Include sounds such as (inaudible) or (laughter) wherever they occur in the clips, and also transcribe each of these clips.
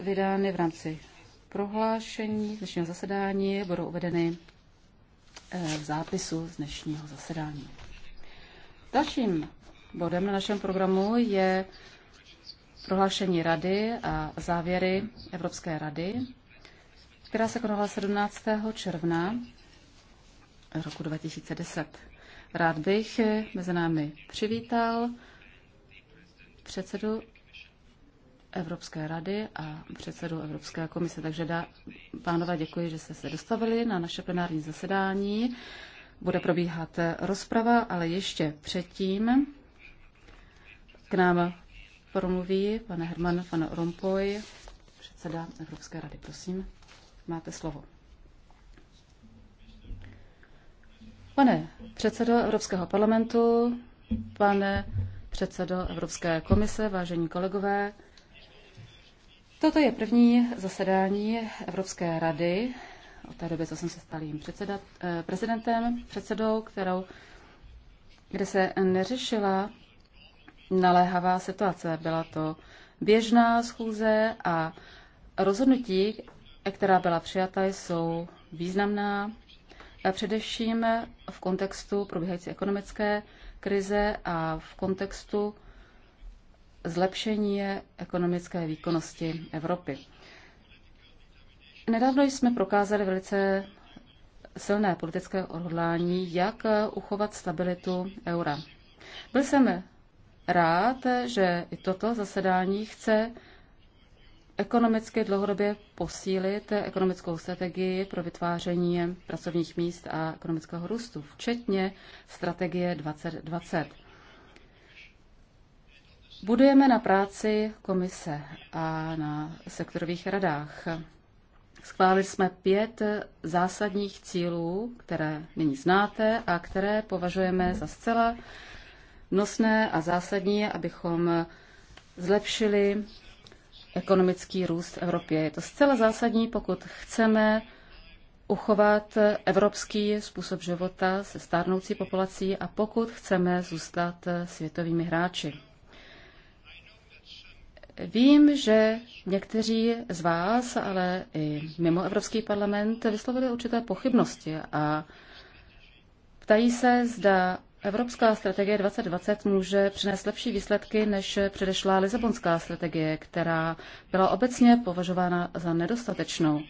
vydány v rámci prohlášení z dnešního zasedání, budou uvedeny eh, v zápisu z dnešního zasedání. Dalším bodem na našem programu je prohlášení Rady a závěry Evropské rady, která se konala 17. června roku 2010. Rád bych mezi námi přivítal předsedu Evropské rady a předsedu Evropské komise. Takže dá, pánové, děkuji, že jste se dostavili na naše plenární zasedání. Bude probíhat rozprava, ale ještě předtím k nám promluví pane Herman van Rompuy, předseda Evropské rady. Prosím, máte slovo. Pane předsedo Evropského parlamentu, pane předsedo Evropské komise, vážení kolegové, Toto je první zasedání Evropské rady od té doby, co jsem se stal jím eh, prezidentem, předsedou, kterou, kde se neřešila naléhavá situace. Byla to běžná schůze a rozhodnutí, která byla přijata, jsou významná, především v kontextu probíhající ekonomické krize a v kontextu zlepšení ekonomické výkonnosti Evropy. Nedávno jsme prokázali velice silné politické odhodlání, jak uchovat stabilitu eura. Byl jsem rád, že i toto zasedání chce ekonomicky dlouhodobě posílit ekonomickou strategii pro vytváření pracovních míst a ekonomického růstu, včetně strategie 2020. Budujeme na práci komise a na sektorových radách. Schválili jsme pět zásadních cílů, které nyní znáte a které považujeme za zcela nosné a zásadní, abychom zlepšili ekonomický růst v Evropě. Je to zcela zásadní, pokud chceme uchovat evropský způsob života se stárnoucí populací a pokud chceme zůstat světovými hráči. Vím, že někteří z vás, ale i mimo Evropský parlament, vyslovili určité pochybnosti a ptají se, zda Evropská strategie 2020 může přinést lepší výsledky než předešlá Lisabonská strategie, která byla obecně považována za nedostatečnou.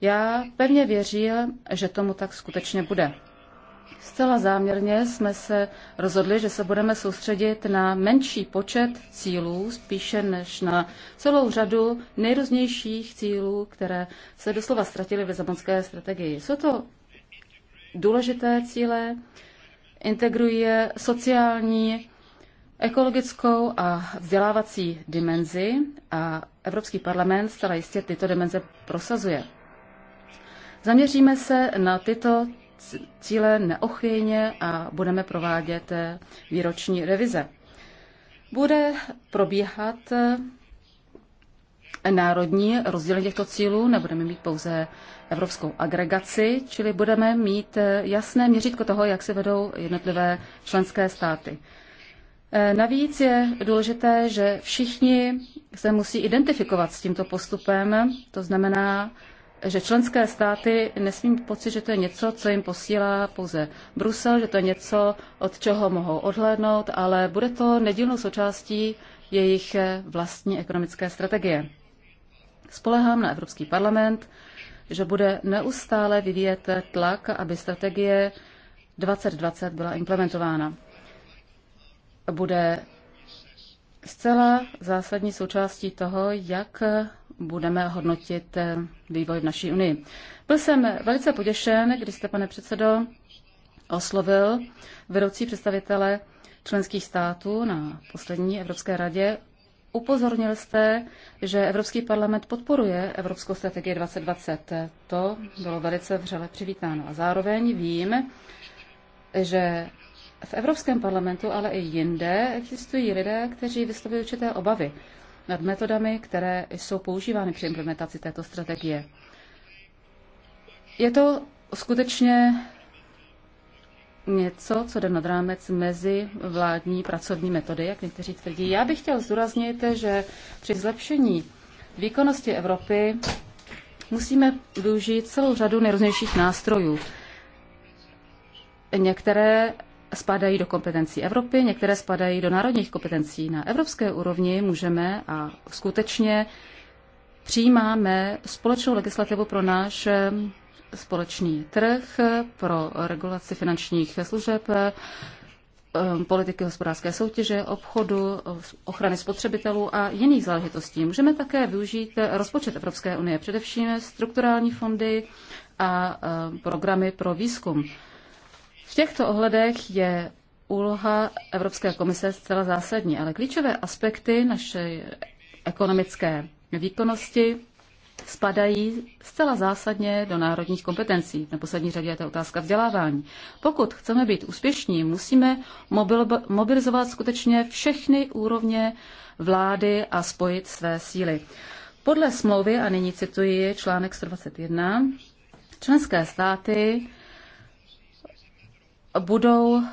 Já pevně věřím, že tomu tak skutečně bude. Zcela záměrně jsme se rozhodli, že se budeme soustředit na menší počet cílů, spíše než na celou řadu nejrůznějších cílů, které se doslova ztratily v Lisabonské strategii. Jsou to důležité cíle, integrují sociální, ekologickou a vzdělávací dimenzi a Evropský parlament zcela jistě tyto dimenze prosazuje. Zaměříme se na tyto cíle neochvějně a budeme provádět eh, výroční revize. Bude probíhat eh, národní rozdělení těchto cílů, nebudeme mít pouze evropskou agregaci, čili budeme mít eh, jasné měřítko toho, jak se vedou jednotlivé členské státy. Navíc je důležité, že všichni se musí identifikovat s tímto postupem, to znamená, že členské státy nesmí mít pocit, že to je něco, co jim posílá pouze Brusel, že to je něco, od čeho mohou odhlédnout, ale bude to nedílnou součástí jejich vlastní ekonomické strategie. Spolehám na Evropský parlament, že bude neustále vyvíjet tlak, aby strategie 2020 byla implementována. Bude zcela zásadní součástí toho, jak budeme hodnotit eh, vývoj v naší unii. Byl jsem velice poděšen, když jste, pane předsedo, oslovil vedoucí představitele členských států na poslední Evropské radě. Upozornil jste, že Evropský parlament podporuje Evropskou strategii 2020. To bylo velice vřele přivítáno. A zároveň vím, že v Evropském parlamentu, ale i jinde existují lidé, kteří vyslovují určité obavy nad metodami, které jsou používány při implementaci této strategie. Je to skutečně něco, co jde nad rámec mezi vládní pracovní metody, jak někteří tvrdí. Já bych chtěl zdůraznit, že při zlepšení výkonnosti Evropy musíme využít celou řadu nejrůznějších nástrojů. Některé spadají do kompetencí Evropy, některé spadají do národních kompetencí. Na evropské úrovni můžeme a skutečně přijímáme společnou legislativu pro náš eh, společný trh, pro regulaci finančních služeb, eh, politiky hospodářské soutěže, obchodu, ochrany spotřebitelů a jiných záležitostí. Můžeme také využít rozpočet Evropské unie, především strukturální fondy a eh, programy pro výzkum těchto ohledech je úloha Evropské komise zcela zásadní, ale klíčové aspekty naší ekonomické výkonnosti spadají zcela zásadně do národních kompetencí. Na poslední řadě je to otázka vzdělávání. Pokud chceme být úspěšní, musíme mobilizovat skutečně všechny úrovně vlády a spojit své síly. Podle smlouvy, a nyní cituji článek 121, členské státy budou eh,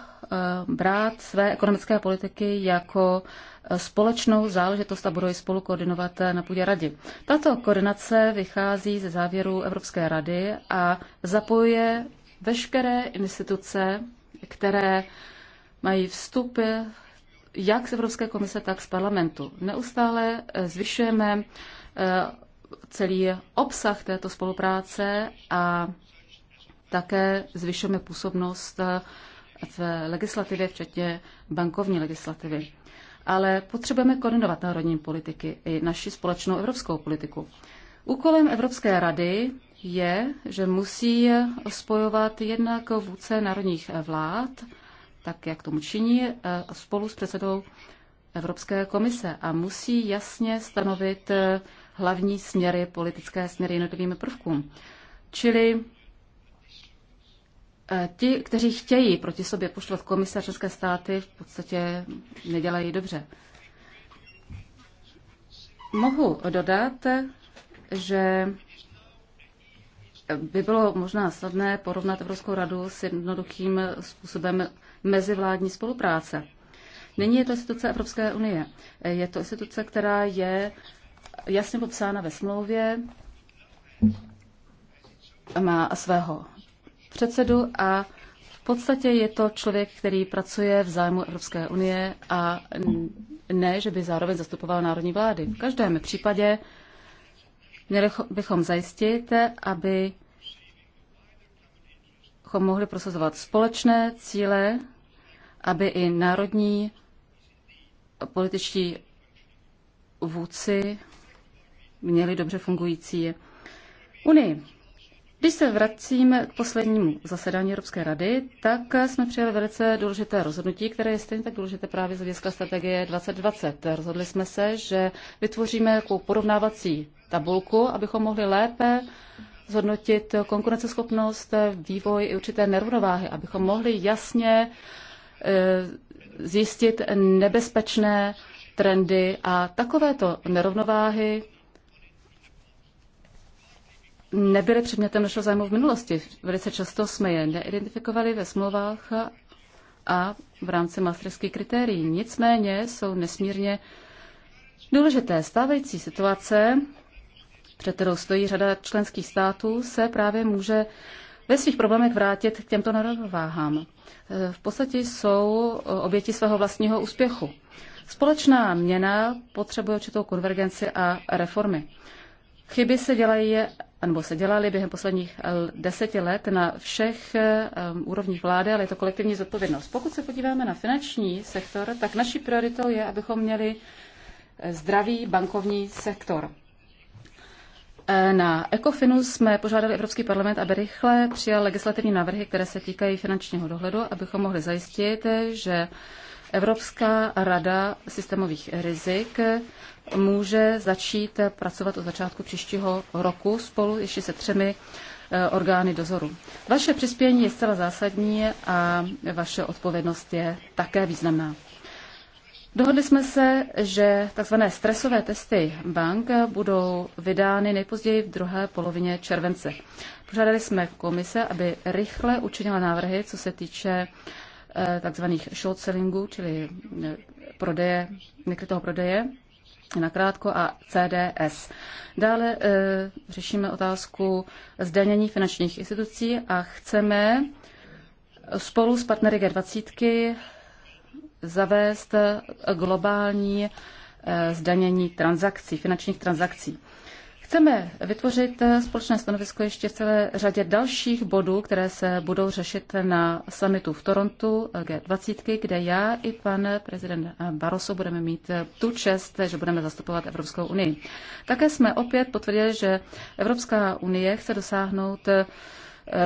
brát své ekonomické politiky jako eh, společnou záležitost a budou ji spolu koordinovat eh, na půdě rady. Tato koordinace vychází ze závěru Evropské rady a zapojuje veškeré instituce, které mají vstupy jak z Evropské komise, tak z parlamentu. Neustále zvyšujeme celý obsah této spolupráce a také zvyšujeme působnost eh, v legislativě, včetně bankovní legislativy. Ale potřebujeme koordinovat národní politiky i naši společnou evropskou politiku. Úkolem Evropské rady je, že musí spojovat jednak vůdce národních vlád, tak jak tomu činí, eh, spolu s předsedou Evropské komise a musí jasně stanovit eh, hlavní směry, politické směry jednotlivým prvkům. Čili E, ti, kteří chtějí proti sobě poštovat komise české státy, v podstatě nedělají dobře. Mohu dodat, že by bylo možná snadné porovnat Evropskou radu s jednoduchým způsobem mezivládní spolupráce. Nyní je to instituce Evropské unie. Je to instituce, která je jasně popsána ve smlouvě, má svého předsedu a v podstatě je to člověk, který pracuje v zájmu Evropské unie a ne, že by zároveň zastupoval národní vlády. V každém případě měli bychom zajistit, aby mohli prosazovat společné cíle, aby i národní političtí vůdci měli dobře fungující unii. Když se vracím k poslednímu zasedání Evropské rady, tak jsme přijali velice důležité rozhodnutí, které je stejně tak důležité právě z hlediska strategie 2020. Rozhodli jsme se, že vytvoříme takovou porovnávací tabulku, abychom mohli lépe zhodnotit konkurenceschopnost, vývoj i určité nerovnováhy, abychom mohli jasně eh, zjistit nebezpečné trendy a takovéto nerovnováhy nebyly předmětem našeho zájmu v minulosti. Velice často jsme je neidentifikovali ve smlouvách a v rámci maastrichtských kritérií. Nicméně jsou nesmírně důležité. Stávající situace, před kterou stojí řada členských států, se právě může ve svých problémech vrátit k těmto nerovnováhám. V podstatě jsou oběti svého vlastního úspěchu. Společná měna potřebuje určitou konvergenci a reformy. Chyby se dělají nebo se dělaly během posledních eh, deseti let na všech eh, úrovních vlády, ale je to kolektivní zodpovědnost. Pokud se podíváme na finanční sektor, tak naší prioritou je, abychom měli eh, zdravý bankovní sektor. Na Ecofinu jsme požádali Evropský parlament, aby rychle přijal legislativní návrhy, které se týkají finančního dohledu, abychom mohli zajistit, že Evropská rada systémových rizik může začít pracovat od začátku příštího roku spolu ještě se třemi eh, orgány dozoru. Vaše přispění je zcela zásadní a vaše odpovědnost je také významná. Dohodli jsme se, že tzv. stresové testy bank budou vydány nejpozději v druhé polovině července. Požádali jsme komise, aby rychle učinila návrhy, co se týče eh, tzv. short sellingu, čili eh, prodeje, nekrytého prodeje nakrátko a CDS. Dále e, řešíme otázku zdanění finančních institucí a chceme spolu s partnery G20 zavést globální eh, zdanění transakcí, finančních transakcí. Chceme vytvořit společné stanovisko ještě v celé řadě dalších bodů, které se budou řešit na summitu v Torontu G20, kde já i pan prezident Barroso budeme mít tu čest, že budeme zastupovat Evropskou unii. Také jsme opět potvrdili, že Evropská unie chce dosáhnout eh,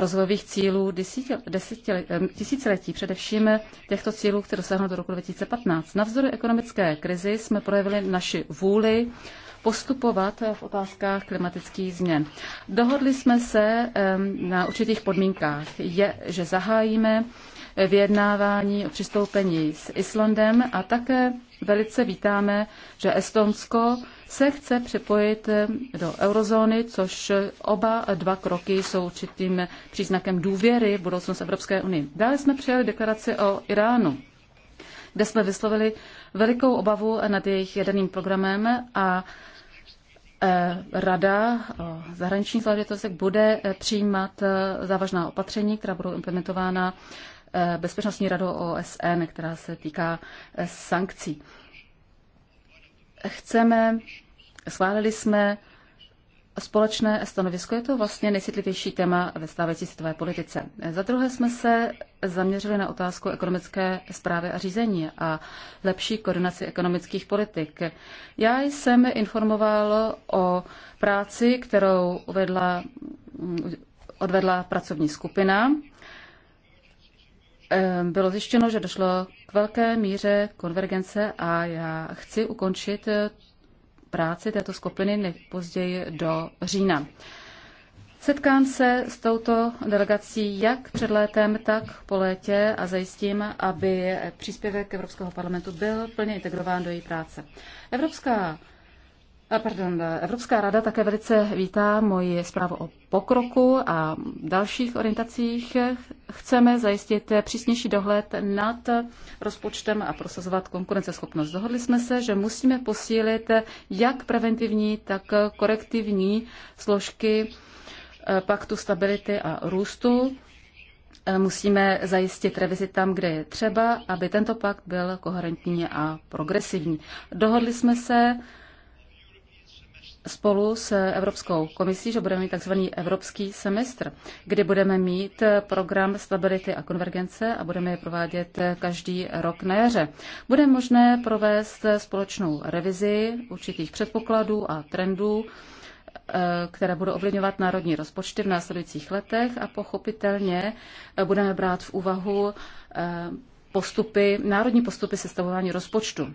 rozvojových cílů eh, tisíciletí, především těchto cílů, které dosáhnout do roku 2015. Navzdory ekonomické krizi jsme projevili naši vůli postupovat v otázkách klimatických změn. Dohodli jsme se na určitých podmínkách, je, že zahájíme vyjednávání o přistoupení s Islandem a také velice vítáme, že Estonsko se chce připojit do eurozóny, což oba dva kroky jsou určitým příznakem důvěry v budoucnost Evropské unie. Dále jsme přijali deklaraci o Iránu, kde jsme vyslovili velikou obavu nad jejich jaderným programem a Eh, Rada eh, zahraniční záležitostek bude eh, přijímat závažná opatření, která budou implementována Bezpečnostní radou OSN, která se týká sankcí. Chceme, schválili jsme společné stanovisko. Je to vlastně nejcitlivější téma ve stávající světové politice. Za druhé jsme se zaměřili na otázku ekonomické zprávy a řízení a lepší koordinaci ekonomických politik. Já jsem informoval o práci, kterou uvedla, odvedla pracovní skupina. Ehm, bylo zjištěno, že došlo k velké míře konvergence a já chci ukončit práci této skupiny nejpozději do října. Setkám se s touto delegací jak před létem, tak po létě a zajistím, aby příspěvek Evropského parlamentu byl plně integrován do její práce. Evropská Pardon, e, Evropská rada také velice vítá moji zprávu o pokroku a dalších orientacích. Chceme zajistit přísnější dohled nad rozpočtem a prosazovat konkurenceschopnost. Dohodli jsme se, že musíme posílit jak preventivní, tak korektivní složky e, paktu stability a růstu. E, musíme zajistit revizi tam, kde je třeba, aby tento pakt byl koherentní a progresivní. Dohodli jsme se, spolu s Evropskou komisí, že budeme mít tzv. evropský semestr, kdy budeme mít program stability a konvergence a budeme je provádět každý rok na jaře. Bude možné provést společnou revizi určitých předpokladů a trendů, eh, které budou ovlivňovat národní rozpočty v následujících letech a pochopitelně budeme brát v úvahu eh, postupy, národní postupy sestavování rozpočtu.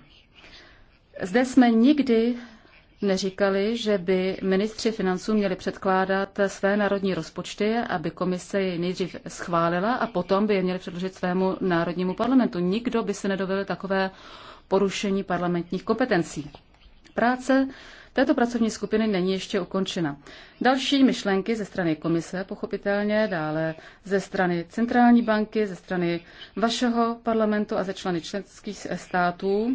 Zde jsme nikdy neříkali, že by ministři financů měli předkládat své národní rozpočty, aby komise je nejdřív schválila a potom by je měli předložit svému národnímu parlamentu. Nikdo by se nedovedl takové porušení parlamentních kompetencí. Práce této pracovní skupiny není ještě ukončena. Další myšlenky ze strany komise, pochopitelně, dále ze strany centrální banky, ze strany vašeho parlamentu a ze členy členských států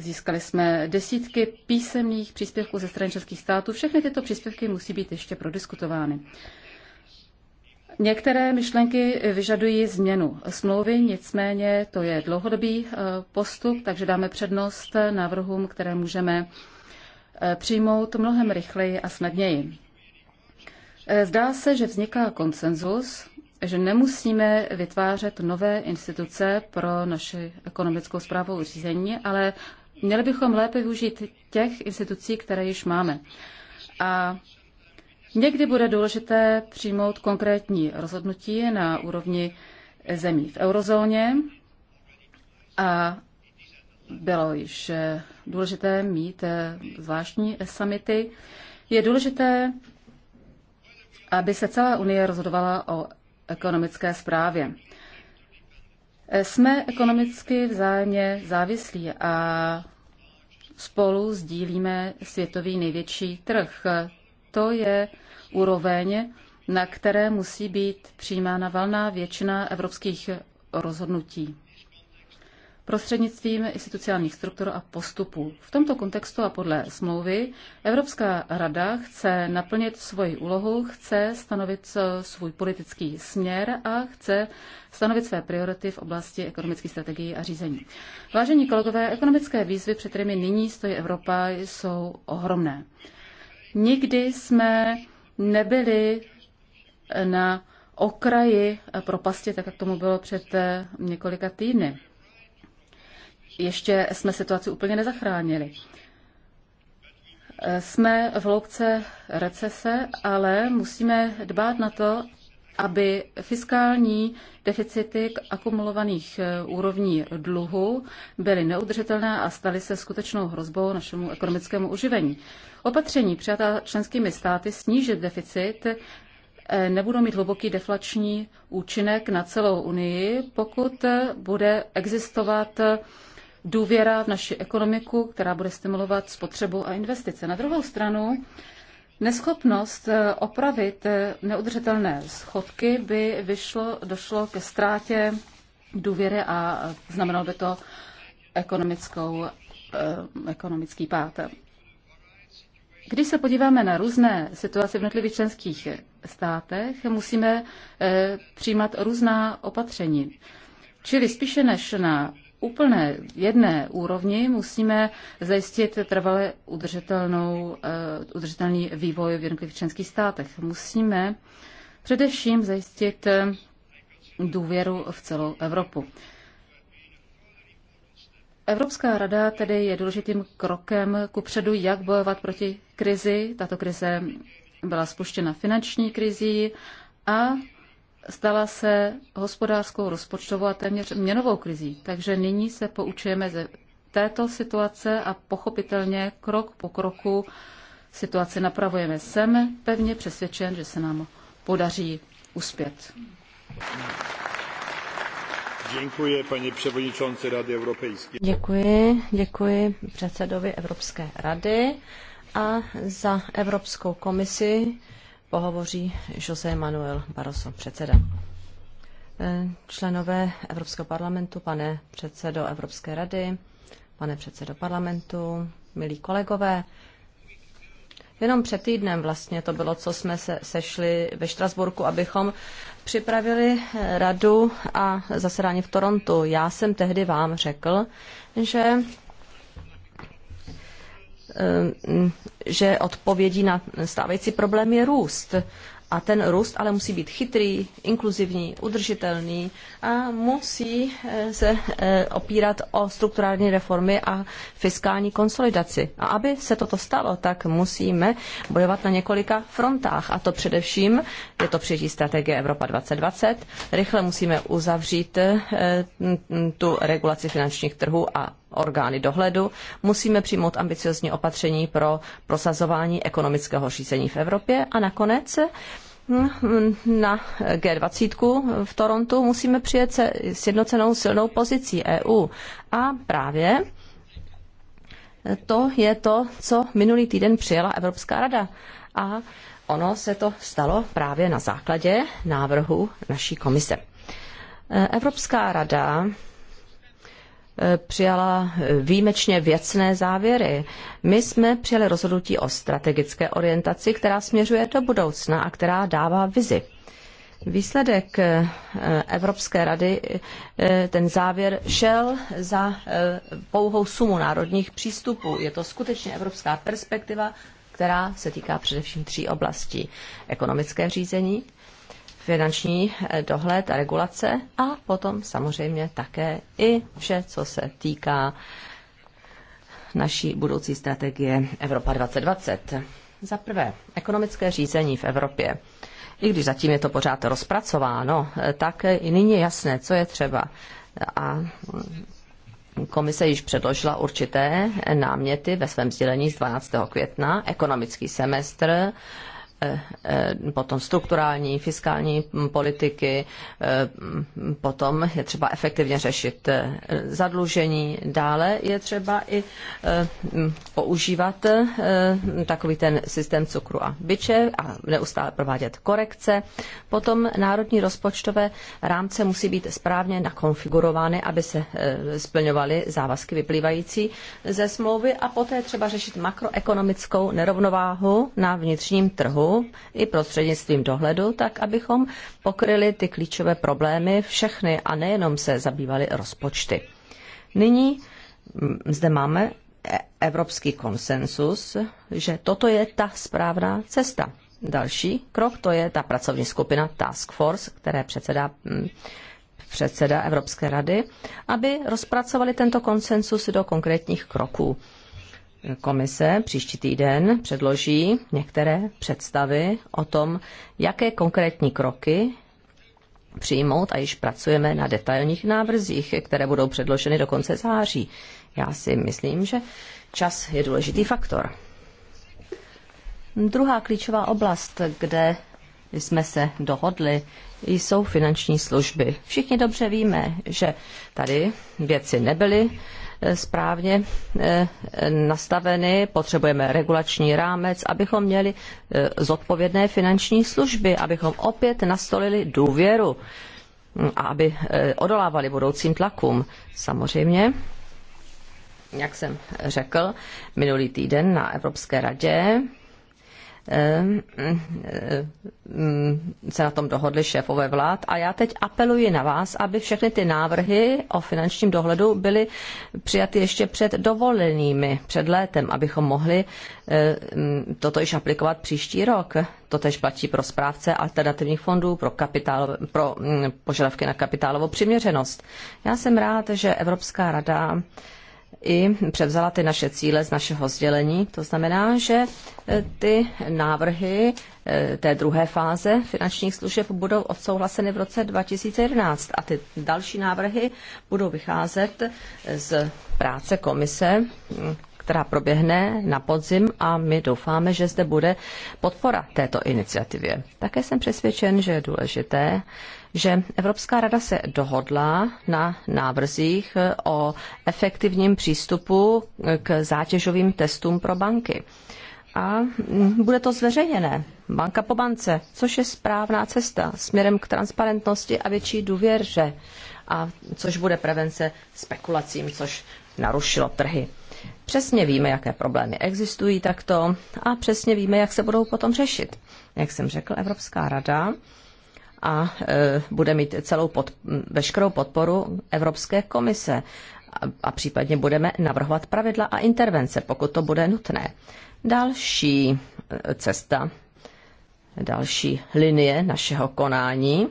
Získali jsme desítky písemných příspěvků ze strany českých států. Všechny tyto příspěvky musí být ještě prodiskutovány. Některé myšlenky vyžadují změnu smlouvy, nicméně to je dlouhodobý eh, postup, takže dáme přednost návrhům, které můžeme eh, přijmout mnohem rychleji a snadněji. Eh, zdá se, že vzniká konsenzus, že nemusíme vytvářet nové instituce pro naši ekonomickou zprávu řízení, ale Měli bychom lépe využít těch institucí, které již máme. A někdy bude důležité přijmout konkrétní rozhodnutí na úrovni zemí v eurozóně a bylo již eh, důležité mít eh, zvláštní samity. Je důležité, aby se celá Unie rozhodovala o ekonomické zprávě. Jsme ekonomicky vzájemně závislí a spolu sdílíme světový největší trh. To je úroveň, na které musí být přijímána valná většina evropských rozhodnutí prostřednictvím institucionálních struktur a postupů. V tomto kontextu a podle smlouvy Evropská rada chce naplnit svoji úlohu, chce stanovit eh, svůj politický směr a chce stanovit své priority v oblasti ekonomické strategie a řízení. Vážení kolegové, ekonomické výzvy, před kterými nyní stojí Evropa, jsou ohromné. Nikdy jsme nebyli eh, na okraji eh, propasti, tak jak tomu bylo před několika týdny ještě jsme situaci úplně nezachránili. Eh, jsme v loukce recese, ale musíme dbát na to, aby fiskální deficity k akumulovaných eh, úrovní dluhu byly neudržitelné a staly se skutečnou hrozbou našemu ekonomickému uživení. Opatření přijatá členskými státy snížit deficit eh, nebudou mít hluboký deflační účinek na celou Unii, pokud bude existovat důvěra v naši ekonomiku, která bude stimulovat spotřebu a investice. Na druhou stranu, neschopnost eh, opravit eh, neudržitelné schodky by vyšlo, došlo ke ztrátě důvěry a eh, znamenalo by to ekonomickou, ekonomický pád. Když se podíváme na různé situace v jednotlivých členských státech, musíme přijímat různá opatření. Čili spíše než na úplné jedné úrovni musíme zajistit trvale udržitelnou, eh, udržitelný vývoj v jednotlivých členských státech. Musíme především zajistit eh, důvěru v celou Evropu. Evropská rada tedy je důležitým krokem ku předu, jak bojovat proti krizi. Tato krize byla spuštěna finanční krizí a stala se hospodářskou, rozpočtovou a téměř měnovou krizí. Takže nyní se poučujeme ze této situace a pochopitelně krok po kroku situaci napravujeme. Jsem pevně přesvědčen, že se nám podaří uspět. Děkuji, paní převodničonce Rady Evropejské. Děkuji, děkuji předsedovi Evropské rady a za Evropskou komisi pohovoří José Manuel Barroso, předseda. Eh, členové Evropského parlamentu, pane předsedo Evropské rady, pane předsedo parlamentu, milí kolegové, Jenom před týdnem vlastně to bylo, co jsme se, sešli ve Štrasburku, abychom připravili eh, radu a zasedání v Torontu. Já jsem tehdy vám řekl, že Ehm, že odpovědí na stávající problém je růst. A ten růst ale musí být chytrý, inkluzivní, udržitelný a musí eh, se eh, opírat o strukturální reformy a fiskální konsolidaci. A aby se toto stalo, tak musíme bojovat na několika frontách. A to především je to přijetí strategie Evropa 2020. Rychle musíme uzavřít eh, tu regulaci finančních trhů a orgány dohledu, musíme přijmout ambiciozní opatření pro prosazování ekonomického řízení v Evropě a nakonec hm, na G20 v Torontu musíme přijet se sjednocenou silnou pozicí EU. A právě to je to, co minulý týden přijela Evropská rada. A ono se to stalo právě na základě návrhu naší komise. E, Evropská rada přijala výjimečně věcné závěry. My jsme přijali rozhodnutí o strategické orientaci, která směřuje do budoucna a která dává vizi. Výsledek eh, Evropské rady, eh, ten závěr šel za eh, pouhou sumu národních přístupů. Je to skutečně evropská perspektiva, která se týká především tří oblastí. Ekonomické řízení, finanční eh, dohled a regulace a potom samozřejmě také i vše, co se týká naší budoucí strategie Evropa 2020. Za prvé, ekonomické řízení v Evropě. I když zatím je to pořád rozpracováno, eh, tak nyní je jasné, co je třeba. A mm, Komise již předložila určité náměty ve svém sdělení z 12. května, ekonomický semestr Eh, eh, potom strukturální, fiskální politiky, eh, potom je třeba efektivně řešit zadlužení. Dále je třeba i používat takový ten systém cukru a byče a neustále provádět korekce. Potom národní rozpočtové rámce musí být správně nakonfigurovány, aby se splňovaly závazky vyplývající ze smlouvy a poté třeba řešit makroekonomickou nerovnováhu na vnitřním trhu i prostřednictvím dohledu, tak abychom pokryli ty klíčové problémy všechny a nejenom se zabývali rozpočty. Nyní mm, zde máme e- evropský konsensus, že toto je ta správná cesta. Další krok to je ta pracovní skupina Task Force, které předsedá mm, předseda Evropské rady, aby rozpracovali tento konsensus do konkrétních kroků komise příští týden předloží některé představy o tom, jaké konkrétní kroky přijmout a již pracujeme na detailních návrzích, které budou předloženy do konce září. Já si myslím, že čas je důležitý faktor. Druhá klíčová oblast, kde jsme se dohodli, jsou finanční služby. Všichni dobře víme, že tady věci nebyly Eh, správně eh, nastaveny, potřebujeme regulační rámec, abychom měli eh, zodpovědné finanční služby, abychom opět nastolili důvěru hm, a aby odolávali budoucím tlakům. Samozřejmě, jak jsem řekl minulý týden na Evropské radě, Ehm, ehm, se na tom dohodli šéfové vlád a já teď apeluji na vás, aby všechny ty návrhy o finančním dohledu byly přijaty ještě před dovolenými, před létem, abychom mohli ehm, toto již aplikovat příští rok. To tež platí pro správce alternativních fondů, pro, kapitál, pro mm, požadavky na kapitálovou přiměřenost. Já jsem rád, že Evropská rada i převzala ty naše cíle z našeho sdělení. To znamená, že e, ty návrhy e, té druhé fáze finančních služeb budou odsouhlaseny v roce 2011 a ty další návrhy budou vycházet e, z práce komise, která proběhne na podzim a my doufáme, že zde bude podpora této iniciativě. Také jsem přesvědčen, že je důležité, že Evropská rada se dohodla na návrzích eh, o efektivním přístupu eh, k zátěžovým testům pro banky. A mm, bude to zveřejněné, banka po bance, což je správná cesta směrem k transparentnosti a větší důvěře, a což bude prevence spekulacím, což narušilo trhy. Přesně víme, jaké problémy existují takto a přesně víme, jak se budou potom řešit. Jak jsem řekl, Evropská rada a e, bude mít celou pod, veškerou podporu Evropské komise a případně budeme navrhovat pravidla a intervence, pokud to bude nutné. Další e, cesta, další linie našeho konání,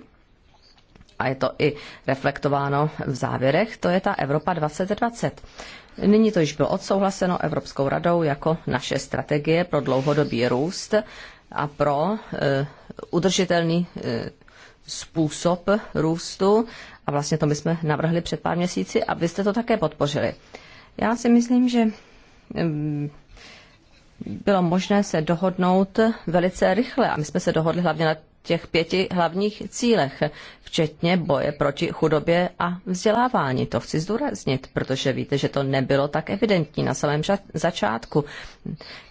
a je to i reflektováno v závěrech, to je ta Evropa 2020. Nyní to již bylo odsouhlaseno Evropskou radou jako naše strategie pro dlouhodobý růst a pro e, udržitelný způsob růstu a vlastně to my jsme navrhli před pár měsíci a vy jste to také podpořili. Já si myslím, že bylo možné se dohodnout velice rychle a my jsme se dohodli hlavně na těch pěti hlavních cílech, včetně boje proti chudobě a vzdělávání. To chci zdůraznit, protože víte, že to nebylo tak evidentní na samém začátku.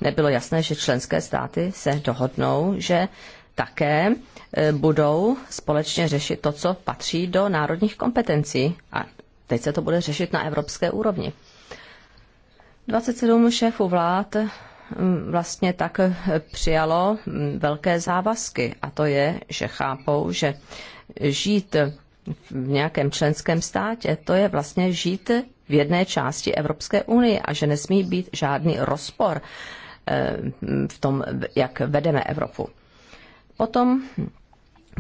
Nebylo jasné, že členské státy se dohodnou, že také e, budou společně řešit to, co patří do národních kompetencí. A teď se to bude řešit na evropské úrovni. 27 šéfů vlád vlastně tak přijalo velké závazky a to je, že chápou, že žít v nějakém členském státě, to je vlastně žít v jedné části Evropské unie a že nesmí být žádný rozpor e, v tom, jak vedeme Evropu. Potom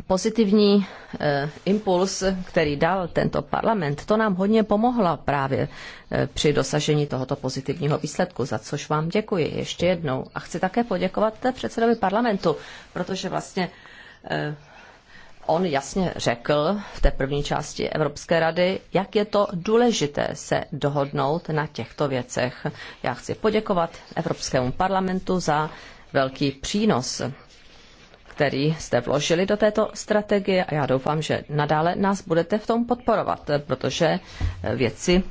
pozitivní e, impuls, který dal tento parlament, to nám hodně pomohla právě e, při dosažení tohoto pozitivního výsledku, za což vám děkuji ještě jednou. A chci také poděkovat předsedovi parlamentu, protože vlastně e, on jasně řekl v té první části Evropské rady, jak je to důležité se dohodnout na těchto věcech. Já chci poděkovat Evropskému parlamentu za velký přínos který jste vložili do této strategie a já doufám, že nadále nás budete v tom podporovat, protože věci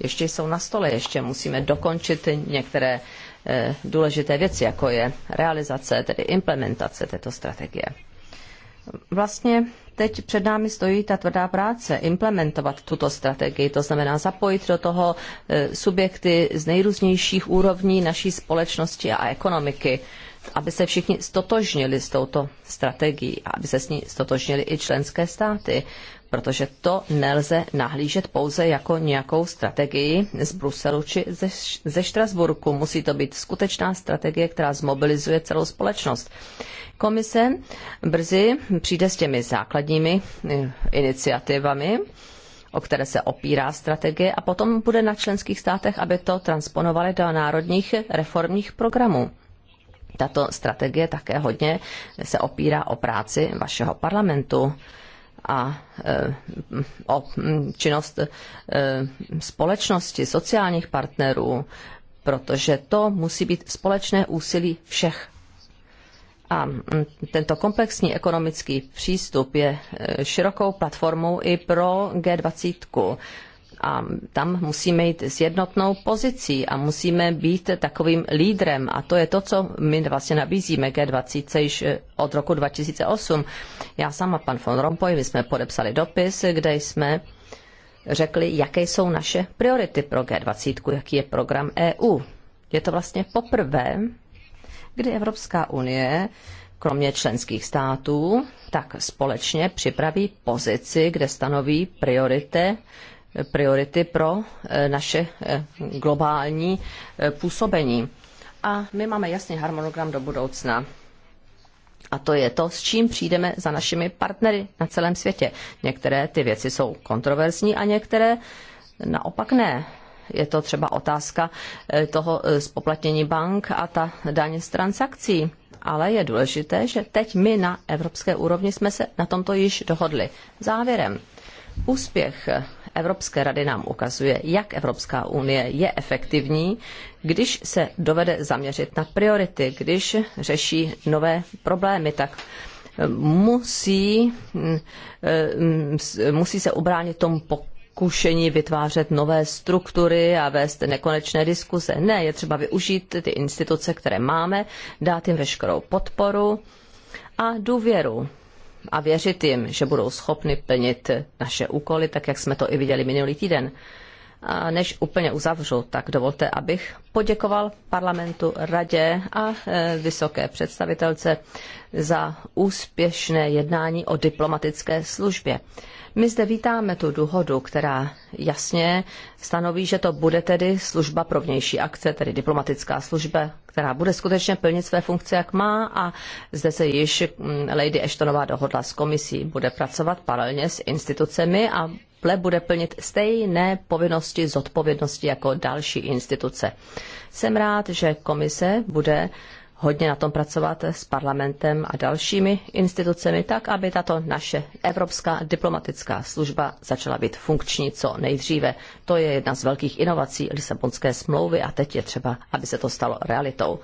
ještě jsou na stole, ještě musíme dokončit některé eh, důležité věci, jako je realizace, tedy implementace této strategie. Vlastně teď před námi stojí ta tvrdá práce implementovat tuto strategii, to znamená zapojit do toho eh, subjekty z nejrůznějších úrovní naší společnosti a ekonomiky aby se všichni stotožnili s touto strategií a aby se s ní stotožnili i členské státy, protože to nelze nahlížet pouze jako nějakou strategii z Bruselu či ze, ze Štrasburku. Musí to být skutečná strategie, která zmobilizuje celou společnost. Komise brzy přijde s těmi základními eh, iniciativami, o které se opírá strategie a potom bude na členských státech, aby to transponovali do národních reformních programů. Tato strategie také hodně se opírá o práci vašeho parlamentu a e, o mm, činnost e, společnosti, sociálních partnerů, protože to musí být společné úsilí všech. A mm, tento komplexní ekonomický přístup je e, širokou platformou i pro G20 a tam musíme jít s jednotnou pozicí a musíme být takovým lídrem. A to je to, co my vlastně nabízíme G20 již e, od roku 2008. Já sama, pan von Rompuy, my jsme podepsali dopis, kde jsme řekli, jaké jsou naše priority pro G20, jaký je program EU. Je to vlastně poprvé, kdy Evropská unie kromě členských států, tak společně připraví pozici, kde stanoví priority priority pro eh, naše eh, globální eh, působení. A my máme jasný harmonogram do budoucna. A to je to, s čím přijdeme za našimi partnery na celém světě. Některé ty věci jsou kontroverzní a některé naopak ne. Je to třeba otázka toho spoplatnění bank a ta daň z transakcí. Ale je důležité, že teď my na evropské úrovni jsme se na tomto již dohodli. Závěrem. Úspěch Evropské rady nám ukazuje, jak Evropská unie je efektivní, když se dovede zaměřit na priority, když řeší nové problémy, tak eh, musí, mm, eh, mm, musí se ubránit tomu pokušení vytvářet nové struktury a vést nekonečné diskuse. Ne, je třeba využít ty instituce, které máme, dát jim veškerou podporu a důvěru a věřit jim, že budou schopni plnit naše úkoly, tak jak jsme to i viděli minulý týden. A než úplně uzavřu, tak dovolte, abych poděkoval parlamentu, radě a e, vysoké představitelce za úspěšné jednání o diplomatické službě. My zde vítáme tu dohodu, která jasně stanoví, že to bude tedy služba pro vnější akce, tedy diplomatická služba, která bude skutečně plnit své funkce, jak má a zde se již mm, Lady Ashtonová dohodla s komisí, bude pracovat paralelně s institucemi a Ple bude plnit stejné povinnosti, zodpovědnosti jako další instituce. Jsem rád, že komise bude hodně na tom pracovat s parlamentem a dalšími institucemi, tak aby tato naše evropská diplomatická služba začala být funkční co nejdříve. To je jedna z velkých inovací Lisabonské smlouvy a teď je třeba, aby se to stalo realitou.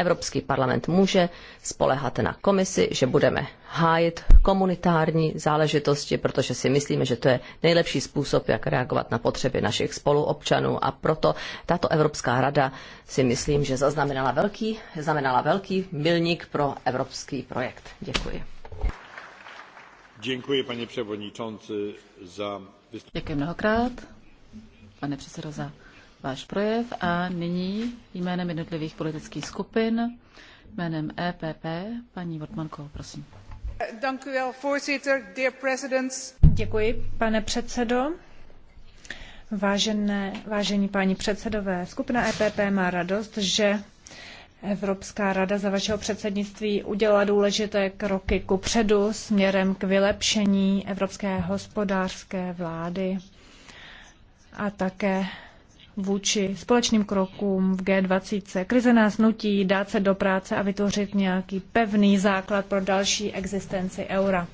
Evropský parlament může spolehat na komisi, že budeme hájit komunitární záležitosti, protože si myslíme, že to je nejlepší způsob, jak reagovat na potřeby našich spoluobčanů a proto tato Evropská rada si myslím, že zaznamenala velký, zaznamenala velký milník pro evropský projekt. Děkuji. Děkuji, paní předsedající, za vystoupení. Děkuji mnohokrát, pane předsedo, za váš projev a nyní jménem jednotlivých politických skupin, jménem EPP, paní Vortmanko, prosím. Děkuji, pane předsedo. Vážené, vážení páni předsedové, skupina EPP má radost, že Evropská rada za vašeho předsednictví udělala důležité kroky předu směrem k vylepšení evropské hospodářské vlády a také vůči společným krokům v G20. Krize nás nutí dát se do práce a vytvořit nějaký pevný základ pro další existenci eura.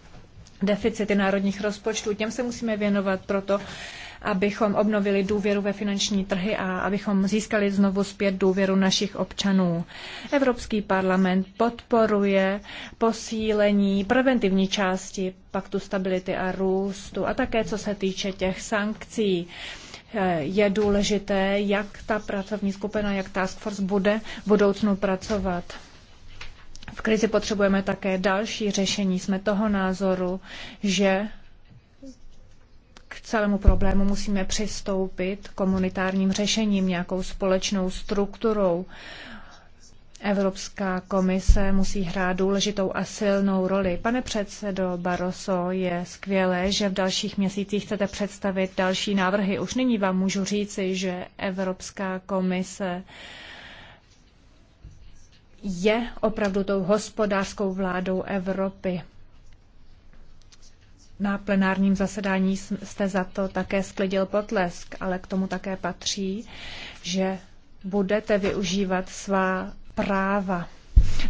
Deficity národních rozpočtů, těm se musíme věnovat proto, abychom obnovili důvěru ve finanční trhy a abychom získali znovu zpět důvěru našich občanů. Evropský parlament podporuje posílení preventivní části paktu stability a růstu a také co se týče těch sankcí je důležité, jak ta pracovní skupina, jak Task Force bude v budoucnu pracovat. V krizi potřebujeme také další řešení. Jsme toho názoru, že k celému problému musíme přistoupit komunitárním řešením, nějakou společnou strukturou Evropská komise musí hrát důležitou a silnou roli. Pane předsedo Barroso, je skvělé, že v dalších měsících chcete představit další návrhy. Už nyní vám můžu říci, že Evropská komise je opravdu tou hospodářskou vládou Evropy. Na plenárním zasedání jste za to také sklidil potlesk, ale k tomu také patří, že budete využívat svá práva.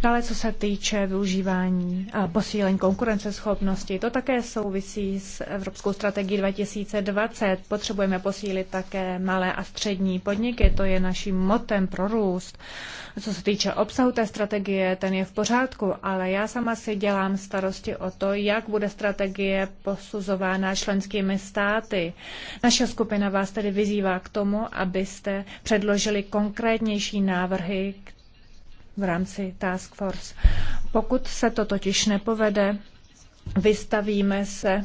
Dále, no co se týče využívání a posílení konkurenceschopnosti, to také souvisí s Evropskou strategií 2020. Potřebujeme posílit také malé a střední podniky, to je naším motem pro růst. Co se týče obsahu té strategie, ten je v pořádku, ale já sama si dělám starosti o to, jak bude strategie posuzována členskými státy. Naše skupina vás tedy vyzývá k tomu, abyste předložili konkrétnější návrhy, v rámci Task Force. Pokud se to totiž nepovede, vystavíme se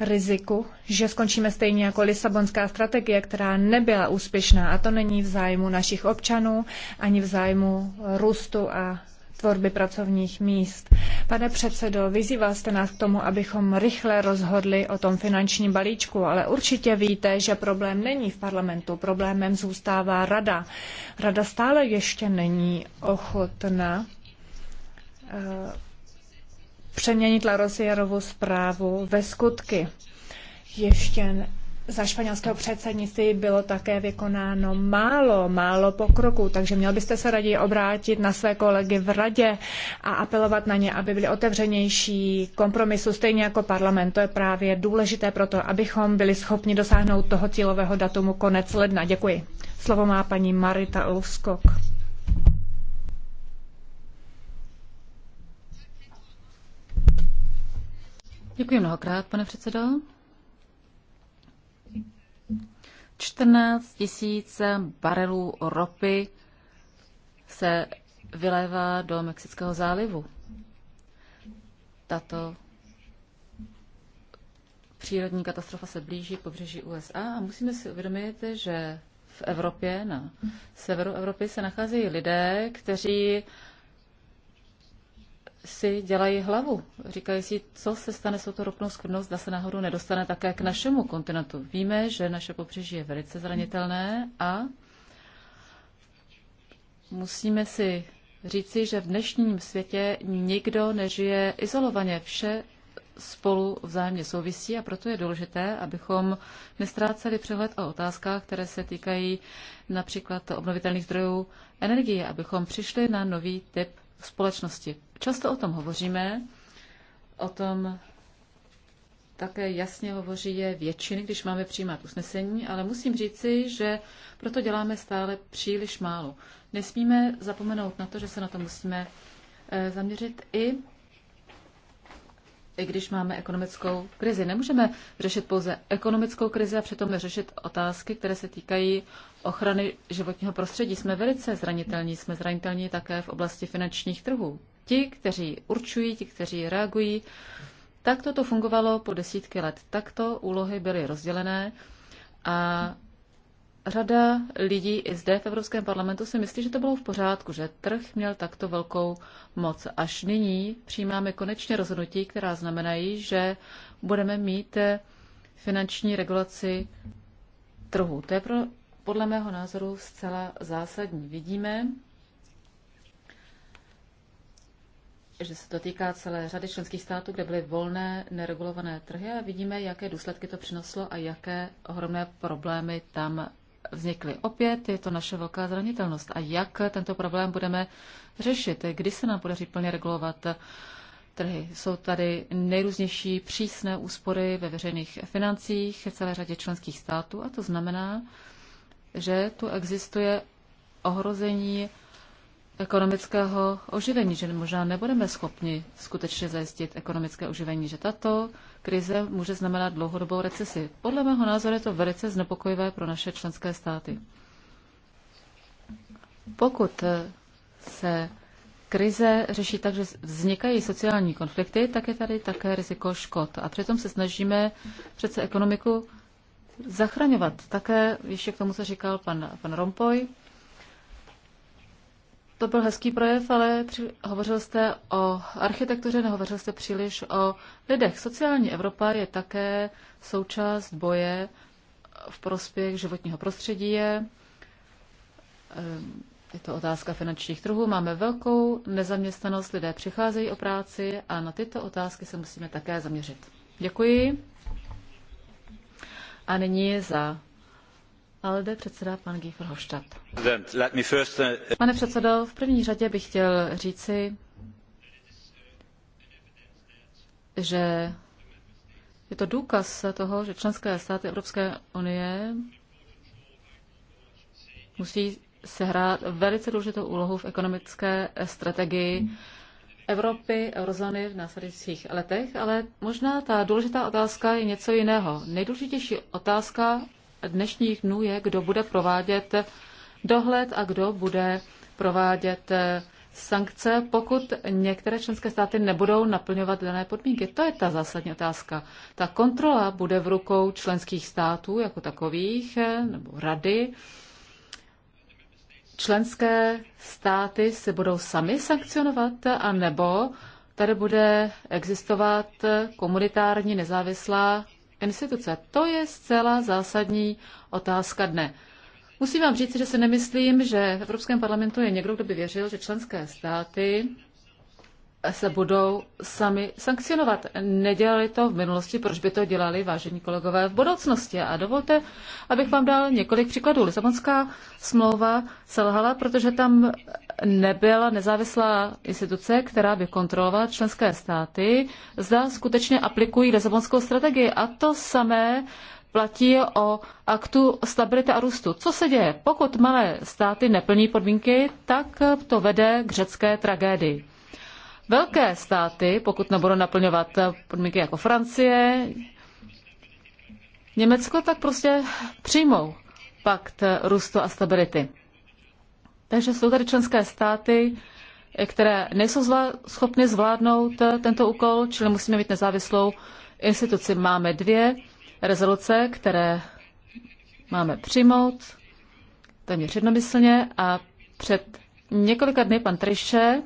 riziku, že skončíme stejně jako Lisabonská strategie, která nebyla úspěšná a to není v zájmu našich občanů ani v zájmu růstu a tvorby pracovních míst. Pane předsedo, vyzýval jste nás k tomu, abychom rychle rozhodli o tom finančním balíčku, ale určitě víte, že problém není v parlamentu, problémem zůstává rada. Rada stále ještě není ochotna uh, přeměnit Larosierovu zprávu ve skutky. Ještě za španělského předsednictví bylo také vykonáno málo, málo pokroku, takže měl byste se raději obrátit na své kolegy v radě a apelovat na ně, aby byli otevřenější kompromisu, stejně jako parlament. To je právě důležité pro to, abychom byli schopni dosáhnout toho cílového datumu konec ledna. Děkuji. Slovo má paní Marita Ulfskok. Děkuji mnohokrát, pane předsedo. 14 000 barelů ropy se vylévá do Mexického zálivu. Tato přírodní katastrofa se blíží pobřeží USA a musíme si uvědomit, že v Evropě, na severu Evropy se nacházejí lidé, kteří si dělají hlavu. Říkají si, co se stane s touto ropnou skvrnou, zda se náhodou nedostane také k našemu kontinentu. Víme, že naše pobřeží je velice zranitelné a musíme si říci, že v dnešním světě nikdo nežije izolovaně. Vše spolu vzájemně souvisí a proto je důležité, abychom nestráceli přehled o otázkách, které se týkají například obnovitelných zdrojů energie, abychom přišli na nový typ společnosti. Často o tom hovoříme, o tom také jasně hovoří je většiny, když máme přijímat usnesení, ale musím říci, že proto děláme stále příliš málo. Nesmíme zapomenout na to, že se na to musíme eh, zaměřit i i když máme ekonomickou krizi. Nemůžeme řešit pouze ekonomickou krizi a přitom řešit otázky, které se týkají ochrany životního prostředí. Jsme velice zranitelní. Jsme zranitelní také v oblasti finančních trhů ti, kteří určují, ti, kteří reagují. Tak toto fungovalo po desítky let. Takto úlohy byly rozdělené a řada lidí i zde v Evropském parlamentu si myslí, že to bylo v pořádku, že trh měl takto velkou moc. Až nyní přijímáme konečně rozhodnutí, která znamenají, že budeme mít finanční regulaci trhu. To je pro, podle mého názoru zcela zásadní. Vidíme, že se to týká celé řady členských států, kde byly volné, neregulované trhy a vidíme, jaké důsledky to přineslo a jaké ohromné problémy tam vznikly. Opět je to naše velká zranitelnost. A jak tento problém budeme řešit? Kdy se nám podaří plně regulovat trhy? Jsou tady nejrůznější přísné úspory ve veřejných financích v celé řadě členských států a to znamená, že tu existuje ohrození ekonomického oživení, že možná nebudeme schopni skutečně zajistit ekonomické oživení, že tato krize může znamenat dlouhodobou recesi. Podle mého názoru je to velice znepokojivé pro naše členské státy. Pokud se krize řeší tak, že vznikají sociální konflikty, tak je tady také riziko škod. A přitom se snažíme přece ekonomiku zachraňovat. Také ještě k tomu, co říkal pan, pan Rompoy, to byl hezký projev, ale při, hovořil jste o architektuře, nehovořil jste příliš o lidech. Sociální Evropa je také součást boje v prospěch životního prostředí. Je, eh, je to otázka finančních trhů. Máme velkou nezaměstnanost, lidé přicházejí o práci a na tyto otázky se musíme také zaměřit. Děkuji. A nyní za ALDE předseda pan uh, Pane předsedo, v první řadě bych chtěl říci, že je to důkaz toho, že členské státy Evropské unie musí sehrát velice důležitou úlohu v ekonomické strategii Evropy, eurozóny v následujících letech, ale možná ta důležitá otázka je něco jiného. Nejdůležitější otázka dnešních dnů je, kdo bude provádět dohled a kdo bude provádět eh, sankce, pokud některé členské státy nebudou naplňovat dané podmínky. To je ta zásadní otázka. Ta kontrola bude v rukou členských států jako takových, eh, nebo rady. Členské státy se budou sami sankcionovat, a nebo tady bude existovat komunitární nezávislá instituce. To je zcela zásadní otázka dne. Musím vám říct, že si nemyslím, že v Evropském parlamentu je někdo, kdo by věřil, že členské státy se budou sami sankcionovat. Nedělali to v minulosti, proč by to dělali vážení kolegové v budoucnosti. A dovolte, abych vám dal několik příkladů. Lisabonská smlouva selhala, protože tam nebyla nezávislá instituce, která by kontrolovala členské státy, zda skutečně aplikují Lisabonskou strategii. A to samé platí o aktu stability a růstu. Co se děje? Pokud malé státy neplní podmínky, tak to vede k řecké tragédii velké státy, pokud nebudou naplňovat podmínky jako Francie, Německo, tak prostě přijmou pakt růstu a stability. Takže jsou tady členské státy, které nejsou zvla- schopny zvládnout tento úkol, čili musíme mít nezávislou instituci. Máme dvě rezoluce, které máme přijmout téměř jednomyslně a před několika dny pan Triše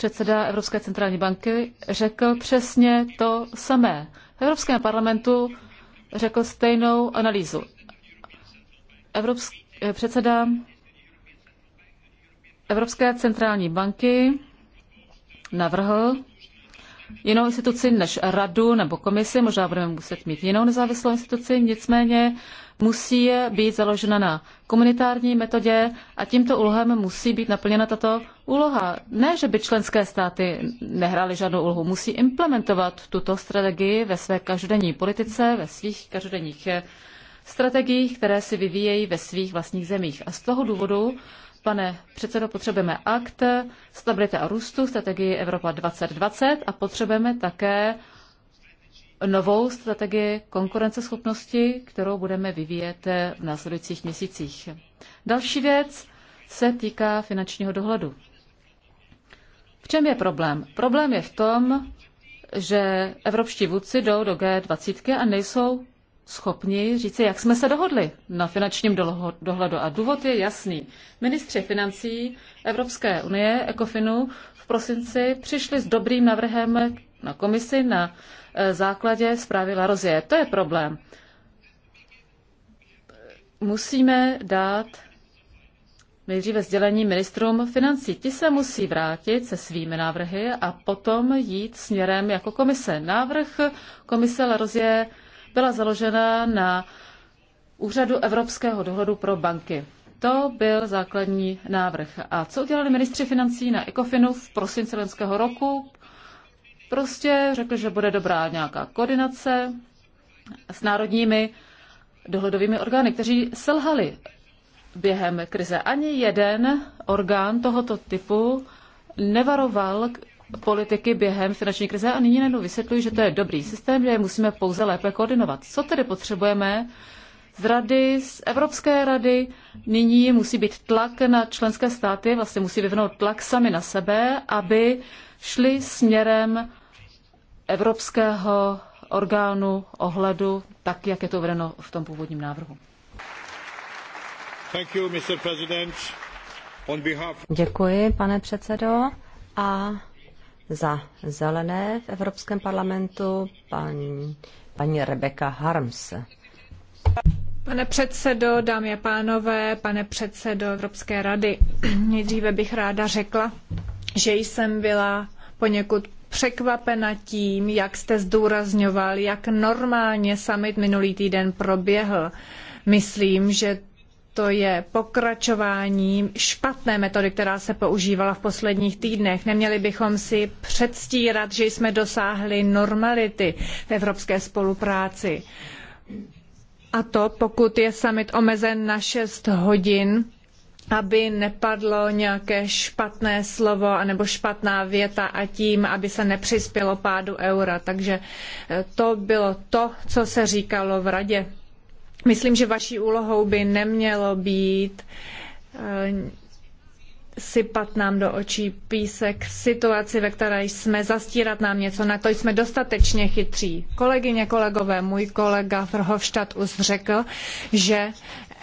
předseda Evropské centrální banky, řekl přesně to samé. V Evropském parlamentu řekl stejnou analýzu. Evropský, eh, předseda Evropské centrální banky navrhl jinou instituci než radu nebo komisi, možná budeme muset mít jinou nezávislou instituci, nicméně musí být založena na komunitární metodě a tímto úlohem musí být naplněna tato úloha. Ne, že by členské státy nehrály žádnou úlohu, musí implementovat tuto strategii ve své každodenní politice, ve svých každodenních eh, strategiích, které si vyvíjejí ve svých vlastních zemích. A z toho důvodu Pane předsedo, potřebujeme akt stability a růstu, strategii Evropa 2020 a potřebujeme také novou strategii konkurenceschopnosti, kterou budeme vyvíjet v následujících měsících. Další věc se týká finančního dohledu. V čem je problém? Problém je v tom, že evropští vůdci jdou do G20 a nejsou schopni říci, jak jsme se dohodli na finančním dohledu. A důvod je jasný. Ministři financí Evropské unie, ECOFINu, v prosinci přišli s dobrým navrhem na komisi na e, základě zprávy Larozie. To je problém. Musíme dát nejdříve sdělení ministrům financí. Ti se musí vrátit se svými návrhy a potom jít směrem jako komise. Návrh komise Larozie byla založena na Úřadu evropského dohledu pro banky. To byl základní návrh. A co udělali ministři financí na ECOFINu v prosinci loňského roku? Prostě řekli, že bude dobrá nějaká koordinace s národními dohledovými orgány, kteří selhali během krize. Ani jeden orgán tohoto typu nevaroval politiky během finanční krize a nyní najednou vysvětlují, že to je dobrý systém, že je musíme pouze lépe koordinovat. Co tedy potřebujeme? Z rady, z Evropské rady nyní musí být tlak na členské státy, vlastně musí vyvinout tlak sami na sebe, aby šli směrem evropského orgánu ohledu, tak jak je to uvedeno v tom původním návrhu. You, Děkuji, pane předsedo. A za zelené v Evropském parlamentu paní, paní Rebecca Harms. Pane předsedo, dámy a pánové, pane předsedo Evropské rady, (clears throat) nejdříve bych ráda řekla, že jsem byla poněkud překvapena tím, jak jste zdůrazňoval, jak normálně summit minulý týden proběhl. Myslím, že to je pokračování špatné metody, která se používala v posledních týdnech. Neměli bychom si předstírat, že jsme dosáhli normality v evropské spolupráci. A to, pokud je summit omezen na 6 hodin, aby nepadlo nějaké špatné slovo anebo špatná věta a tím, aby se nepřispělo pádu eura. Takže eh, to bylo to, co se říkalo v radě. Myslím, že vaší úlohou by nemělo být eh, sypat nám do očí písek v situaci, ve které jsme, zastírat nám něco, na to jsme dostatečně chytří. Kolegyně, kolegové, můj kolega Frhovštat už řekl, že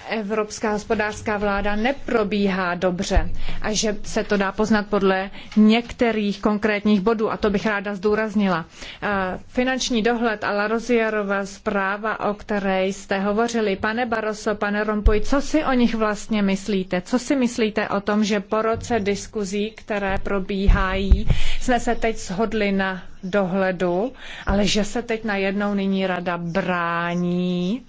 evropská hospodářská vláda neprobíhá dobře a že se to dá poznat podle některých konkrétních bodů a to bych ráda zdůraznila. Eh, finanční dohled a Laroziarova zpráva, o které jste hovořili, pane Barroso, pane Rompuy, co si o nich vlastně myslíte? Co si myslíte o tom, že po roce diskuzí, které probíhají, jsme se teď shodli na dohledu, ale že se teď najednou nyní rada brání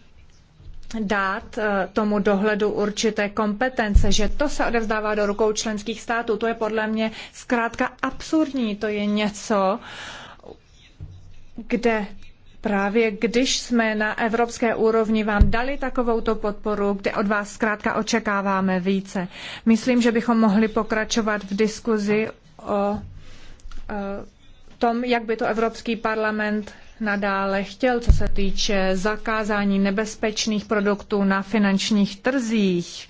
dát eh, tomu dohledu určité kompetence, že to se odevzdává do rukou členských států. To je podle mě zkrátka absurdní. To je něco, kde právě když jsme na evropské úrovni vám dali takovouto podporu, kde od vás zkrátka očekáváme více. Myslím, že bychom mohli pokračovat v diskuzi o, o eh, tom, jak by to Evropský parlament nadále chtěl, co se týče zakázání nebezpečných produktů na finančních trzích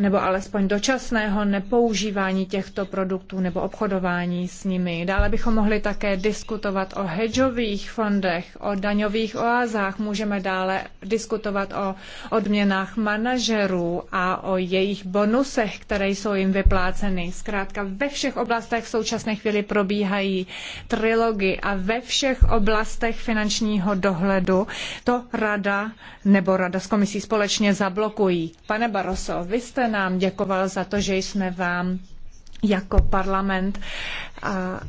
nebo alespoň dočasného nepoužívání těchto produktů nebo obchodování s nimi. Dále bychom mohli také diskutovat o hedžových fondech, o daňových oázách, můžeme dále diskutovat o odměnách manažerů a o jejich bonusech, které jsou jim vypláceny. Zkrátka ve všech oblastech v současné chvíli probíhají trilogy a ve všech oblastech finančního dohledu to rada nebo rada s komisí společně zablokují. Pane Baroso, vy jste nám děkoval za to, že jsme vám jako parlament a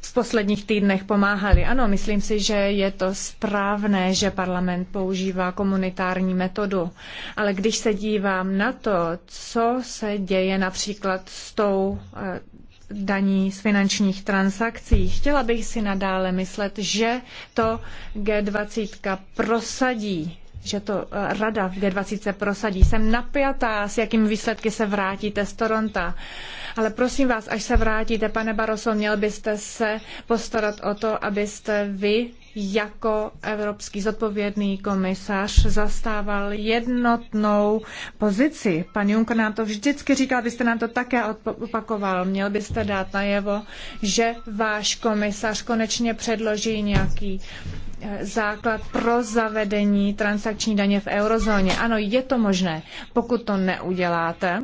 v posledních týdnech pomáhali. Ano, myslím si, že je to správné, že parlament používá komunitární metodu. Ale když se dívám na to, co se děje například s tou daní z finančních transakcí. Chtěla bych si nadále myslet, že to G20 prosadí že to eh, rada v G20 prosadí. Jsem napjatá, s jakými výsledky se vrátíte z Toronta. Ale prosím vás, až se vrátíte, pane Baroso, měl byste se postarat o to, abyste vy jako evropský zodpovědný komisař zastával jednotnou pozici. Pan Juncker nám to vždycky říkal, byste nám to také opakoval. Měl byste dát najevo, že váš komisař konečně předloží nějaký základ pro zavedení transakční daně v eurozóně. Ano, je to možné. Pokud to neuděláte,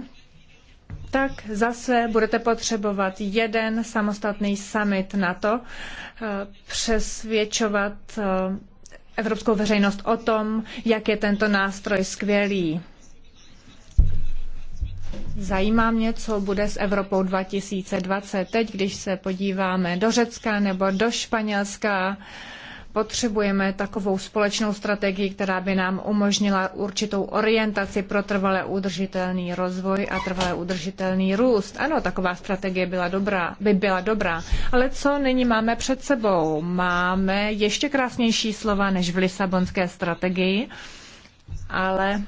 tak zase budete potřebovat jeden samostatný summit na to, eh, přesvědčovat eh, evropskou veřejnost o tom, jak je tento nástroj skvělý. Zajímá mě, co bude s Evropou 2020. Teď, když se podíváme do Řecka nebo do Španělska, uh, Potřebujeme takovou společnou strategii, která by nám umožnila určitou orientaci pro trvale udržitelný rozvoj a trvale udržitelný růst. Ano, taková strategie byla dobrá, by byla dobrá. Ale co nyní máme před sebou? Máme ještě krásnější slova než v Lisabonské strategii, ale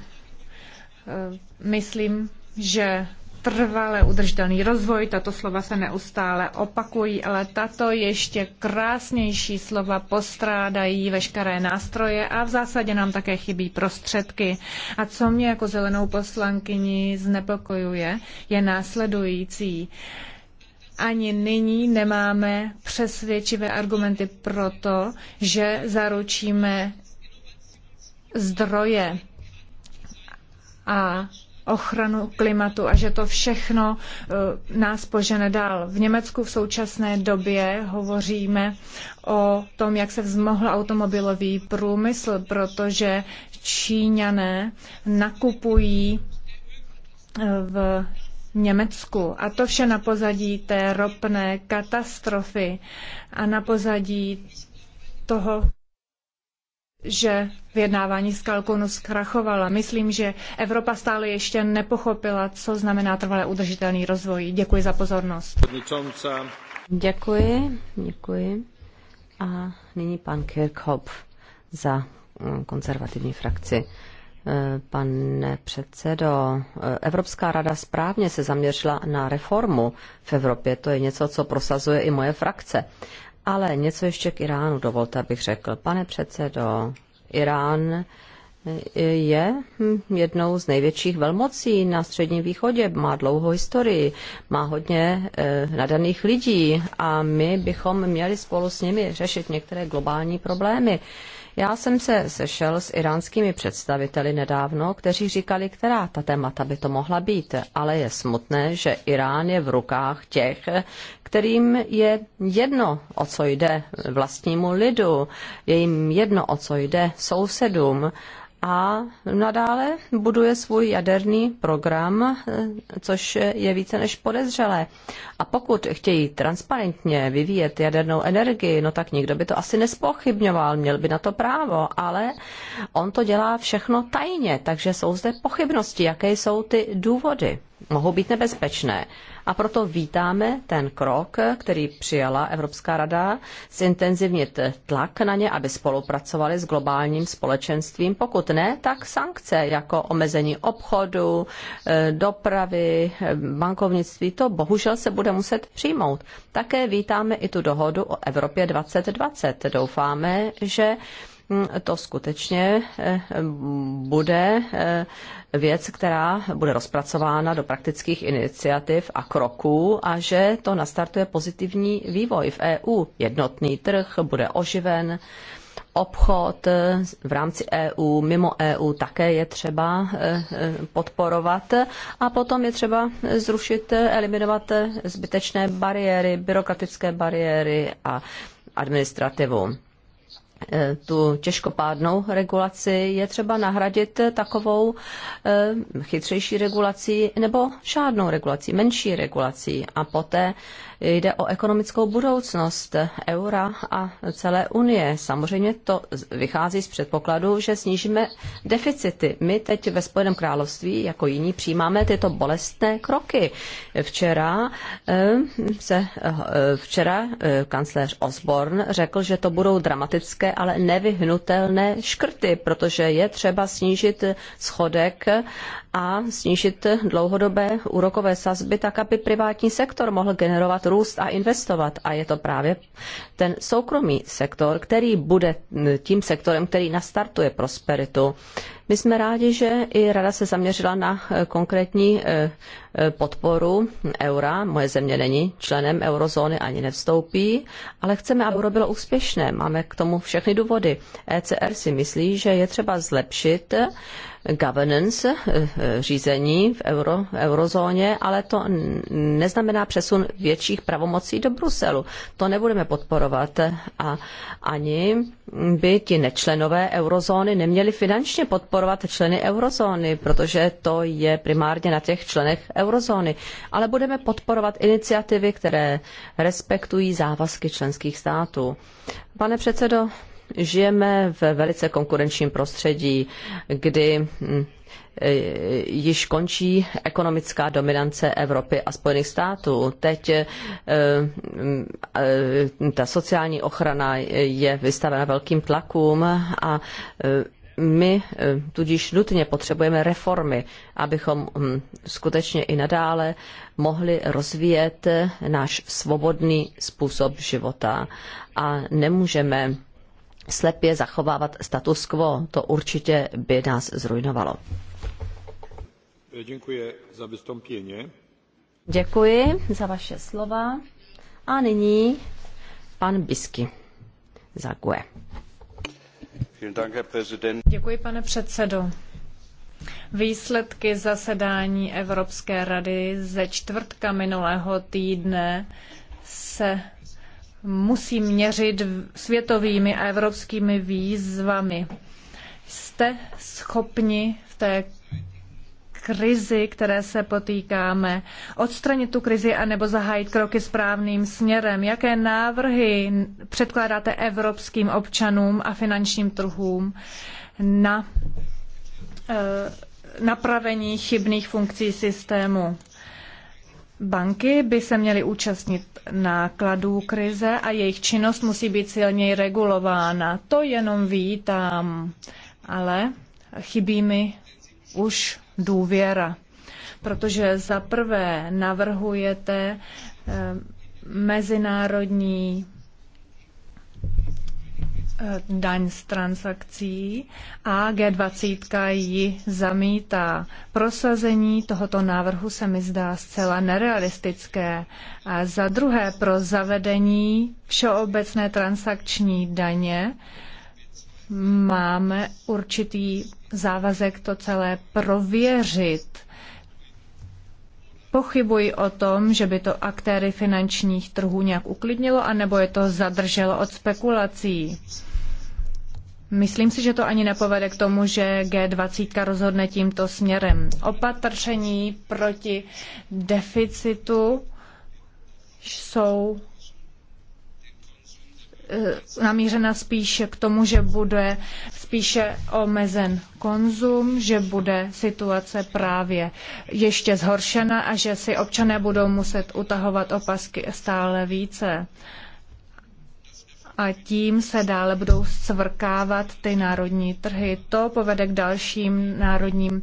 eh, myslím, že trvale udržitelný rozvoj. Tato slova se neustále opakují, ale tato ještě krásnější slova postrádají veškeré nástroje a v zásadě nám také chybí prostředky. A co mě jako zelenou poslankyni znepokojuje, je následující. Ani nyní nemáme přesvědčivé argumenty pro to, že zaručíme zdroje a ochranu klimatu a že to všechno eh, nás požene dál. V Německu v současné době hovoříme o tom, jak se vzmohl automobilový průmysl, protože Číňané nakupují eh, v Německu. A to vše na pozadí té ropné katastrofy a na pozadí toho, že vyjednávání s Kalkonu zkrachovala. Myslím, že Evropa stále ještě nepochopila, co znamená trvalé udržitelný rozvoj. Děkuji za pozornost. Děkuji, děkuji. A nyní pan Kirchhoff za mm, konzervativní frakci. E, pane předsedo, e, Evropská rada správně se zaměřila na reformu v Evropě. To je něco, co prosazuje i moje frakce. Ale něco ještě k Iránu, dovolte, abych řekl. Pane předsedo, Irán eh, je hm, jednou z největších velmocí na Středním východě, má dlouhou historii, má hodně eh, nadaných lidí a my bychom měli spolu s nimi řešit některé globální problémy. Já jsem se sešel s iránskými představiteli nedávno, kteří říkali, která ta témata by to mohla být, ale je smutné, že Irán je v rukách těch, kterým je jedno, o co jde vlastnímu lidu, je jim jedno, o co jde sousedům a nadále buduje svůj jaderný program, eh, což je více než podezřelé. A pokud chtějí transparentně vyvíjet jadernou energii, no tak nikdo by to asi nespochybňoval, měl by na to právo, ale on to dělá všechno tajně, takže jsou zde pochybnosti, jaké jsou ty důvody. Mohou být nebezpečné. A proto vítáme ten krok, který přijala Evropská rada, zintenzivnit tlak na ně, aby spolupracovali s globálním společenstvím. Pokud ne, tak sankce jako omezení obchodu, eh, dopravy, eh, bankovnictví, to bohužel se bude muset přijmout. Také vítáme i tu dohodu o Evropě 2020. Doufáme, že Mm, to skutečně eh, bude eh, věc, která bude rozpracována do praktických iniciativ a kroků a že to nastartuje pozitivní vývoj v EU. Jednotný trh bude oživen, obchod eh, v rámci EU, mimo EU také je třeba podporovat a potom je třeba zrušit, eliminovat zbytečné bariéry, byrokratické bariéry a administrativu. E, tu těžkopádnou regulaci je třeba nahradit takovou e, chytřejší regulací nebo žádnou regulací, menší regulací a poté Jde o ekonomickou budoucnost eura a celé Unie. Samozřejmě to vychází z předpokladu, že snížíme deficity. My teď ve Spojeném království jako jiní přijímáme tyto bolestné kroky. Včera eh, se eh, včera eh, kancléř Osborne řekl, že to budou dramatické, ale nevyhnutelné škrty, protože je třeba snížit schodek a snížit dlouhodobé úrokové sazby tak, aby privátní sektor mohl generovat růst a investovat. A je to právě ten soukromý sektor, který bude tím sektorem, který nastartuje prosperitu. My jsme rádi, že i Rada se zaměřila na eh, konkrétní eh, eh, podporu eura. Moje země není členem eurozóny ani nevstoupí, ale chceme, aby euro bylo úspěšné. Máme k tomu všechny důvody. ECR si myslí, že je třeba zlepšit governance, řízení v euro, eurozóně, ale to neznamená přesun větších pravomocí do Bruselu. To nebudeme podporovat a ani by ti nečlenové eurozóny neměli finančně podporovat podporovat členy eurozóny, protože to je primárně na těch členech eurozóny. Ale budeme podporovat iniciativy, které respektují závazky členských států. Pane předsedo, žijeme ve velice konkurenčním prostředí, kdy hm, e, již končí ekonomická dominance Evropy a Spojených států. Teď e, hm, e, ta sociální ochrana je vystavena velkým tlakům a my eh, tudíž nutně potřebujeme reformy, abychom hm, skutečně i nadále mohli rozvíjet eh, náš svobodný způsob života a nemůžeme slepě zachovávat status quo. To určitě by nás zrujnovalo. Děkuji za vystoupení. Děkuji za vaše slova. A nyní pan Bisky za GUE. Děkuji, pane předsedající Výsledky zasedání Evropské rady ze čtvrtka minulého týdne se musí měřit světovými a evropskými výzvami. Jste schopni v té krizi, které se potýkáme, odstranit tu krizi anebo zahájit kroky správným směrem? Jaké návrhy předkládáte evropským občanům a finančním trhům na eh, napravení chybných funkcí systému? Banky by se měly účastnit nákladů krize a jejich činnost musí být silněji regulována. To jenom vítám, ale chybí mi už důvěra. Protože za prvé navrhujete eh, mezinárodní eh, daň z transakcí a G20 ji zamítá. Prosazení tohoto návrhu se mi zdá zcela nerealistické. A za druhé pro zavedení všeobecné transakční daně máme určitý závazek to celé prověřit. Pochybuji o tom, že by to aktéry finančních trhů nějak uklidnilo, anebo je to zadrželo od spekulací. Myslím si, že to ani nepovede k tomu, že G20 rozhodne tímto směrem. Opatření proti deficitu jsou Eh, namířena spíše k tomu, že bude spíše omezen konzum, že bude situace právě ještě zhoršena a že si občané budou muset utahovat opasky stále více. A tím se dále budou svrkávat ty národní trhy. To povede k dalším národním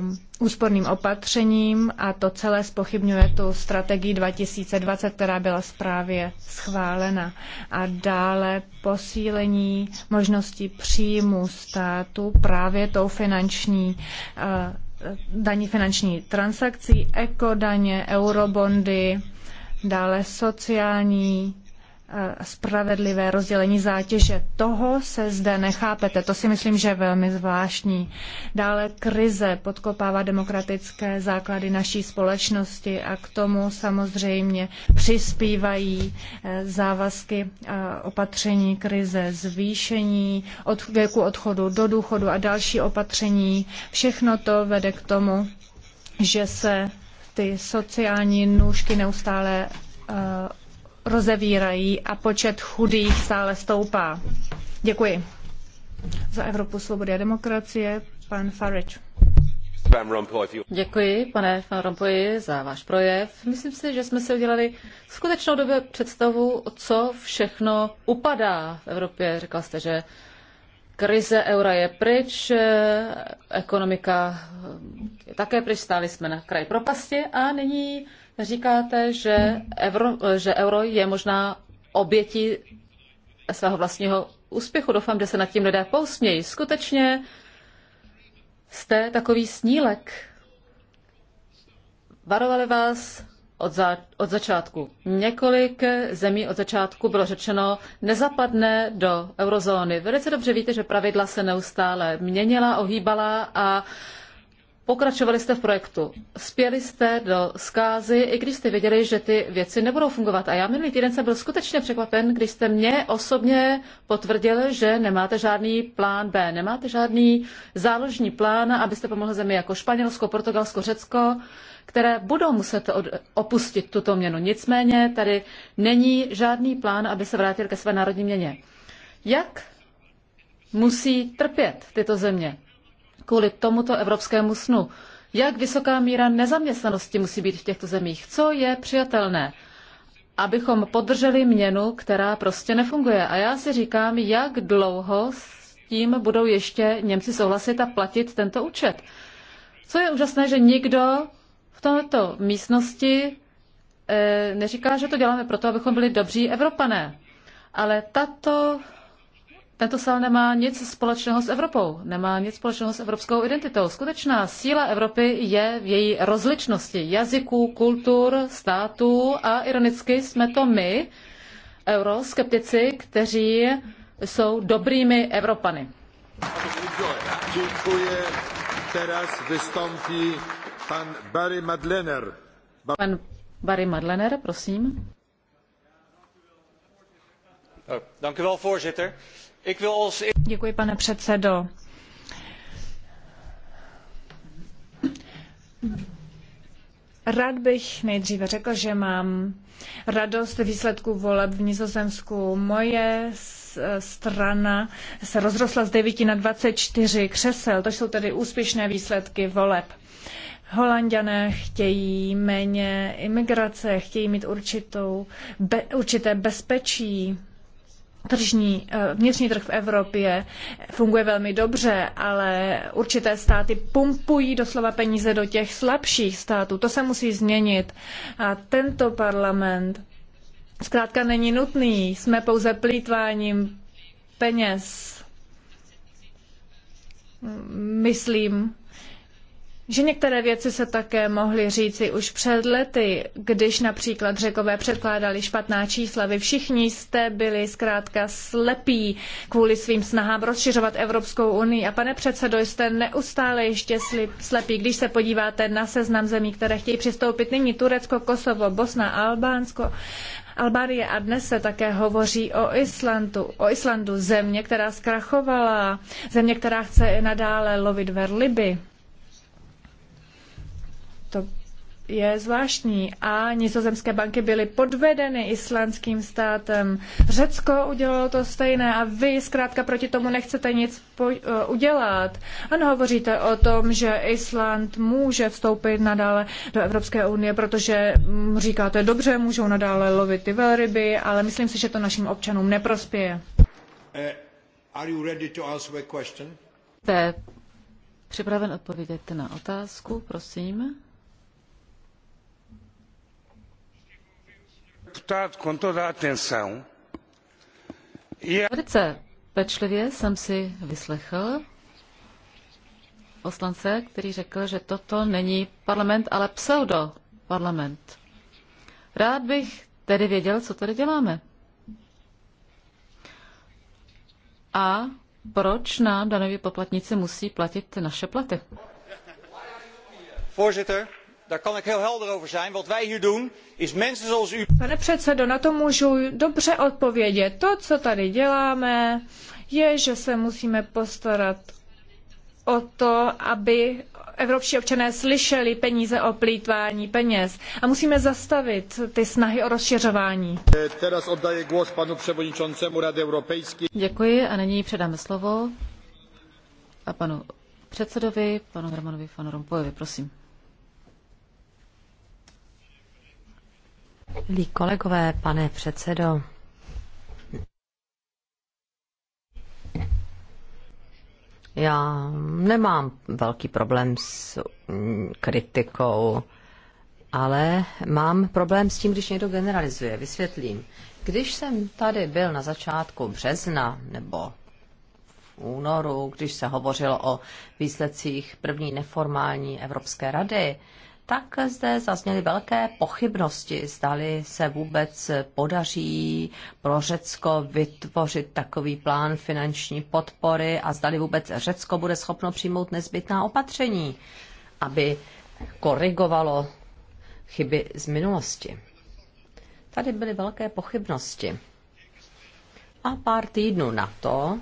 um, úsporným opatřením a to celé spochybňuje tu strategii 2020, která byla zprávě schválena. A dále posílení možností příjmu státu právě tou finanční eh, daní finanční transakcí, ekodaně, eurobondy, dále sociální Eh, spravedlivé rozdělení zátěže. Toho se zde nechápete. To si myslím, že je velmi zvláštní. Dále krize podkopává demokratické základy naší společnosti a k tomu samozřejmě přispívají eh, závazky a opatření krize, zvýšení od věku odchodu do důchodu a další opatření. Všechno to vede k tomu, že se ty sociální nůžky neustále eh, rozevírají a počet chudých stále stoupá. Děkuji. Za Evropu svobody a demokracie, pan Farage. Děkuji, pane Van Rompuy, za váš projev. Myslím si, že jsme si udělali skutečnou dobu představu, co všechno upadá v Evropě. Řekla jste, že krize eura je pryč, eh, ekonomika je také pryč, stáli jsme na kraji propasti a nyní Říkáte, že euro, že euro je možná obětí svého vlastního úspěchu. Doufám, že se nad tím lidé pousmějí. Skutečně jste takový snílek. Varovali vás od, za, od začátku. Několik zemí od začátku bylo řečeno, nezapadne do eurozóny. Velice dobře víte, že pravidla se neustále měnila, ohýbala a uh, pokračovali jste v projektu, spěli jste do skázy, i když jste věděli, že ty věci nebudou fungovat. A já minulý týden jsem byl skutečně překvapen, když jste mě osobně potvrdil, že nemáte žádný plán B, nemáte žádný záložní plán, abyste pomohli zemi jako Španělsko, Portugalsko, Řecko, které budou muset opustit tuto měnu. Nicméně tady není žádný plán, aby se vrátil ke své národní měně. Jak musí trpět tyto země? kvůli tomuto evropskému snu. Jak vysoká míra nezaměstnanosti musí být v těchto zemích? Co je přijatelné? Abychom podrželi měnu, která prostě nefunguje. A já si říkám, jak dlouho s tím budou ještě Němci souhlasit a platit tento účet. Co je úžasné, že nikdo v této místnosti e, neříká, že to děláme proto, abychom byli dobří Evropané. Ale tato tento sál nemá nic společného s Evropou, nemá nic společného s evropskou identitou. Skutečná síla Evropy je v její rozličnosti jazyků, kultur, států a ironicky jsme to my, euroskeptici, kteří jsou dobrými Evropany. Děkuji. Teraz vystoupí pan Barry Madlener. Ba pan Barry Madlener, prosím. Oh, dank u wel, voorzitter. Děkuji, pane předsedající Rád bych nejdříve řekl, že mám radost výsledku voleb v Nizozemsku. Moje strana se rozrostla z devíti na dvacet čtyři křesel, to jsou tedy úspěšné výsledky voleb. holanďané chtějí méně imigrace, chtějí mít určitou, určité bezpečí tržní, eh, vnitřní trh v Evropě funguje velmi dobře, ale určité státy pumpují doslova peníze do těch slabších států. To se musí změnit. A tento parlament zkrátka není nutný. Jsme pouze plítváním peněz. Myslím, že některé věci se také mohly říci už před lety, když například řekové předkládali špatná čísla. Vy všichni jste byli zkrátka slepí kvůli svým snahám rozšiřovat Evropskou unii. A pane předsedo, jste neustále ještě slepí, když se podíváte na seznam zemí, které chtějí přistoupit nyní Turecko, Kosovo, Bosna, Albánsko. Albánie a dnes se také hovoří o Islandu, o Islandu země, která zkrachovala, země, která chce i nadále lovit verliby. To je zvláštní. A nizozemské banky byly podvedeny islandským státem. Řecko udělalo to stejné a vy zkrátka proti tomu nechcete nic eh, udělat. Ano, hovoříte o tom, že Island může vstoupit nadále do Evropské unie, protože hm, říkáte, dobře, můžou nadále lovit ty velryby, ale myslím si, že to našim občanům neprospěje. Eh, Jste připraven odpovědět na otázku, prosím? deputado com toda a atenção. E Velice pečlivě jsem si vyslechl poslance, který řekl, že toto není parlament, ale pseudo parlament. Rád bych tedy věděl, co tady děláme. A proč nám danoví poplatníci musí platit naše platy? Voorzitter, daar kan ik heel helder over zijn. Wat wij hier doen is mensen zoals u. Pane předsedo, na to můžu dobře odpovědět. To, co tady děláme, je, že se musíme postarat o to, aby evropští občané slyšeli peníze o plýtvání peněz a musíme zastavit ty snahy o rozšiřování. Teraz oddaję głos panu przewodniczącemu Rady Europejskiej. Děkuji a nyní předáme slovo a panu předsedovi, panu Hermanovi van Rompuyovi, prosím. Milí kolegové, pane předsedo, já nemám velký problém s mm, kritikou, ale mám problém s tím, když někdo generalizuje. Vysvětlím. Když jsem tady byl na začátku března nebo únoru, když se hovořilo o výsledcích první neformální Evropské rady, tak zde zazněly velké pochybnosti, zdali se vůbec podaří pro Řecko vytvořit takový plán finanční podpory a zdali vůbec Řecko bude schopno přijmout nezbytná opatření, aby korigovalo chyby z minulosti. Tady byly velké pochybnosti. A pár týdnů na to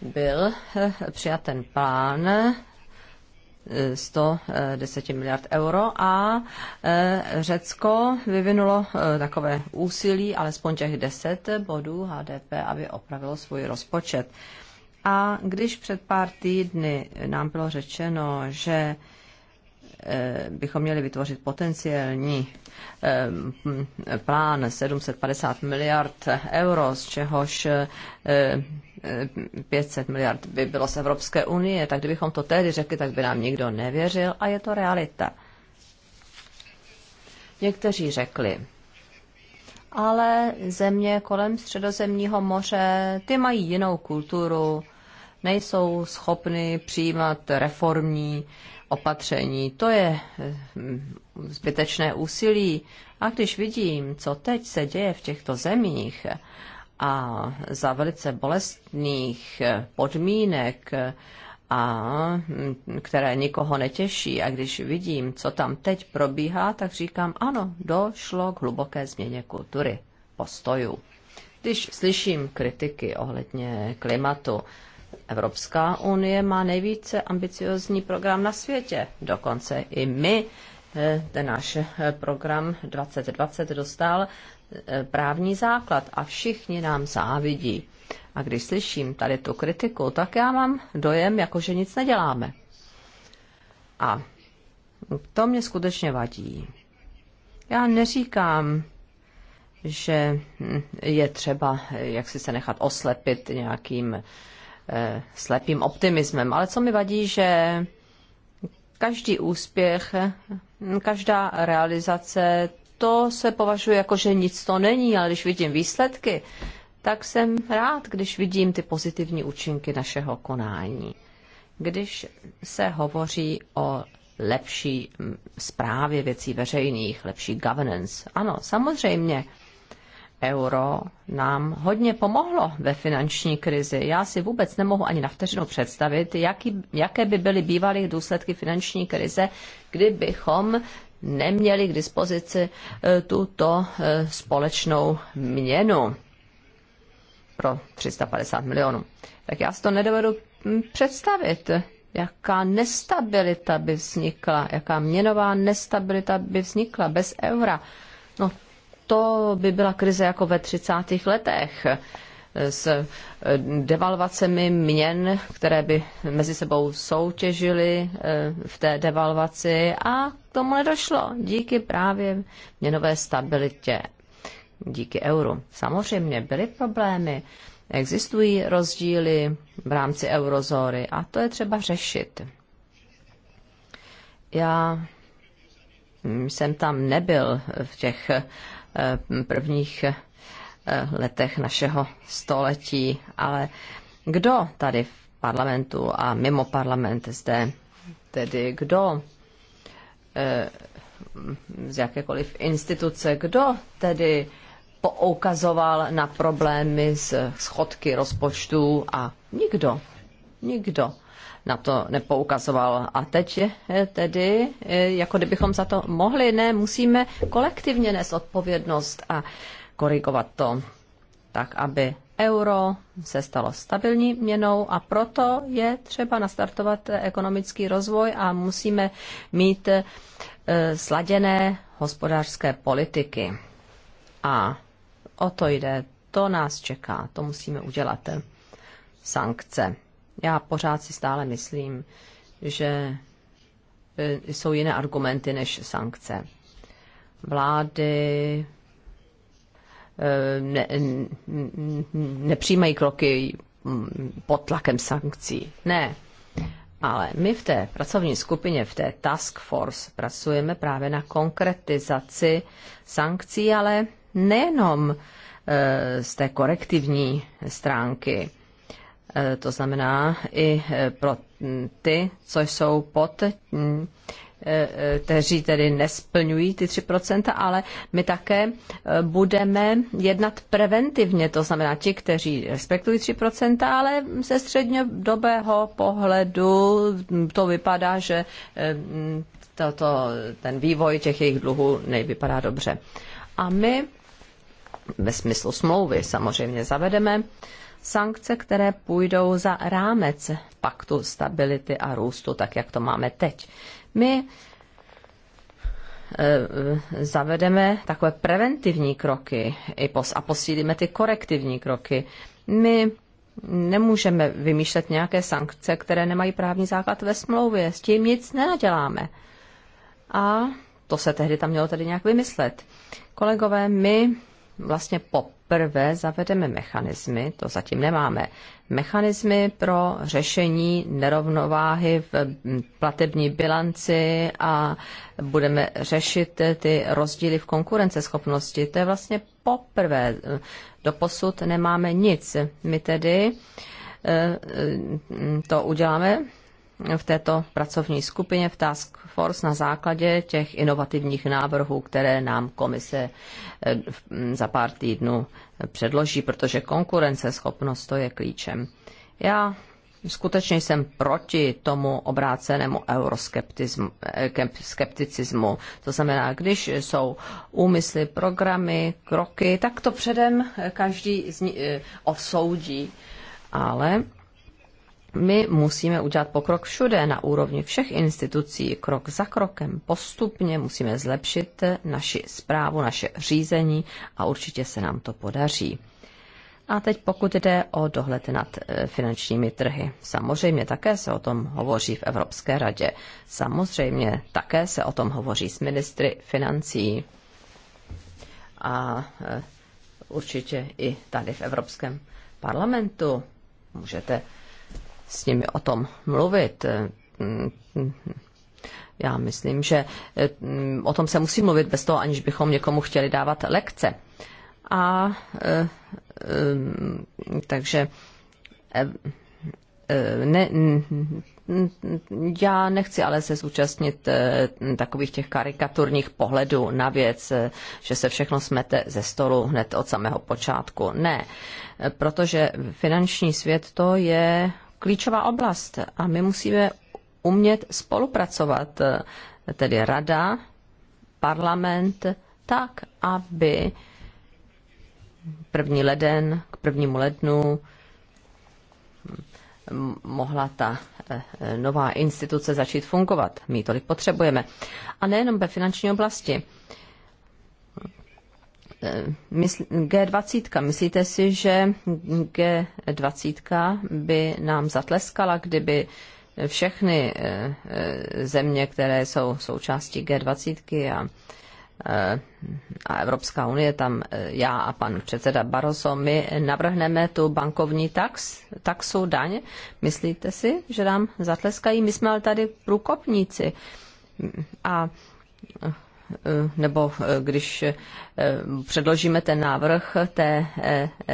byl eh, přijat ten plán 110 eh, miliard euro a eh, Řecko vyvinulo eh, takové úsilí, alespoň těch 10 bodů HDP, aby opravilo svůj rozpočet. A když před pár týdny nám bylo řečeno, že Eh, bychom měli vytvořit potenciální eh, plán 750 miliard euro, z čehož 500 eh, miliard by bylo z Evropské unie, tak kdybychom to tehdy řekli, tak by nám nikdo nevěřil a je to realita. Někteří řekli, ale země kolem Středozemního moře, ty mají jinou kulturu, nejsou schopny přijímat reformní eh, opatření. To je mm, zbytečné úsilí. A když vidím, co teď se děje v těchto zemích a za velice bolestných podmínek, a mm, které nikoho netěší. A když vidím, co tam teď probíhá, tak říkám, ano, došlo k hluboké změně kultury, postojů. Když slyším kritiky ohledně klimatu, Evropská unie má nejvíce ambiciozní program na světě. Dokonce i my eh, ten náš eh, program 2020 dostal eh, právní základ a všichni nám závidí. A když slyším tady tu kritiku, tak já mám dojem, jako že nic neděláme. A to mě skutečně vadí. Já neříkám, že hm, je třeba jak si se nechat oslepit nějakým eh, Eh, slepým optimismem. Ale co mi vadí, že každý úspěch, každá realizace, to se považuje jako, že nic to není, ale když vidím výsledky, tak jsem rád, když vidím ty pozitivní účinky našeho konání. Když se hovoří o lepší zprávě mm, věcí veřejných, lepší governance. Ano, samozřejmě, euro nám hodně pomohlo ve finanční krizi. Já si vůbec nemohu ani na vteřinu představit, jaký, jaké by byly bývalé důsledky finanční krize, kdybychom neměli k dispozici e, tuto e, společnou měnu pro 350 milionů. Tak já si to nedovedu představit, jaká nestabilita by vznikla, jaká měnová nestabilita by vznikla bez eura. No to by byla krize jako ve 30. letech s eh, devalvacemi měn, které by mezi sebou soutěžily eh, v té devalvaci a k tomu nedošlo díky právě měnové stabilitě, díky euru. Samozřejmě byly problémy, existují rozdíly v rámci eurozóry a to je třeba řešit. Já jsem tam nebyl v těch Eh, prvních eh, letech našeho století, ale kdo tady v parlamentu a mimo parlament zde, tedy kdo eh, z jakékoliv instituce, kdo tedy poukazoval na problémy s schodky rozpočtů a nikdo, nikdo na to nepoukazoval. A teď je eh, tedy, eh, jako kdybychom za to mohli, ne, musíme kolektivně nést odpovědnost a korigovat to tak, aby euro se stalo stabilní měnou a proto je třeba nastartovat eh, ekonomický rozvoj a musíme mít sladěné hospodářské politiky. A o to jde, to nás čeká, to musíme udělat. Sankce já pořád si stále myslím, že e, jsou jiné argumenty než sankce. Vlády e, ne, nepřijímají kroky pod tlakem sankcí. Ne. Ale my v té pracovní skupině, v té task force, pracujeme právě na konkretizaci sankcí, ale nejenom e, z té korektivní stránky Eh, to znamená i eh, pro hm, ty, co jsou pod, hm, eh, kteří tedy nesplňují ty 3%, ale my také budeme jednat preventivně, to znamená ti, kteří respektují 3%, ale ze střednědobého pohledu hm, to vypadá, že toto, ten vývoj těch jejich dluhů nevypadá dobře. A my ve smyslu smlouvy samozřejmě zavedeme uh, sankce, které půjdou za rámec paktu stability a růstu, tak jak to máme teď. My eh, eh, zavedeme takové preventivní kroky a posílíme ty korektivní kroky. My nemůžeme vymýšlet nějaké sankce, které nemají právní základ ve smlouvě. S tím nic nenaděláme. A to se tehdy tam mělo tedy nějak vymyslet. Kolegové, my vlastně poprvé zavedeme mechanismy, to zatím nemáme, mechanismy pro řešení nerovnováhy v platební bilanci a budeme řešit ty rozdíly v konkurenceschopnosti. To je vlastně poprvé. Doposud nemáme nic. My tedy eh, to uděláme v této pracovní skupině v Task Force na základě těch inovativních návrhů, které nám komise eh, za pár týdnů předloží, protože konkurenceschopnost to je klíčem. Já skutečně jsem proti tomu obrácenému euroskepticismu. Eh, to znamená, když jsou úmysly, programy, kroky, tak to předem eh, každý z ní odsoudí. Ale my musíme udělat pokrok všude, na úrovni všech institucí, krok za krokem, postupně musíme zlepšit naši zprávu, naše řízení a určitě se nám to podaří. A teď pokud jde o dohled nad e, finančními trhy. Samozřejmě také se o tom hovoří v Evropské radě. Samozřejmě také se o tom hovoří s ministry financí. A e, určitě i tady v Evropském parlamentu můžete s nimi o tom mluvit. Já myslím, že mm, o tom se musí mluvit bez toho, aniž bychom někomu chtěli dávat lekce. A e, e, takže e, ne, já nechci ale se zúčastnit takových těch karikaturních pohledů na věc, že se všechno smete ze stolu hned od samého počátku. Ne, protože finanční svět to je klíčová oblast a my musíme umět spolupracovat, tedy rada, parlament, tak, aby první leden k prvnímu lednu mohla ta eh, nová instituce začít fungovat. My tolik potřebujeme. A nejenom ve finanční oblasti. Eh, G20, myslíte si, že G20 by nám zatleskala, kdyby všechny eh, eh, země, které jsou součástí G20 a, a Evropská unie, tam já a pan předseda Barroso, my navrhneme tu bankovní tax, taxu daň. Myslíte si, že nám zatleskají? My jsme ale tady průkopníci. A Eh, nebo eh, když eh, předložíme ten návrh té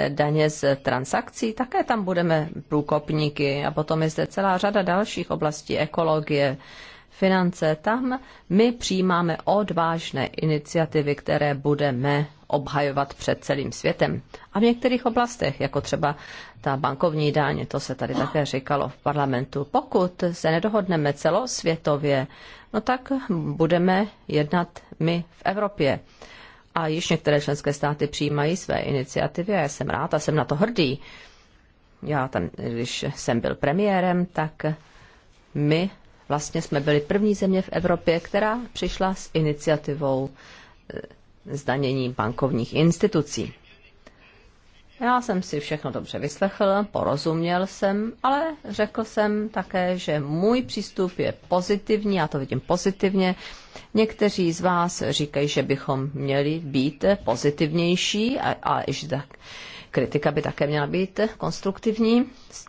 daně z transakcí, také tam budeme průkopníky a potom je zde celá řada dalších oblastí ekologie, finance. Tam my přijímáme odvážné iniciativy, které budeme obhajovat před celým světem. A v některých oblastech, jako třeba ta bankovní dáně, to se tady také říkalo v parlamentu, pokud se nedohodneme celosvětově no tak budeme jednat my v Evropě. A již některé členské státy přijímají své iniciativy a já jsem rád a jsem na to hrdý. Já tam, když jsem byl premiérem, tak my vlastně jsme byli první země v Evropě, která přišla s iniciativou eh, zdanění bankovních institucí. Já jsem si všechno dobře vyslechl, porozuměl jsem, ale řekl jsem také, že můj přístup je pozitivní, já to vidím pozitivně. Někteří z vás říkají, že bychom měli být pozitivnější a, a že tak kritika by také měla být konstruktivní,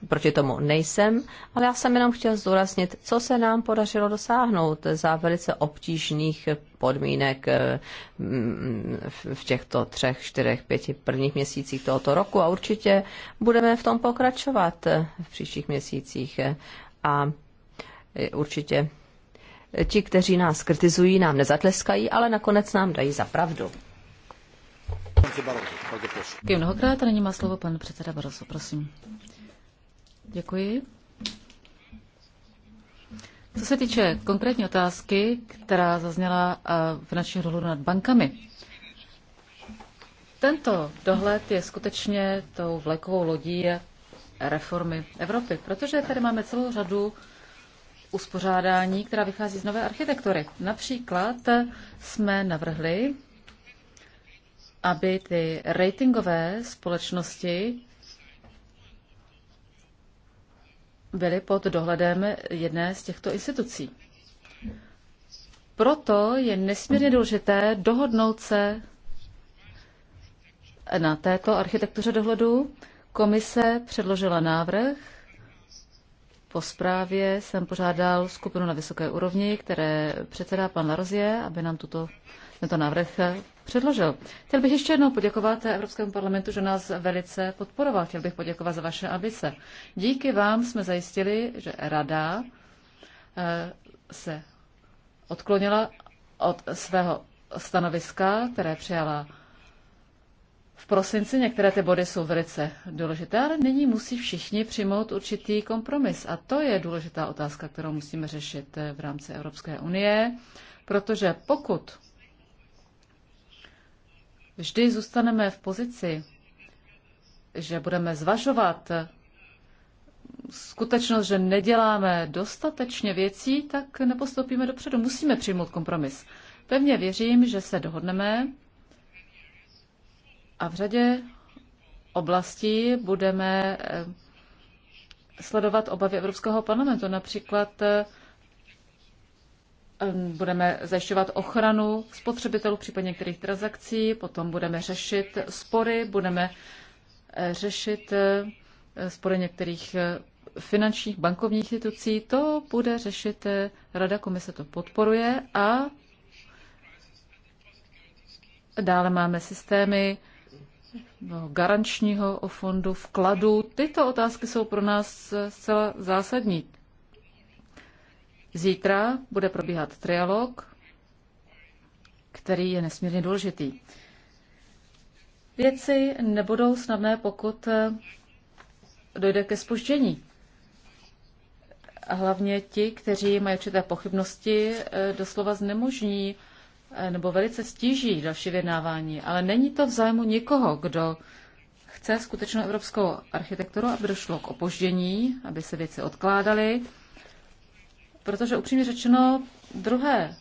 proti tomu nejsem, ale já jsem jenom chtěl zdůraznit, co se nám podařilo dosáhnout za velice obtížných podmínek eh, v těchto třech, čtyřech, pěti prvních měsících tohoto roku a určitě budeme v tom pokračovat eh, v příštích měsících a eh, určitě ti, kteří nás kritizují, nám nezatleskají, ale nakonec nám dají za pravdu. Děkuji mnohokrát a nyní má slovo pan předseda prosím. Děkuji. Co se týče konkrétní otázky, která zazněla eh, v našem dohledu nad bankami, tento dohled je skutečně tou vlekovou lodí reformy Evropy, protože tady máme celou řadu uspořádání, která vychází z nové architektury. Například jsme navrhli aby ty ratingové společnosti byly pod dohledem jedné z těchto institucí. Proto je nesmírně důležité dohodnout se na této architektuře dohledu. Komise předložila návrh. Po zprávě jsem pořádal skupinu na vysoké úrovni, které předsedá pan Larozie, aby nám tuto tento návrh eh, předložil. Chtěl bych ještě jednou poděkovat Evropskému parlamentu, že nás velice podporoval. Chtěl bych poděkovat za vaše ambice. Díky vám jsme zajistili, že Rada eh, se odklonila od svého stanoviska, které přijala v prosinci. Některé ty body jsou velice důležité, ale nyní musí všichni přijmout určitý kompromis. A to je důležitá otázka, kterou musíme řešit eh, v rámci Evropské unie, protože pokud vždy zůstaneme v pozici, že budeme zvažovat skutečnost, že neděláme dostatečně věcí, tak nepostoupíme dopředu. Musíme přijmout kompromis. Pevně věřím, že se dohodneme a v řadě oblastí budeme eh, sledovat obavy Evropského parlamentu, například eh, budeme zajišťovat ochranu spotřebitelů při některých transakcí, potom budeme řešit spory, budeme eh, řešit eh, spory některých eh, finančních bankovních institucí. To bude řešit Rada komise, to podporuje a dále máme systémy no, garančního fondu, vkladu. Tyto otázky jsou pro nás zcela zásadní. Zítra bude probíhat trialog, který je nesmírně důležitý. Věci nebudou snadné, pokud dojde ke spuštění. A hlavně ti, kteří mají určité pochybnosti, doslova znemožní eh, nebo velice stíží další vyjednávání. Ale není to v zájmu nikoho, kdo chce skutečnou evropskou architekturu, aby došlo k opoždění, aby se věci odkládaly protože upřímně řečeno, druhé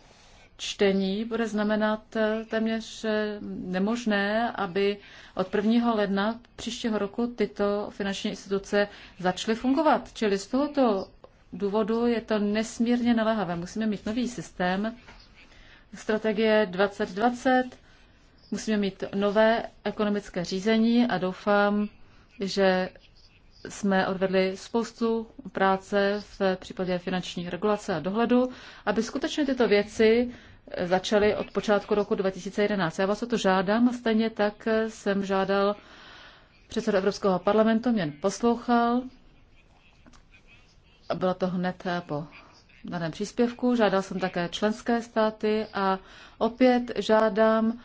čtení bude znamenat eh, téměř eh, nemožné, aby od 1. ledna příštího roku tyto finanční instituce začaly fungovat. Čili z tohoto důvodu je to nesmírně naléhavé. Musíme mít nový systém, strategie 2020, musíme mít nové ekonomické řízení a doufám, že jsme odvedli spoustu práce v případě finanční regulace a dohledu, aby skutečně tyto věci eh, začaly od počátku roku 2011. Já vás o to žádám a stejně tak jsem žádal předsedu Evropského parlamentu, mě poslouchal. Bylo to hned eh, po daném příspěvku. Žádal jsem také členské státy a opět žádám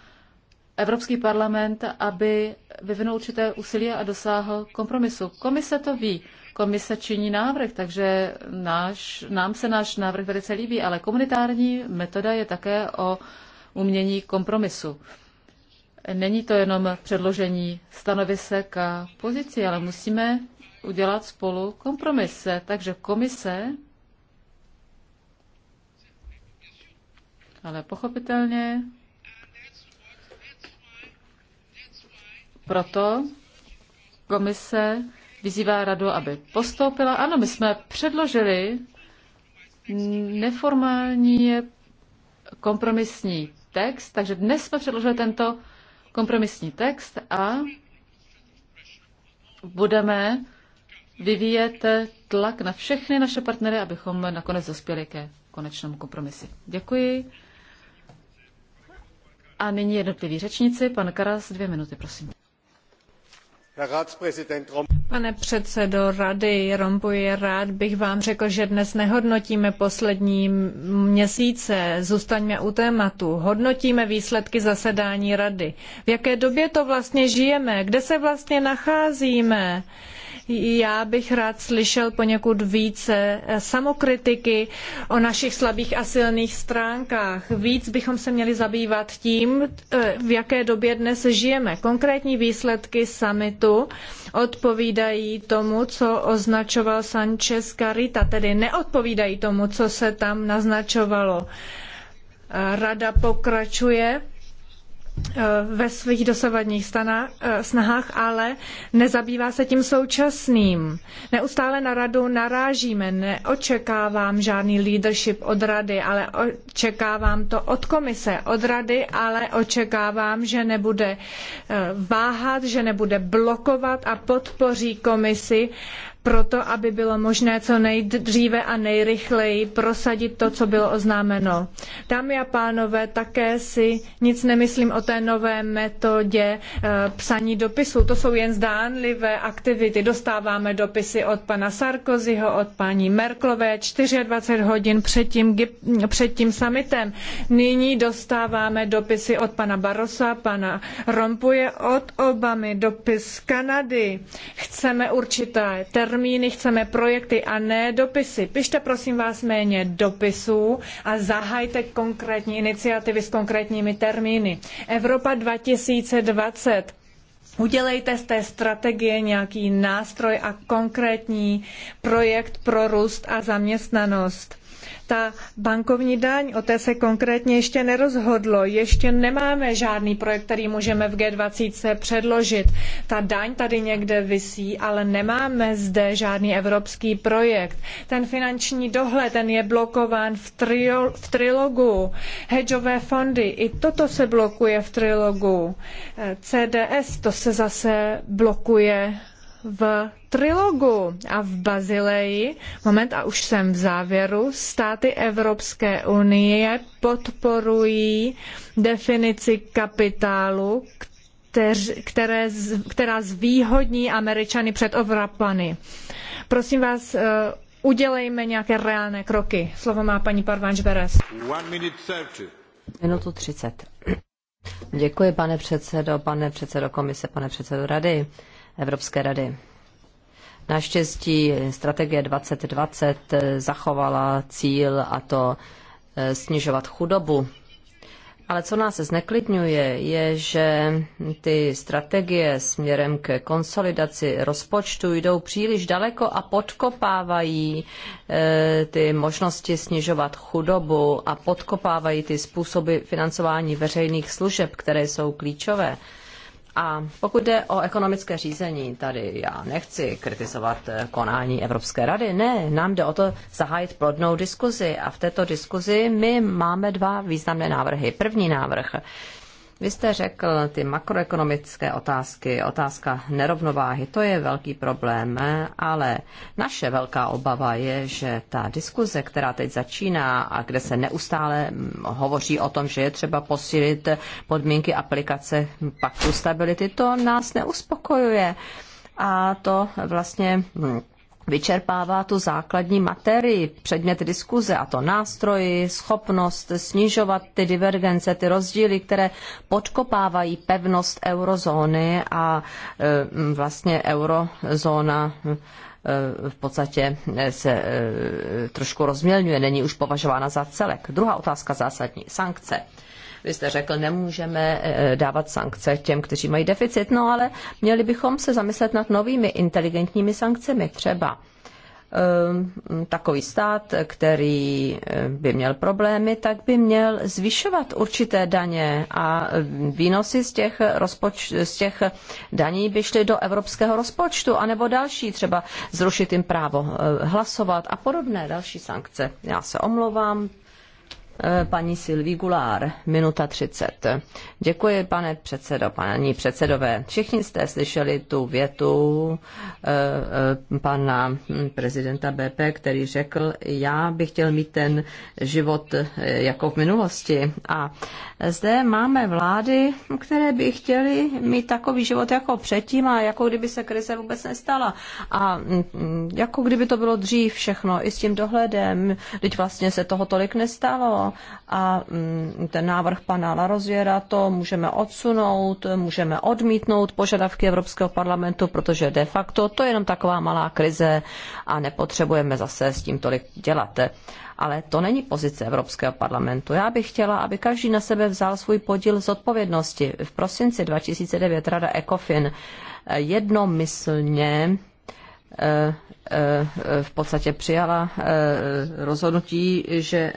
Evropský parlament, aby vyvinul určité úsilí a dosáhl kompromisu. Komise to ví, komise činí návrh, takže náš, nám se náš návrh velice líbí, ale komunitární metoda je také o umění kompromisu. Není to jenom předložení stanovisek a pozici, ale musíme udělat spolu kompromise. Takže komise, ale pochopitelně Proto komise vyzývá radu, aby postoupila. Ano, my jsme předložili neformální kompromisní text, takže dnes jsme předložili tento kompromisní text a budeme vyvíjet tlak na všechny naše partnery, abychom nakonec dospěli ke konečnému kompromisu. Děkuji. A nyní jednotliví řečníci. Pan Karas, dvě minuty, prosím. Pane předsedo Rady Rompuy, rád bych vám řekl, že dnes nehodnotíme poslední měsíce, zůstaňme u tématu, hodnotíme výsledky zasedání Rady. V jaké době to vlastně žijeme, kde se vlastně nacházíme? Uh, já bych rád slyšel poněkud více eh, samokritiky o našich slabých a silných stránkách. Víc bychom se měli zabývat tím, eh, v jaké době dnes žijeme. Konkrétní výsledky summitu odpovídají tomu, co označoval Sanchez Carita, tedy neodpovídají tomu, co se tam naznačovalo. Eh, Rada pokračuje Eh, ve svých dosavadních eh, snahách, ale nezabývá se tím současným. Neustále na radu narážíme, neočekávám žádný leadership od rady, ale očekávám to od komise, od rady, ale očekávám, že nebude eh, váhat, že nebude blokovat a podpoří komisi uh, proto aby bylo možné co nejdříve a nejrychleji prosadit to, co bylo oznámeno. Dámy a pánové, také si nic nemyslím o té nové metodě eh, psaní dopisů. To jsou jen zdánlivé aktivity. Dostáváme dopisy od pana Sarkozyho, od paní Merklové 24 hodin před tím, před tím summitem. Nyní dostáváme dopisy od pana Barosa, pana Rompuje, od Obamy, dopis z Kanady. Chceme určité ter- termíny, chceme projekty a ne dopisy. Pište prosím vás méně dopisů a zahajte konkrétní iniciativy s konkrétními termíny. Evropa 2020. Udělejte z té strategie nějaký nástroj a konkrétní projekt pro růst a zaměstnanost. Ta bankovní daň, o té se konkrétně ještě nerozhodlo. Ještě nemáme žádný projekt, který můžeme v G20 předložit. Ta daň tady někde visí, ale nemáme zde žádný evropský projekt. Ten finanční dohled, ten je blokován v, trio, v trilogu. Hedžové fondy, i toto se blokuje v trilogu. Eh, CDS, to se zase blokuje v trilogu a v Bazileji, moment a už jsem v závěru, státy Evropské unie podporují definici kapitálu, kteř, které, která zvýhodní Američany před Evropany. Prosím vás, eh, udělejme nějaké reálné kroky. Slovo má paní Parvanč Beres. Minutu 30. Děkuji, pane předsedo, pane předsedo komise, pane předsedo rady. Evropské rady. Naštěstí strategie 2020 eh, zachovala cíl a to eh, snižovat chudobu. Ale co nás zneklidňuje, je, že ty strategie směrem k konsolidaci rozpočtu jdou příliš daleko a podkopávají eh, ty možnosti snižovat chudobu a podkopávají ty způsoby financování veřejných služeb, které jsou klíčové a pokud jde o ekonomické řízení, tady já nechci kritizovat eh, konání Evropské rady. Ne, nám jde o to zahájit plodnou diskuzi. A v této diskuzi my máme dva významné návrhy. První návrh vy jste řekl ty makroekonomické otázky, otázka nerovnováhy, to je velký problém, ale naše velká obava je, že ta diskuze, která teď začíná a kde se neustále mm, hovoří o tom, že je třeba posílit podmínky aplikace paktu stability, to nás neuspokojuje. A to vlastně mm, vyčerpává tu základní materii, předmět diskuze, a to nástroji, schopnost snižovat ty divergence, ty rozdíly, které podkopávají pevnost eurozóny a e, vlastně eurozóna e, v podstatě e, se trošku rozmělňuje, není už považována za celek. Druhá otázka zásadní, sankce. Vy jste řekl, nemůžeme eh, dávat sankce těm, kteří mají deficit, no ale měli bychom se zamyslet nad novými inteligentními sankcemi. Třeba ehm, takový stát, který eh, by měl problémy, tak by měl zvyšovat určité daně a výnosy z těch, rozpoč- z těch daní by šly do evropského rozpočtu, anebo další, třeba zrušit jim právo eh, hlasovat a podobné další sankce. Já se omlouvám, Eh, paní Silví Gulár, minuta 30. Děkuji, pane předsedo, paní předsedové. Všichni jste slyšeli tu větu eh, eh, pana prezidenta BP, který řekl, já bych chtěl mít ten život jako v minulosti. A zde máme vlády, které by chtěly mít takový život jako předtím a jako kdyby se krize vůbec nestala. A mm, jako kdyby to bylo dřív všechno, i s tím dohledem, teď vlastně se toho tolik nestalo a mm, ten návrh pana Larozvěra to můžeme odsunout, můžeme odmítnout požadavky Evropského parlamentu, protože de facto to je jenom taková malá krize a nepotřebujeme zase s tím tolik dělat. Ale to není pozice Evropského parlamentu. Já bych chtěla, aby každý na sebe vzal svůj podíl z odpovědnosti. V prosinci 2009 Rada ECOFIN eh, jednomyslně eh, eh, v podstatě přijala rozhodnutí, že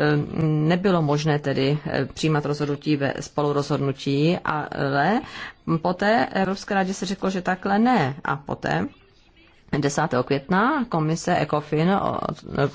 Ehm, nebylo možné tedy eh, přijímat rozhodnutí ve spolurozhodnutí, ale poté Evropské radě se řeklo, že takhle ne. A poté 10. května komise ECOFIN, eh,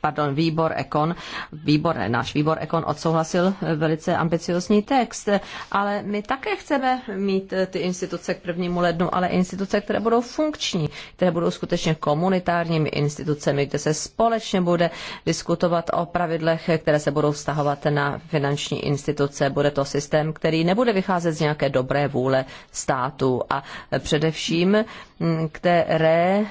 pardon, výbor ECON, výbor, náš výbor ECON odsouhlasil eh, velice ambiciozní text, ale my také chceme mít eh, ty instituce k prvnímu lednu, ale instituce, které budou funkční, které budou skutečně komunitárními institucemi, kde se společně bude diskutovat o pravidlech, které se budou vztahovat na finanční instituce. Bude to systém, který nebude vycházet z nějaké dobré vůle státu a především které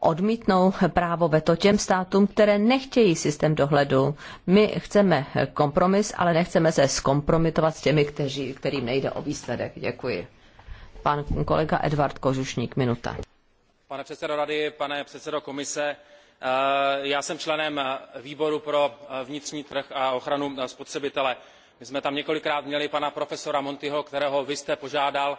odmítnou právo veto těm státům, které nechtějí systém dohledu. My chceme kompromis, ale nechceme se skompromitovat s těmi, kteří, kterým nejde o výsledek. Děkuji. Pan kolega Edvard Kožušník, minuta. Pane předsedo rady, pane předsedo komise, eh, já jsem členem výboru pro vnitřní trh a ochranu spotřebitele. My jsme tam několikrát měli pana profesora Montiho, kterého vy jste požádal,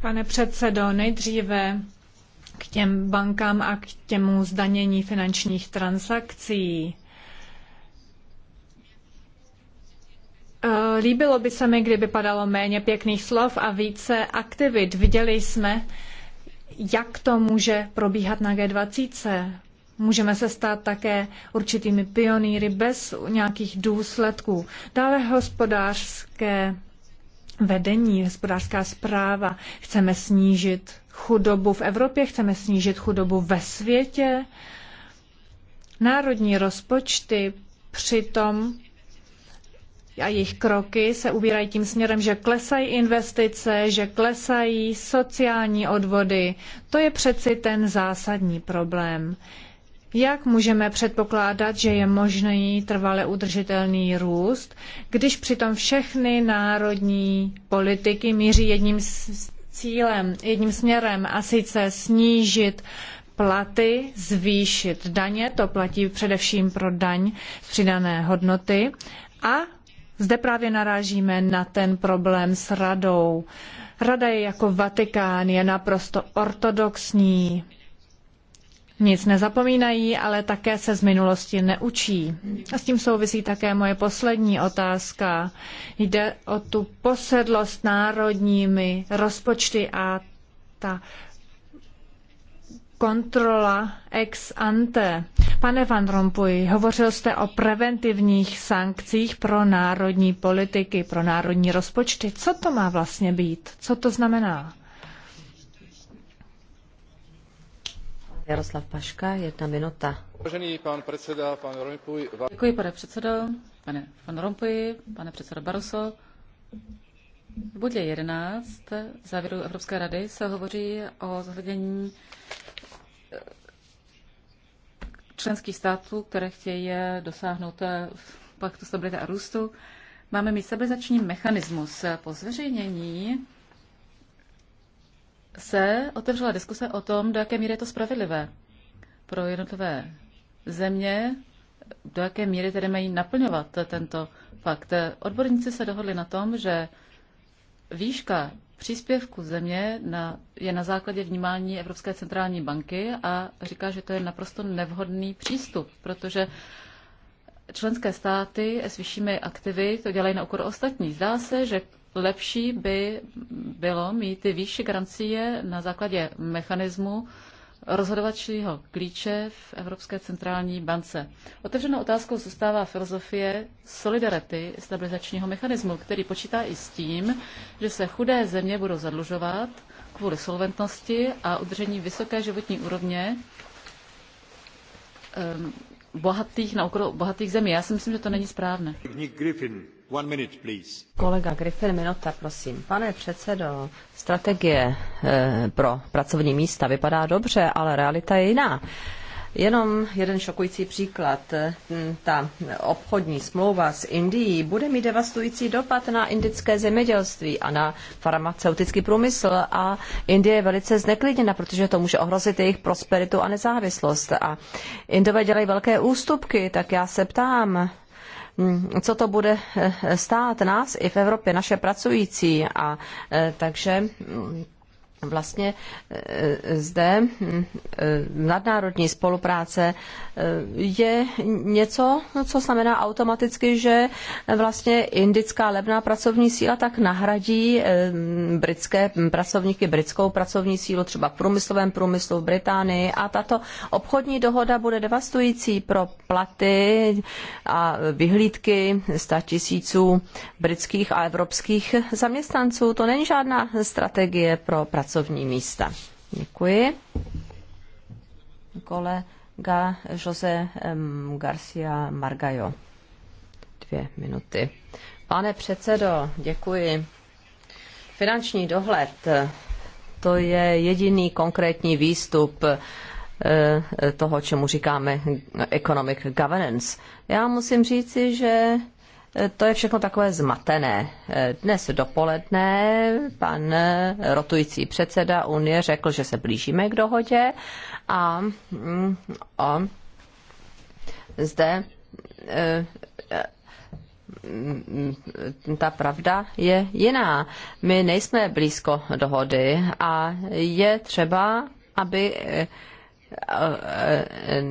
Pane předsedo, nejdříve k těm bankám a k tomu zdanění finančních transakcí. Eh, líbilo by se mi, kdyby padalo méně pěkných slov a více aktivit. Viděli jsme, jak to může probíhat na G20. Můžeme se stát také určitými pionýry bez nějakých důsledků. Dále hospodářské vedení, hospodářská zpráva. Chceme snížit chudobu v Evropě, chceme snížit chudobu ve světě. Národní rozpočty přitom a jejich kroky se ubírají tím směrem, že klesají investice, že klesají sociální odvody. To je přeci ten zásadní problém. Jak můžeme předpokládat, že je možný trvale udržitelný růst, když přitom všechny národní politiky míří jedním cílem, jedním směrem a sice snížit platy, zvýšit daně, to platí především pro daň z přidané hodnoty a zde právě narážíme na ten problém s radou. Rada je jako Vatikán, je naprosto ortodoxní, nic nezapomínají, ale také se z minulosti neučí. A s tím souvisí také moje poslední otázka. Jde o tu posedlost národními rozpočty a ta kontrola ex ante. Pane Van Rompuy, hovořil jste o preventivních sankcích pro národní politiky, pro národní rozpočty. Co to má vlastně být? Co to znamená? Jaroslav Paška, jedna minuta. Vážený pan předseda, pan Rompuy. Va... Děkuji, pane předsedo, pane Van Rompuy, pane předsedo Barroso. V bodě 11 závěru Evropské rady se hovoří o zhledění eh, členských států, které chtějí dosáhnout eh, paktu stability a růstu. Máme mít stabilizační mechanismus po zveřejnění se otevřela diskuse o tom, do jaké míry je to spravedlivé pro jednotlivé země, do jaké míry tedy mají naplňovat tento fakt. Odborníci se dohodli na tom, že výška příspěvku země na, je na základě vnímání Evropské centrální banky a říká, že to je naprosto nevhodný přístup, protože členské státy s vyššími aktivy to dělají na úkor ostatní. Zdá se, že lepší by bylo mít ty výšší garancie na základě mechanismu rozhodovačního klíče v Evropské centrální bance. Otevřenou otázkou zůstává filozofie solidarity stabilizačního mechanismu, který počítá i s tím, že se chudé země budou zadlužovat kvůli solventnosti a udržení vysoké životní úrovně ehm, bohatých na okru bohatých zemí. Já si myslím, že to není správné. Nick Griffin. Griffin, prosím. Pane předsedo, strategie eh, pro pracovní místa vypadá dobře, ale realita je jiná. Jenom jeden šokující příklad. Hm, ta obchodní smlouva s Indií bude mít devastující dopad na indické zemědělství a na farmaceutický průmysl a Indie je velice zneklidněna, protože to může ohrozit jejich prosperitu a nezávislost. A Indové dělají velké ústupky, tak já se ptám, Mm, co to bude eh, stát nás i v Evropě, naše pracující. A eh, takže mm, vlastně eh, zde hm, eh, nadnárodní spolupráce eh, je něco, co znamená automaticky, že vlastně indická levná pracovní síla tak nahradí britské pracovníky, britskou pracovní sílu třeba v průmyslovém průmyslu v Británii a tato obchodní dohoda bude devastující pro platy a vyhlídky sta tisíců britských a evropských zaměstnanců. To není žádná strategie pro pracovníky pracovní místa. Děkuji. Kolega Jose Garcia Margajo. Dvě minuty. Pane předsedo, děkuji. Finanční dohled, to je jediný konkrétní výstup eh, toho, čemu říkáme economic governance. Já musím říci, že to je všechno takové zmatené. Dnes dopoledne pan rotující předseda Unie řekl, že se blížíme k dohodě a, mm, a zde e, e, ta pravda je jiná. My nejsme blízko dohody a je třeba, aby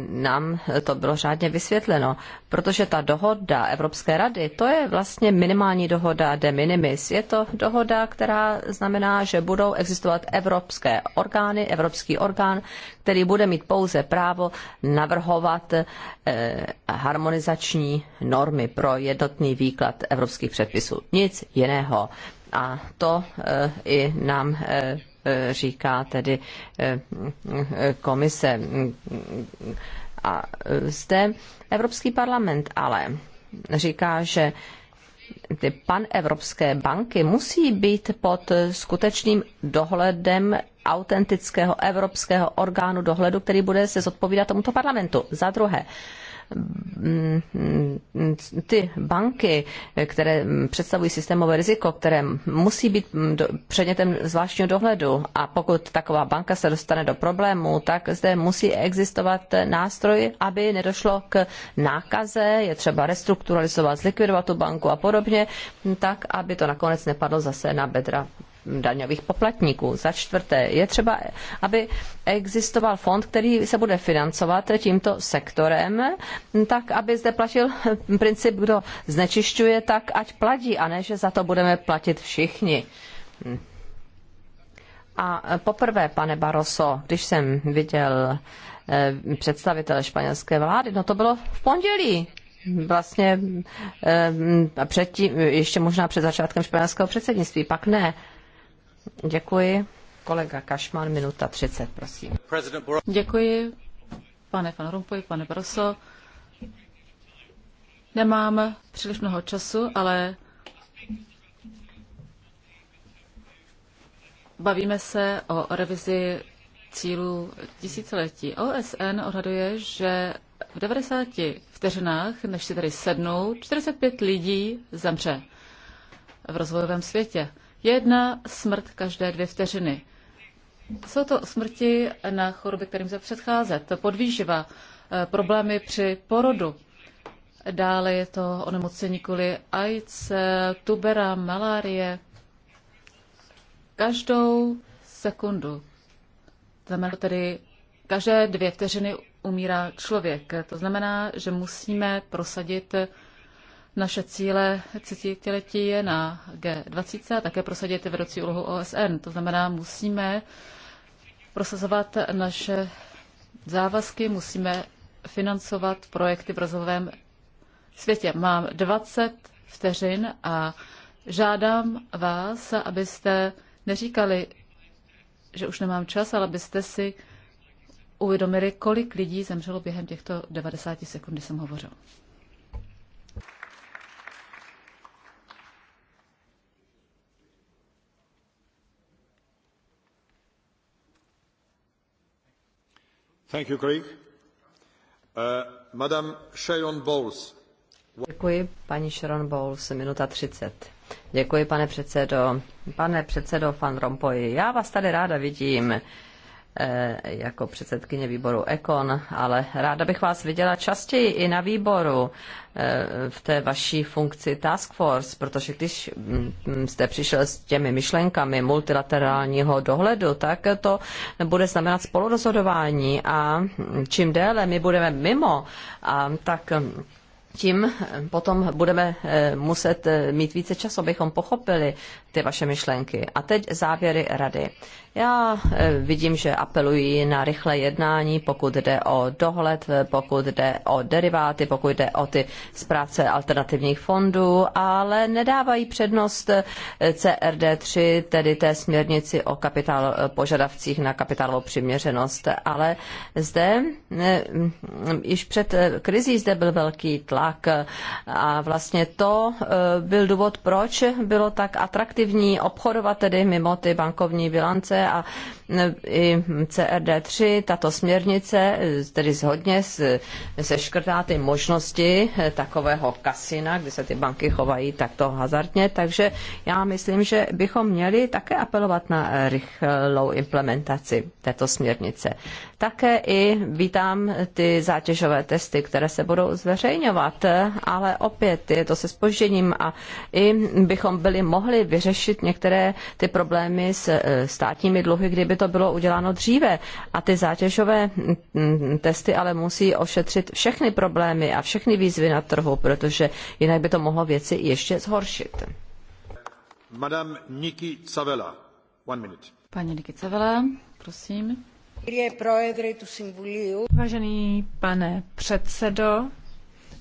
nám to bylo řádně vysvětleno, protože ta dohoda Evropské rady, to je vlastně minimální dohoda de minimis. Je to dohoda, která znamená, že budou existovat evropské orgány, evropský orgán, který bude mít pouze právo navrhovat eh, harmonizační normy pro jednotný výklad evropských předpisů. Nic jiného. A to eh, i nám eh, Eh, říká tedy eh, komise. A zde Evropský parlament ale říká, že ty panevropské banky musí být pod skutečným dohledem autentického evropského orgánu dohledu, který bude se zodpovídat tomuto parlamentu. Za druhé, ty banky, které představují systémové riziko, které musí být předmětem zvláštního dohledu a pokud taková banka se dostane do problému, tak zde musí existovat nástroj, aby nedošlo k nákaze, je třeba restrukturalizovat, zlikvidovat tu banku a podobně, tak, aby to nakonec nepadlo zase na bedra daňových poplatníků. Za čtvrté, je třeba, aby existoval fond, který se bude financovat tímto sektorem, tak aby zde platil princip, kdo znečišťuje, tak ať platí, a ne, že za to budeme platit všichni. A poprvé, pane Baroso, když jsem viděl eh, představitele španělské vlády, no to bylo v pondělí, vlastně eh, předtím, ještě možná před začátkem španělského předsednictví, pak ne. Děkuji. Kolega Kašman, minuta 30, prosím. Děkuji, pane Van Rompuy, pane Barroso. Nemám příliš mnoho času, ale bavíme se o revizi cílů tisíciletí. OSN odhaduje, že v 90 vteřinách, než si tady sednou, 45 lidí zemře v rozvojovém světě. Jedna smrt každé dvě vteřiny. Jsou to smrti na choroby, kterým se předcházet. Podvýživa, eh, problémy při porodu. Dále je to onemocnění kvůli AIDS, tubera, malárie. Každou sekundu, znamená tedy každé dvě vteřiny umírá člověk. To znamená, že musíme prosadit naše cíle třicetiletí je na G20 a také prosadit vedoucí úlohu OSN. To znamená, musíme prosazovat naše závazky, musíme financovat projekty v rozvojovém světě. Mám 20 vteřin a žádám vás, abyste neříkali, že už nemám čas, ale abyste si uvědomili, kolik lidí zemřelo během těchto 90 sekund, kdy jsem hovořil. Uh, Madame Sharon Bowles. Děkuji, Sharon Bowles, Děkuji, pane předsedo. Pane předsedo Van Rompuy, já vás tady ráda vidím. Eh, jako předsedkyně výboru Ekon, ale ráda bych vás viděla častěji i na výboru eh, v té vaší funkci Task Force, protože když mm, mm, jste přišel s těmi myšlenkami multilaterálního dohledu, tak to bude znamenat spolurozhodování a mm, čím déle my budeme mimo, a tak tím potom budeme eh, muset mít více času, abychom pochopili ty vaše myšlenky. A teď závěry rady. Já eh, vidím, že apelují na rychlé jednání, pokud jde o dohled, pokud jde o deriváty, pokud jde o ty správce alternativních fondů, ale nedávají přednost eh, CRD3, tedy té směrnici o kapitál, eh, požadavcích na kapitálovou přiměřenost. Ale zde, již před krizí zde byl velký tlak a vlastně to byl důvod, proč bylo tak atraktivní obchodovat tedy mimo ty bankovní bilance a e, i CRD3, tato směrnice e, tedy zhodně se škrtá ty možnosti e, takového kasina, kdy se ty banky chovají takto hazardně, takže já myslím, že bychom měli také apelovat na rychlou implementaci této směrnice. Také i vítám ty zátěžové testy, které se budou zveřejňovat, ale opět je to se spožděním a i bychom byli mohli vyřešit některé ty problémy s e, státními dluhy, kdyby to bylo uděláno dříve. A ty zátěžové mm, testy ale musí ošetřit všechny problémy a všechny výzvy na trhu, protože jinak by to mohlo věci ještě zhoršit. Madame Niki Savela, one minute. Pani Niki Savela, prosím. Vážený pane předsedo,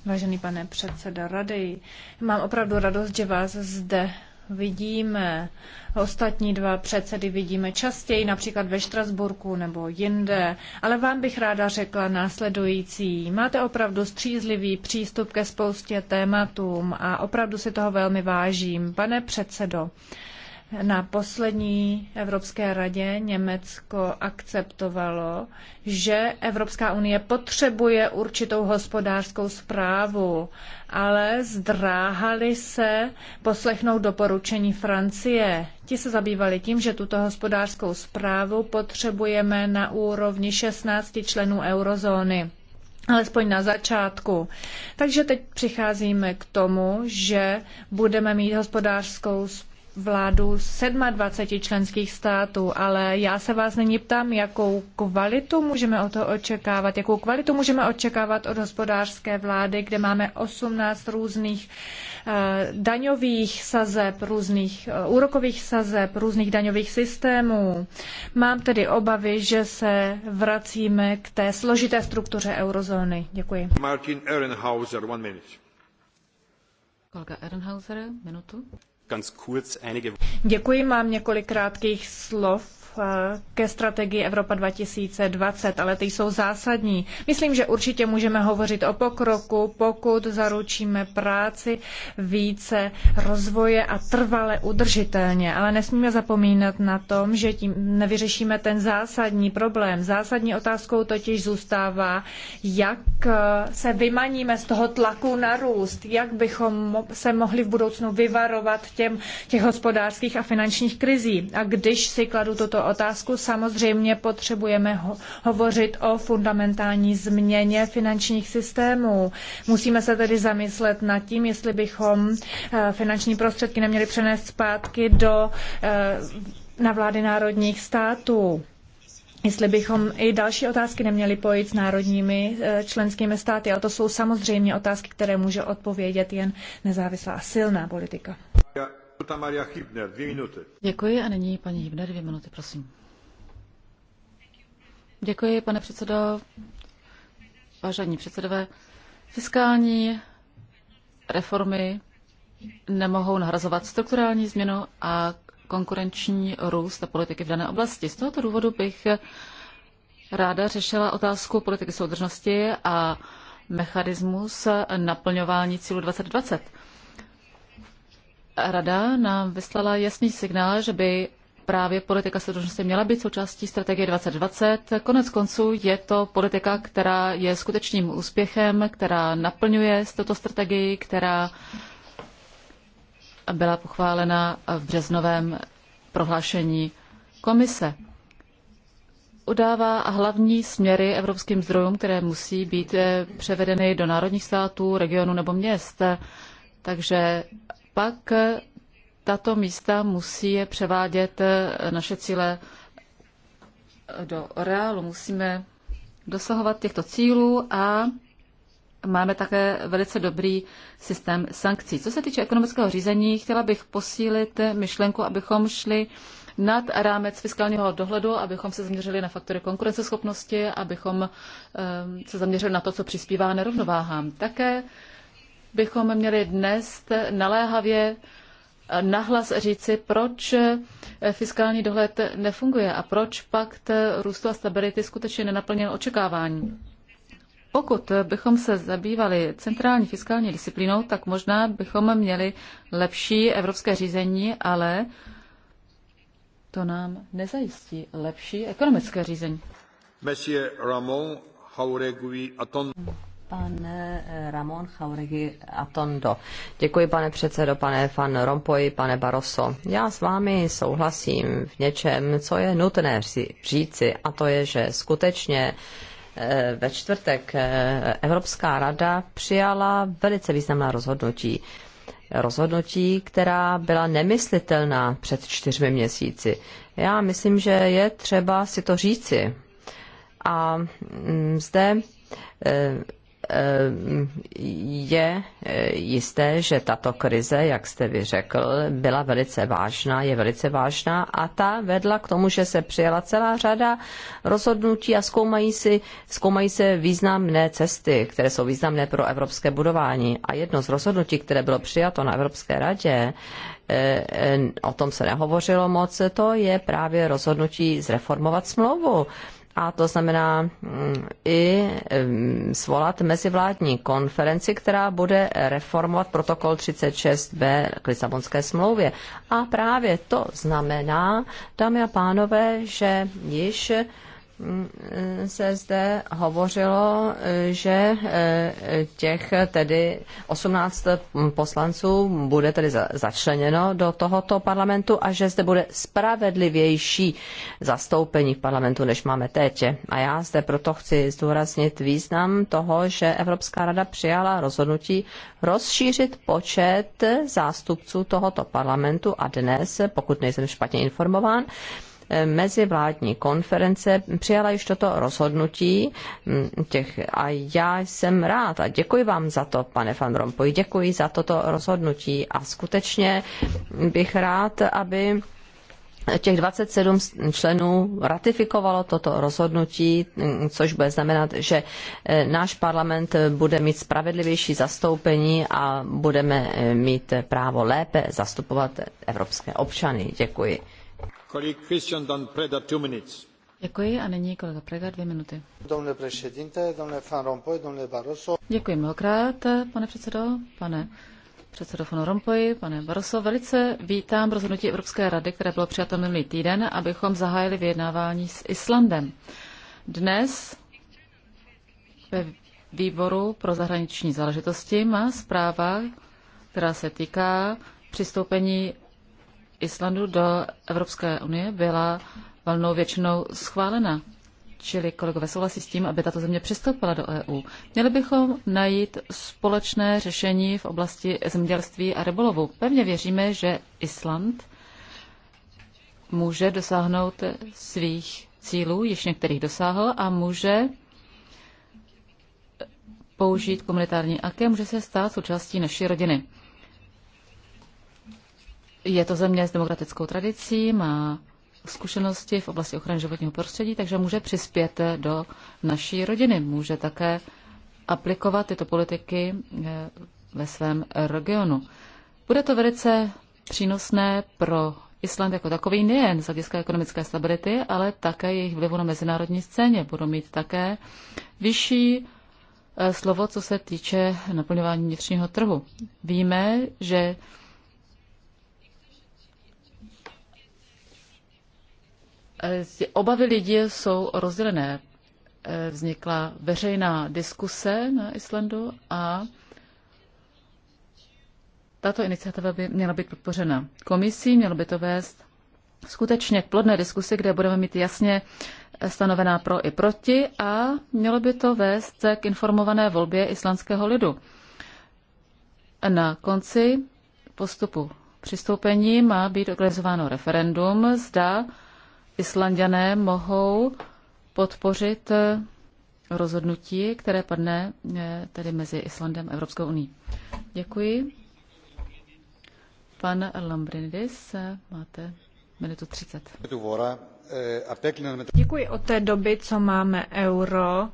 vážený pane předsedo rady, mám opravdu radost, že vás zde vidíme. Ostatní dva předsedy vidíme častěji, například ve Štrasburku nebo jinde. Ale vám bych ráda řekla následující. Máte opravdu střízlivý přístup ke spoustě tématům a opravdu si toho velmi vážím. Pane předsedo, na poslední Evropské radě Německo akceptovalo, že Evropská unie potřebuje určitou hospodářskou zprávu, ale zdráhali se poslechnout doporučení Francie. Ti se zabývali tím, že tuto hospodářskou zprávu potřebujeme na úrovni 16 členů eurozóny alespoň na začátku. Takže teď přicházíme k tomu, že budeme mít hospodářskou zprávu vládu 27 členských států, ale já se vás nyní ptám, jakou kvalitu můžeme o to očekávat, jakou kvalitu můžeme očekávat od hospodářské vlády, kde máme 18 různých eh, daňových sazeb, různých eh, úrokových sazeb, různých daňových systémů. Mám tedy obavy, že se vracíme k té složité struktuře eurozóny. Děkuji. Martin Ehrenhauser, one minute. Kolega Ehrenhauser, minutu. Děkuji, mám několik krátkých slov Eh, ke strategii Evropa 2020, ale ty jsou zásadní. Myslím, že určitě můžeme hovořit o pokroku, pokud zaručíme práci více rozvoje a trvale udržitelně. Ale nesmíme zapomínat na tom, že tím nevyřešíme ten zásadní problém. Zásadní otázkou totiž zůstává, jak eh, se vymaníme z toho tlaku na růst, jak bychom se mohli v budoucnu vyvarovat těm, těch hospodářských a finančních krizí. A když si kladu toto otázku. Samozřejmě potřebujeme ho- hovořit o fundamentální změně finančních systémů. Musíme se tedy zamyslet nad tím, jestli bychom eh, finanční prostředky neměli přenést zpátky do, eh, na vlády národních států jestli bychom i další otázky neměli pojít s národními eh, členskými státy. A to jsou samozřejmě otázky, které může odpovědět jen nezávislá a silná politika. Kuta Maria Hibner, dvě minuty. Děkuji a nyní paní Hibner, dvě minuty, prosím. Děkuji, pane předsedo. Vážení předsedové, fiskální reformy nemohou nahrazovat strukturální změnu a konkurenční růst a politiky v dané oblasti. Z tohoto důvodu bych ráda řešila otázku politiky soudržnosti a mechanismus naplňování cílu 2020. Rada nám vyslala jasný signál, že by právě politika soudržnosti měla být součástí strategie 2020. Konec konců je to politika, která je skutečným úspěchem, která naplňuje tuto strategii, která byla pochválena v březnovém prohlášení komise. Udává hlavní směry evropským zdrojům, které musí být eh, převedeny do národních států, regionů nebo měst. Takže pak tato místa musí je převádět eh, naše cíle eh, do reálu. Musíme dosahovat těchto cílů a máme také velice dobrý systém sankcí. Co se týče ekonomického řízení, chtěla bych posílit myšlenku, abychom šli nad rámec fiskálního dohledu, abychom se zaměřili na faktory konkurenceschopnosti, abychom eh, se zaměřili na to, co přispívá nerovnováhám. Také bychom měli dnes naléhavě nahlas říci, proč fiskální dohled nefunguje a proč pakt růstu a stability skutečně nenaplnil očekávání. Pokud bychom se zabývali centrální fiskální disciplínou, tak možná bychom měli lepší evropské řízení, ale to nám nezajistí lepší ekonomické řízení. Monsieur Ramon pan eh, Ramon Chauregi Atondo. Děkuji, pane předsedo, pane Fan Rompoy, pane Baroso. Já s vámi souhlasím v něčem, co je nutné říci, a to je, že skutečně eh, ve čtvrtek eh, Evropská rada přijala velice významná rozhodnutí. Rozhodnutí, která byla nemyslitelná před čtyřmi měsíci. Já myslím, že je třeba si to říci. A mm, zde Eh, je eh, jisté, že tato krize, jak jste vy řekl, byla velice vážná, je velice vážná a ta vedla k tomu, že se přijala celá řada rozhodnutí a zkoumají, si, zkoumají se významné cesty, které jsou významné pro evropské budování. A jedno z rozhodnutí, které bylo přijato na Evropské radě, eh, o tom se nehovořilo moc, to je právě rozhodnutí zreformovat smlouvu a to znamená mm, i svolat mezivládní konferenci, která bude reformovat protokol 36b k Lisabonské smlouvě. A právě to znamená, dámy a pánové, že již se zde hovořilo, že eh, těch tedy 18 poslanců bude tedy začleněno do tohoto parlamentu a že zde bude spravedlivější zastoupení v parlamentu, než máme teď. A já zde proto chci zdůraznit význam toho, že Evropská rada přijala rozhodnutí rozšířit počet zástupců tohoto parlamentu a dnes, pokud nejsem špatně informován, mezivládní konference přijala již toto rozhodnutí mm, těch, a já jsem rád a děkuji vám za to, pane Van Rompuy, děkuji za toto rozhodnutí a skutečně bych rád, aby těch 27 členů ratifikovalo toto rozhodnutí, mm, což bude znamenat, že e, náš parlament bude mít spravedlivější zastoupení a budeme e, mít právo lépe zastupovat evropské občany. Děkuji. Děkuji a nyní kolega Preda dvě minuty. Domnule președinte, domnule Van Rompuy, domnule Barroso. Děkuji mnohokrát, pane předsedo, pane předsedo Van Rompuy, pane Barroso. Velice vítám rozhodnutí Evropské rady, které bylo přijato minulý týden, abychom zahájili vyjednávání s Islandem. Dnes ve výboru pro zahraniční záležitosti má zpráva, která se týká přistoupení Islandu do Evropské unie byla valnou většinou schválena. Čili kolegové souhlasí s tím, aby tato země přistoupila do EU. Měli bychom najít společné řešení v oblasti zemědělství a rybolovu. Pevně věříme, že Island může dosáhnout svých cílů, již některých dosáhl a může použít komunitární aké, může se stát součástí naší rodiny. Je to země s demokratickou tradicí, má zkušenosti v oblasti ochrany životního prostředí, takže může přispět do naší rodiny. Může také aplikovat tyto politiky eh, ve svém regionu. Bude to velice přínosné pro Island jako takový nejen z hlediska ekonomické stability, ale také jejich vlivu na mezinárodní scéně. Budou mít také vyšší eh, slovo, co se týče naplňování vnitřního trhu. Víme, že Eh, obavy lidí jsou rozdělené. Eh, vznikla veřejná diskuse na Islandu a tato iniciativa by měla být podpořena komisí, mělo by to vést skutečně k plodné diskusi, kde budeme mít jasně eh, stanovená pro i proti a mělo by to vést k informované volbě islandského lidu. Na konci postupu přistoupení má být organizováno referendum, zda Islandiané mohou podpořit eh, rozhodnutí, které padne eh, tedy mezi Islandem a Evropskou uní. Děkuji. Pan Lambrindis, eh, máte minutu 30. Děkuji. Od té doby, co máme euro,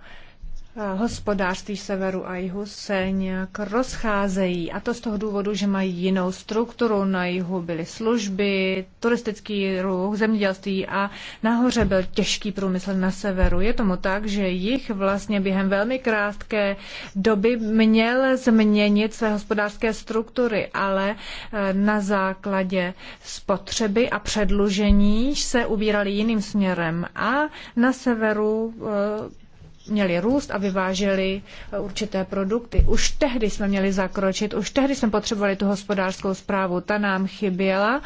Eh, hospodářství severu a jihu se nějak rozcházejí. A to z toho důvodu, že mají jinou strukturu. Na jihu byly služby, turistický ruch, zemědělství a nahoře byl těžký průmysl na severu. Je tomu tak, že jich vlastně během velmi krátké doby měl změnit své hospodářské struktury, ale eh, na základě spotřeby a předlužení se ubírali jiným směrem. A na severu eh, měli růst a vyváželi eh, určité produkty. Už tehdy jsme měli zakročit, už tehdy jsme potřebovali tu hospodářskou zprávu, ta nám chyběla.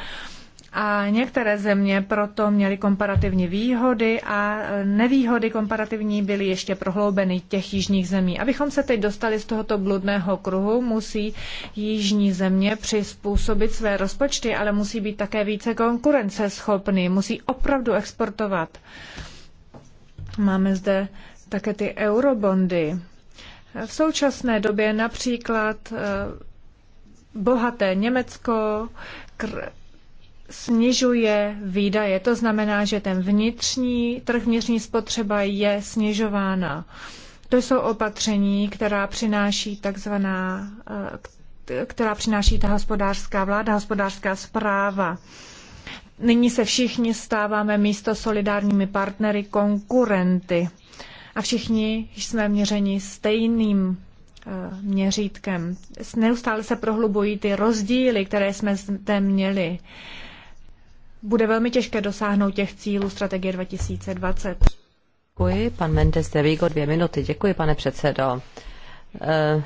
A některé země proto měly komparativní výhody a eh, nevýhody komparativní byly ještě prohloubeny těch jižních zemí. Abychom se teď dostali z tohoto bludného kruhu, musí jižní země přizpůsobit své rozpočty, ale musí být také více konkurenceschopný, musí opravdu exportovat. Máme zde také ty eurobondy. V současné době například eh, bohaté Německo snižuje výdaje. To znamená, že ten vnitřní trh, vnitřní spotřeba je snižována. To jsou opatření, která přináší takzvaná, eh, která přináší ta hospodářská vláda, hospodářská zpráva. Nyní se všichni stáváme místo solidárními partnery konkurenty a všichni jsme měřeni stejným eh, měřítkem. Neustále se prohlubují ty rozdíly, které jsme zde měli. Bude velmi těžké dosáhnout těch cílů strategie 2020. Děkuji. Pan Mendes de Vigo, dvě minuty. Děkuji, pane předsedo eh,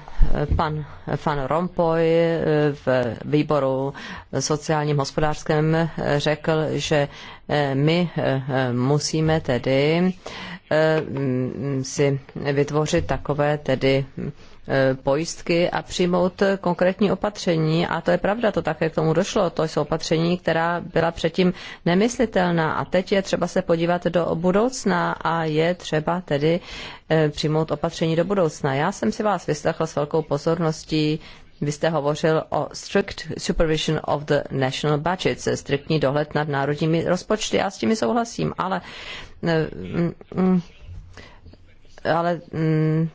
pan, pan eh, Rompoy v výboru sociálním hospodářském řekl, že my musíme tedy Eh, si vytvořit takové tedy eh, pojistky a přijmout konkrétní opatření. A to je pravda, to také k tomu došlo. To jsou opatření, která byla předtím nemyslitelná. A teď je třeba se podívat do budoucna a je třeba tedy eh, přijmout opatření do budoucna. Já jsem si vás vyslechl s velkou pozorností. Vy jste hovořil o strict supervision of the national budgets, striktní dohled nad národními rozpočty. Já s tím souhlasím, ale Mm, mm, ale mm,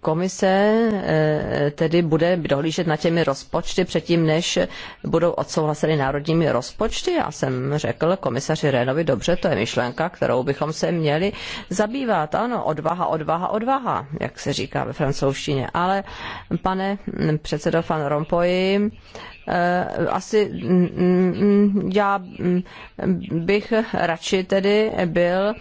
komise eh, tedy bude dohlížet na těmi rozpočty předtím, než budou odsouhlaseny národními rozpočty. Já jsem řekl komisaři Renovi, dobře, to je myšlenka, kterou bychom se měli zabývat. Ano, odvaha, odvaha, odvaha, jak se říká ve francouzštině. Ale pane předsedo Van Rompuy, Eh, asi mm, mm, já mm, bych radši tedy byl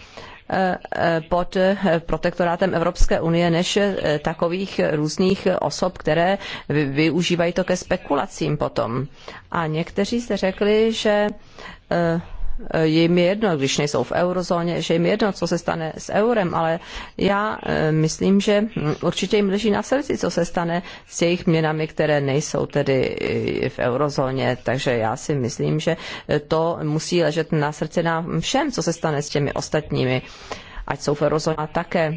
eh, eh, pod protektorátem Evropské unie než takových různých osob, které využívají to ke spekulacím potom. A někteří se řekli, že jim eh, je jedno, když nejsou v eurozóně, že jim je jedno, co se stane s eurem, ale já eh, myslím, že hm, určitě jim leží na srdci, co se stane s jejich měnami, které nejsou tedy eh, v eurozóně, takže já si myslím, že to musí ležet na srdci nám všem, co se stane s těmi ostatními, ať jsou v eurozóně a také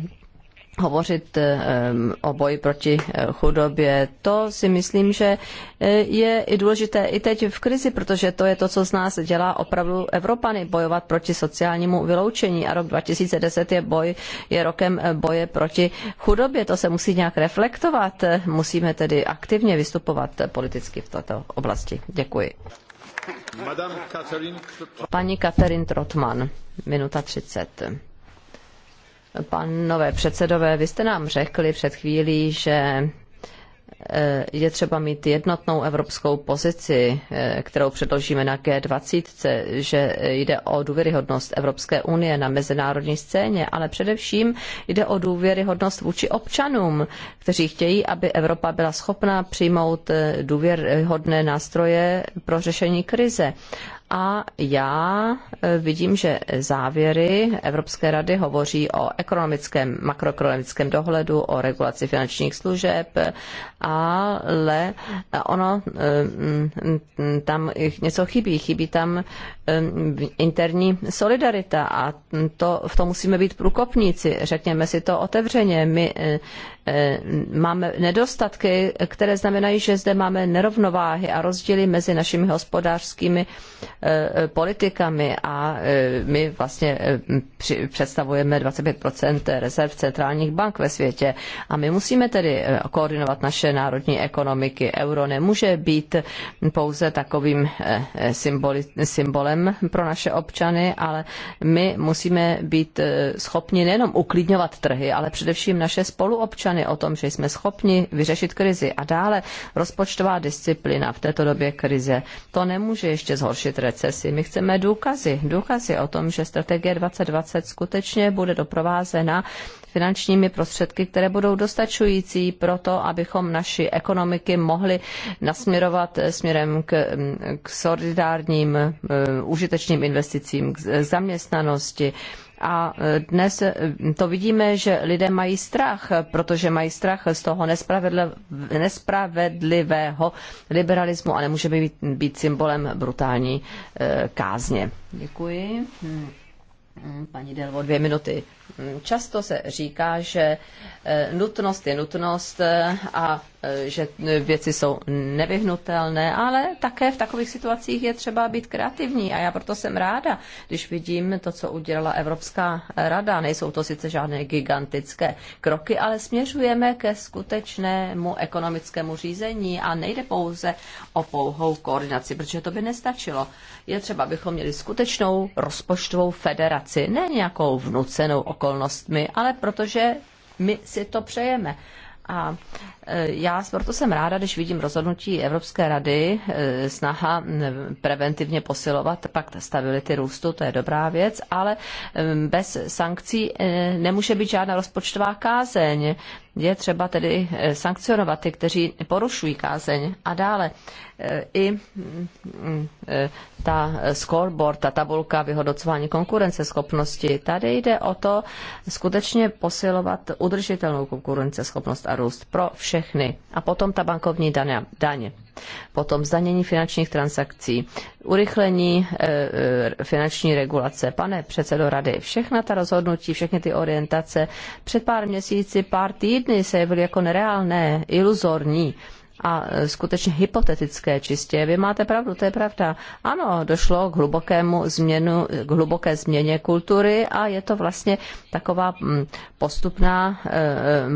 hovořit eh, o boji proti eh, chudobě. To si myslím, že eh, je i důležité i teď v krizi, protože to je to, co z nás dělá opravdu Evropany, bojovat proti sociálnímu vyloučení. A rok 2010 je, boj, je rokem boje proti chudobě. To se musí nějak reflektovat. Musíme tedy aktivně vystupovat politicky v této oblasti. Děkuji. Paní Katerin Trotman, minuta 30. Panové předsedové, vy jste nám řekli před chvílí, že eh, je třeba mít jednotnou evropskou pozici, eh, kterou předložíme na G20, že jde o důvěryhodnost Evropské unie na mezinárodní scéně, ale především jde o důvěryhodnost vůči občanům, kteří chtějí, aby Evropa byla schopná přijmout eh, důvěryhodné nástroje pro řešení krize. A já e, vidím, že závěry Evropské rady hovoří o ekonomickém, makroekonomickém dohledu, o regulaci finančních služeb, ale ono e, tam něco chybí. Chybí tam Eh, interní solidarita a to, v tom musíme být průkopníci. Řekněme si to otevřeně. My eh, eh, máme nedostatky, které znamenají, že zde máme nerovnováhy a rozdíly mezi našimi hospodářskými politikami a my vlastně představujeme 25% rezerv centrálních bank ve světě a my musíme tedy koordinovat naše národní ekonomiky. Euro nemůže být pouze takovým symbolem problém pro naše občany, ale my musíme být eh, schopni nejenom uklidňovat trhy, ale především naše spoluobčany o tom, že jsme schopni vyřešit krizi. A dále rozpočtová disciplina v této době krize. To nemůže ještě zhoršit recesi. My chceme důkazy, důkazy o tom, že strategie 2020 skutečně bude doprovázena finančními prostředky, které budou dostačující pro to, abychom naši ekonomiky mohli nasměrovat eh, směrem k, mm, k solidárním, eh, užitečným investicím, k zaměstnanosti, a eh, dnes to vidíme, že lidé mají strach, protože mají strach z toho nespravedlivého liberalismu a nemůže být, být symbolem brutální kázně. Děkuji. Hm. Paní Delvo, dvě minuty. Často se říká, že Eh, nutnost je nutnost eh, a eh, že věci jsou nevyhnutelné, ale také v takových situacích je třeba být kreativní a já proto jsem ráda, když vidím to, co udělala Evropská rada. Nejsou to sice žádné gigantické kroky, ale směřujeme ke skutečnému ekonomickému řízení a nejde pouze o pouhou koordinaci, protože to by nestačilo. Je třeba, abychom měli skutečnou rozpočtovou federaci, ne nějakou vnucenou okolnostmi, ale protože my si to přejeme. A Eh, já proto jsem ráda, když vidím rozhodnutí Evropské rady, eh, snaha mm, preventivně posilovat pakt stability růstu, to je dobrá věc, ale mm, bez sankcí eh, nemůže být žádná rozpočtová kázeň. Je třeba tedy sankcionovat ty, kteří porušují kázeň a dále. I mm, ta scoreboard, ta tabulka vyhodnocování konkurenceschopnosti. Tady jde o to skutečně posilovat udržitelnou konkurenceschopnost a růst pro všechny všechny. A potom ta bankovní daň. daně, Potom zdanění finančních transakcí, urychlení e, e, finanční regulace. Pane předsedo rady, všechna ta rozhodnutí, všechny ty orientace před pár měsíci, pár týdny se jevily jako nereálné, iluzorní a e, skutečně hypotetické čistě. Vy máte pravdu, to je pravda. Ano, došlo k, hlubokému změnu, k hluboké změně kultury a je to vlastně taková mm, postupná, e,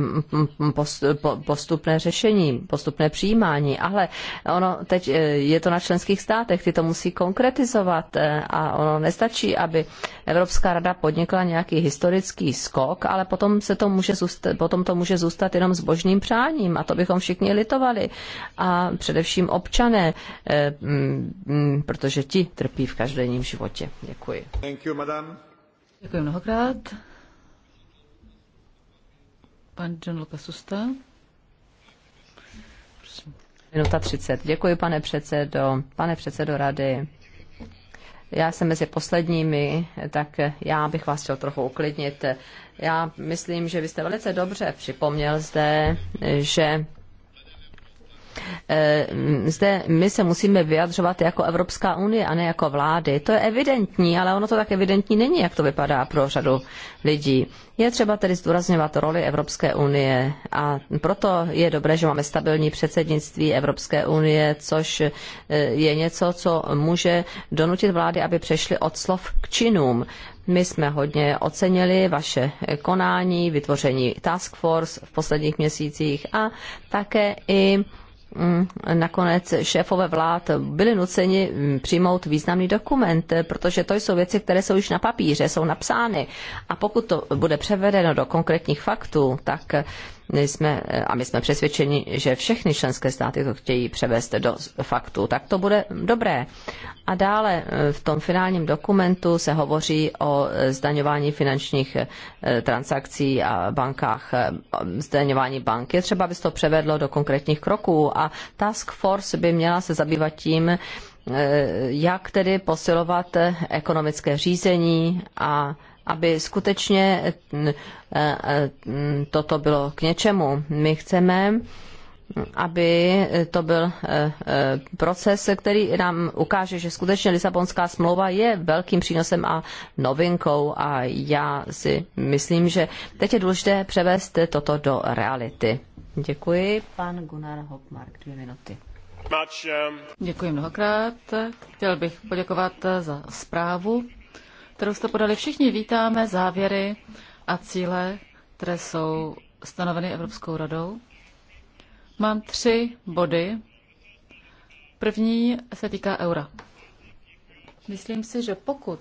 postupné řešení, postupné přijímání. Ale ono teď e, je to na členských státech, ty to musí konkretizovat a ono nestačí, aby Evropská rada podnikla nějaký historický skok, ale potom, se to může zůstat, potom to může zůstat jenom s božným přáním a to bychom všichni litovali. A především občané, eh, mm, mm, protože ti trpí v každodenním životě. Děkuji. Thank you, madam. Děkuji mnohokrát. Pan John Lukasusta. Minuta 30. Děkuji, pane předsedo. Pane předsedo rady, já jsem mezi posledními, tak já bych vás chtěl trochu uklidnit. Já myslím, že vy jste velice dobře připomněl zde, že Eh, zde my se musíme vyjadřovat jako Evropská unie a ne jako vlády. To je evidentní, ale ono to tak evidentní není, jak to vypadá pro řadu lidí. Je třeba tedy zdůrazňovat roli Evropské unie a proto je dobré, že máme stabilní předsednictví Evropské unie, což eh, je něco, co může donutit vlády, aby přešly od slov k činům. My jsme hodně ocenili vaše eh, konání, vytvoření task force v posledních měsících a také i Mm, nakonec šéfové vlád byli nuceni mm, přijmout významný dokument, protože to jsou věci, které jsou již na papíře, jsou napsány. A pokud to bude převedeno do konkrétních faktů, tak jsme, a my jsme přesvědčeni, že všechny členské státy to chtějí převést do faktu, tak to bude dobré. A dále eh, v tom finálním dokumentu se hovoří o eh, zdaňování finančních eh, transakcí a bankách. Zdaňování bank je třeba, aby se to převedlo do konkrétních kroků a task force by měla se zabývat tím, jak tedy posilovat ekonomické řízení a aby skutečně eh, eh, toto bylo k něčemu. My chceme, aby to byl eh, proces, který nám ukáže, že skutečně Lisabonská smlouva je velkým přínosem a novinkou a já si myslím, že teď je důležité převést toto do reality. Děkuji. Pan Gunnar Hopmark, dvě minuty. Um, Děkuji mnohokrát. Chtěl bych poděkovat za zprávu kterou jste podali. Všichni vítáme závěry a cíle, které jsou stanoveny Evropskou radou. Mám tři body. První se týká eura. Myslím si, že pokud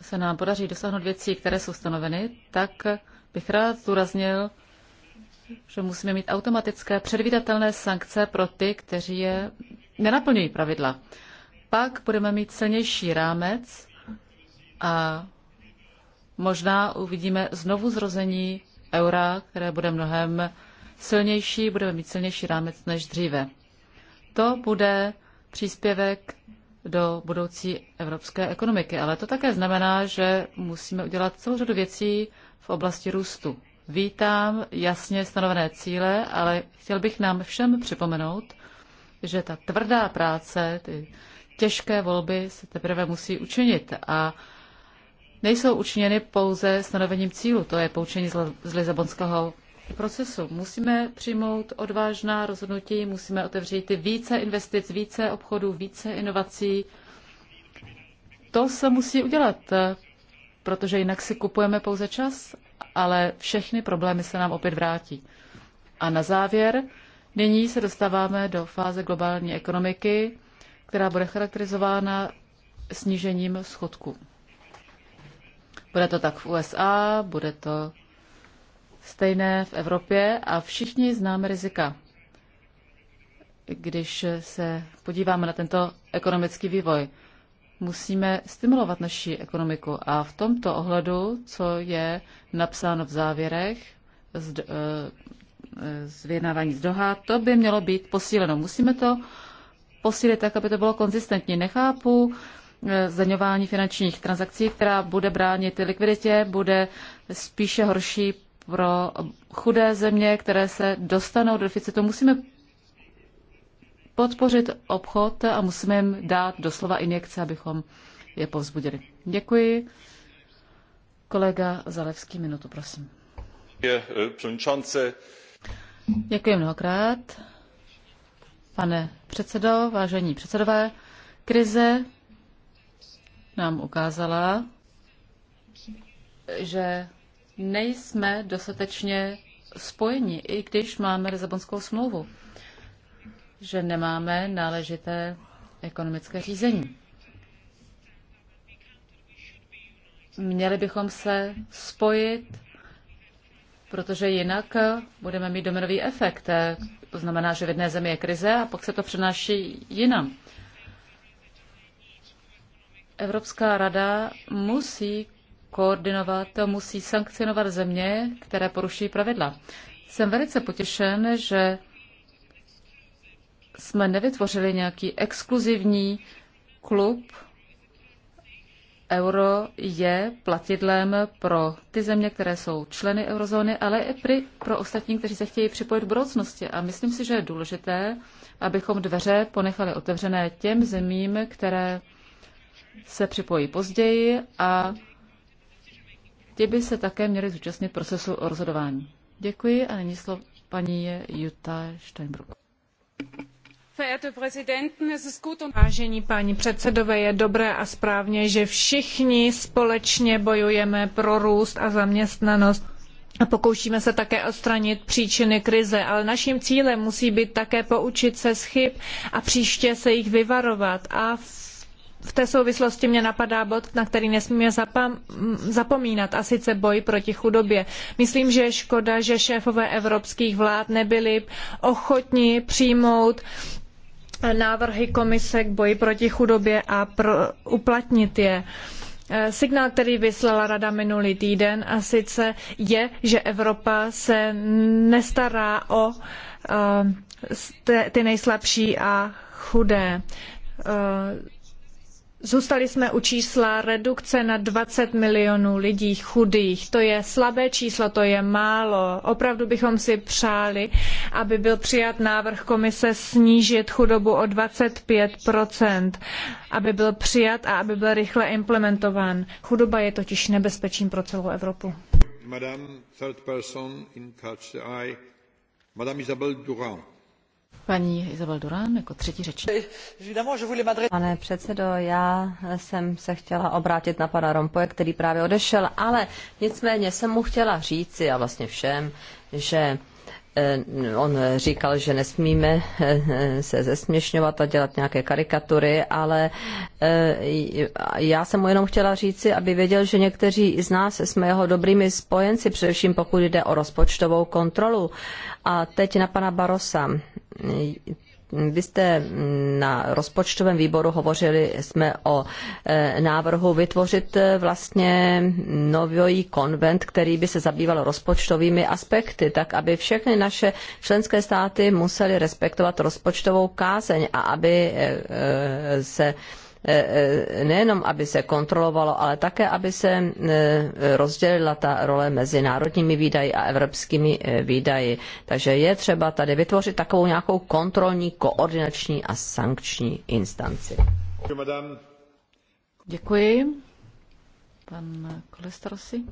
se nám podaří dosáhnout věcí, které jsou stanoveny, tak bych rád zdůraznil, že musíme mít automatické předvídatelné sankce pro ty, kteří je nenaplňují pravidla pak budeme mít silnější rámec a možná uvidíme znovu zrození eura, které bude mnohem silnější, budeme mít silnější rámec než dříve. To bude příspěvek do budoucí evropské ekonomiky, ale to také znamená, že musíme udělat celou řadu věcí v oblasti růstu. Vítám jasně stanovené cíle, ale chtěl bych nám všem připomenout, že ta tvrdá práce, ty těžké volby se teprve musí učinit a nejsou učiněny pouze stanovením cílu, to je poučení z Lizabonského procesu. Musíme přijmout odvážná rozhodnutí, musíme otevřít více investic, více obchodů, více inovací. To se musí udělat, protože jinak si kupujeme pouze čas, ale všechny problémy se nám opět vrátí. A na závěr, nyní se dostáváme do fáze globální ekonomiky, která bude charakterizována snížením schodku. Bude to tak v USA, bude to stejné v Evropě a všichni známe rizika. Když se podíváme na tento ekonomický vývoj, musíme stimulovat naši ekonomiku a v tomto ohledu, co je napsáno v závěrech z, eh, z vyjednávání z Doha, to by mělo být posíleno. Musíme to posílit tak, aby to bylo konzistentní. Nechápu eh, zdaňování finančních transakcí, která bude bránit likviditě, bude spíše horší pro chudé země, které se dostanou do deficitu. Musíme podpořit obchod a musíme jim dát doslova injekce, abychom je povzbudili. Děkuji. Kolega Zalevský, minutu, prosím. Děkuji eh, eh, mnohokrát. Pane předsedo, vážení předsedové, krize nám ukázala, že nejsme dostatečně spojeni, i když máme Lisabonskou smlouvu, že nemáme náležité ekonomické řízení. Měli bychom se spojit, protože jinak budeme mít dominový efekt. To znamená, že v jedné zemi je krize a pak se to přenáší jinam. Evropská rada musí koordinovat, musí sankcionovat země, které poruší pravidla. Jsem velice potěšen, že jsme nevytvořili nějaký exkluzivní klub Euro je platidlem pro ty země, které jsou členy eurozóny, ale i pro ostatní, kteří se chtějí připojit v budoucnosti. A myslím si, že je důležité, abychom dveře ponechali otevřené těm zemím, které se připojí později a ti by se také měli zúčastnit procesu rozhodování. Děkuji a nyní slovo paní Jutta Steinbrück. Vážení páni předsedové, je dobré a správně, že všichni společně bojujeme pro růst a zaměstnanost. A pokoušíme se také odstranit příčiny krize, ale naším cílem musí být také poučit se z chyb a příště se jich vyvarovat. A v té souvislosti mě napadá bod, na který nesmíme zapomínat, a sice boj proti chudobě. Myslím, že je škoda, že šéfové evropských vlád nebyli ochotni přijmout návrhy komise k boji proti chudobě a pro, uplatnit je. Eh, signál, který vyslala Rada minulý týden, a sice je, že Evropa se nestará o eh, ty nejslabší a chudé. Eh, Zůstali jsme u čísla redukce na 20 milionů lidí chudých. To je slabé číslo, to je málo. Opravdu bychom si přáli, aby byl přijat návrh komise snížit chudobu o 25 aby byl přijat a aby byl rychle implementován. Chudoba je totiž nebezpečím pro celou Evropu. Madame, Madame Durand. Paní Izabel Durán jako třetí řečník. Pane předsedo, já jsem se chtěla obrátit na pana Rompoje, který právě odešel, ale nicméně jsem mu chtěla říci a vlastně všem, že Eh, on říkal, že nesmíme eh, se zesměšňovat a dělat nějaké karikatury, ale eh, já jsem mu jenom chtěla říci, aby věděl, že někteří z nás jsme jeho dobrými spojenci, především pokud jde o rozpočtovou kontrolu. A teď na pana Barosa vy jste na rozpočtovém výboru hovořili jsme o e, návrhu vytvořit e, vlastně nový konvent, který by se zabýval rozpočtovými aspekty, tak aby všechny naše členské státy musely respektovat rozpočtovou kázeň a aby e, se E, e, nejenom, aby se kontrolovalo, ale také, aby se e, rozdělila ta role mezi národními výdaji a evropskými výdaji. Takže je třeba tady vytvořit takovou nějakou kontrolní, koordinační a sankční instanci. Děkuji. Pan Kolestrosi.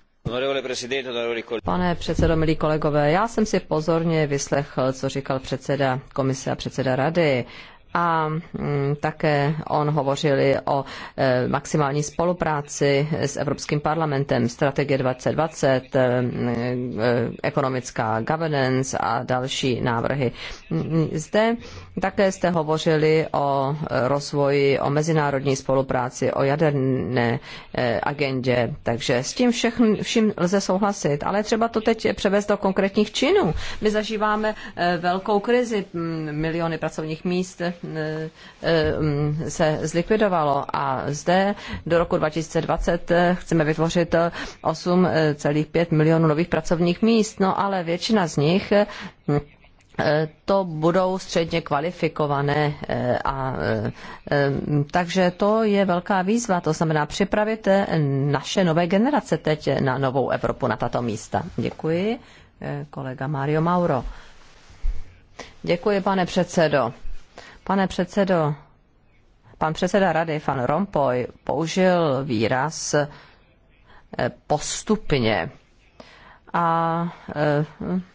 Pane předsedo, milí kolegové, já jsem si pozorně vyslechl, co říkal předseda komise a předseda rady a mm, také on hovořili o e, maximální spolupráci s Evropským parlamentem, strategie 2020, e, e, ekonomická governance a další návrhy. Zde také jste hovořili o rozvoji, o mezinárodní spolupráci, o jaderné agendě, takže s tím vším lze souhlasit, ale třeba to teď převést do konkrétních činů. My zažíváme velkou krizi, miliony pracovních míst Eh, se zlikvidovalo a zde do roku 2020 eh, chceme vytvořit 8,5 milionů nových pracovních míst, no ale většina z nich eh, to budou středně kvalifikované. A, takže to je velká výzva, to znamená připravit naše nové generace teď na novou Evropu, na tato místa. Děkuji, kolega Mario Mauro. Děkuji, pane předsedo. Pane předsedo, pan předseda rady, pan Rompoy, použil výraz eh, postupně a e,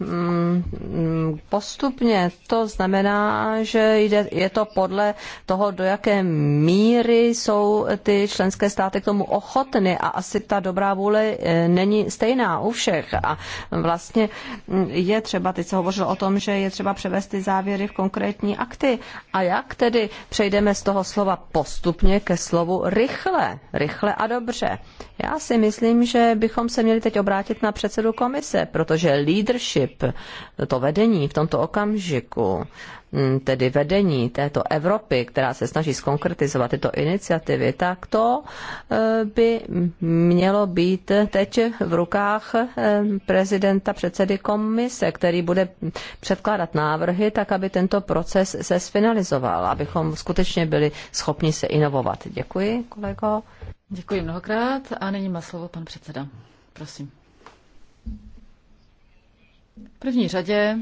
mm, postupně to znamená, že jde, je to podle toho, do jaké míry jsou ty členské státy k tomu ochotny a asi ta dobrá vůle e, není stejná u všech. A vlastně mm, je třeba, teď se hovořilo o tom, že je třeba převést ty závěry v konkrétní akty. A jak tedy přejdeme z toho slova postupně ke slovu rychle, rychle a dobře? Já si myslím, že bychom se měli teď obrátit na předsedu komise komise, protože leadership, to vedení v tomto okamžiku, mm, tedy vedení této Evropy, která se snaží skonkretizovat tyto iniciativy, tak to eh, by mělo být teď v rukách eh, prezidenta, předsedy komise, který bude předkládat návrhy, tak aby tento proces se sfinalizoval, abychom skutečně byli schopni se inovovat. Děkuji, kolego. Děkuji mnohokrát a nyní má slovo pan předseda. Prosím. V první řadě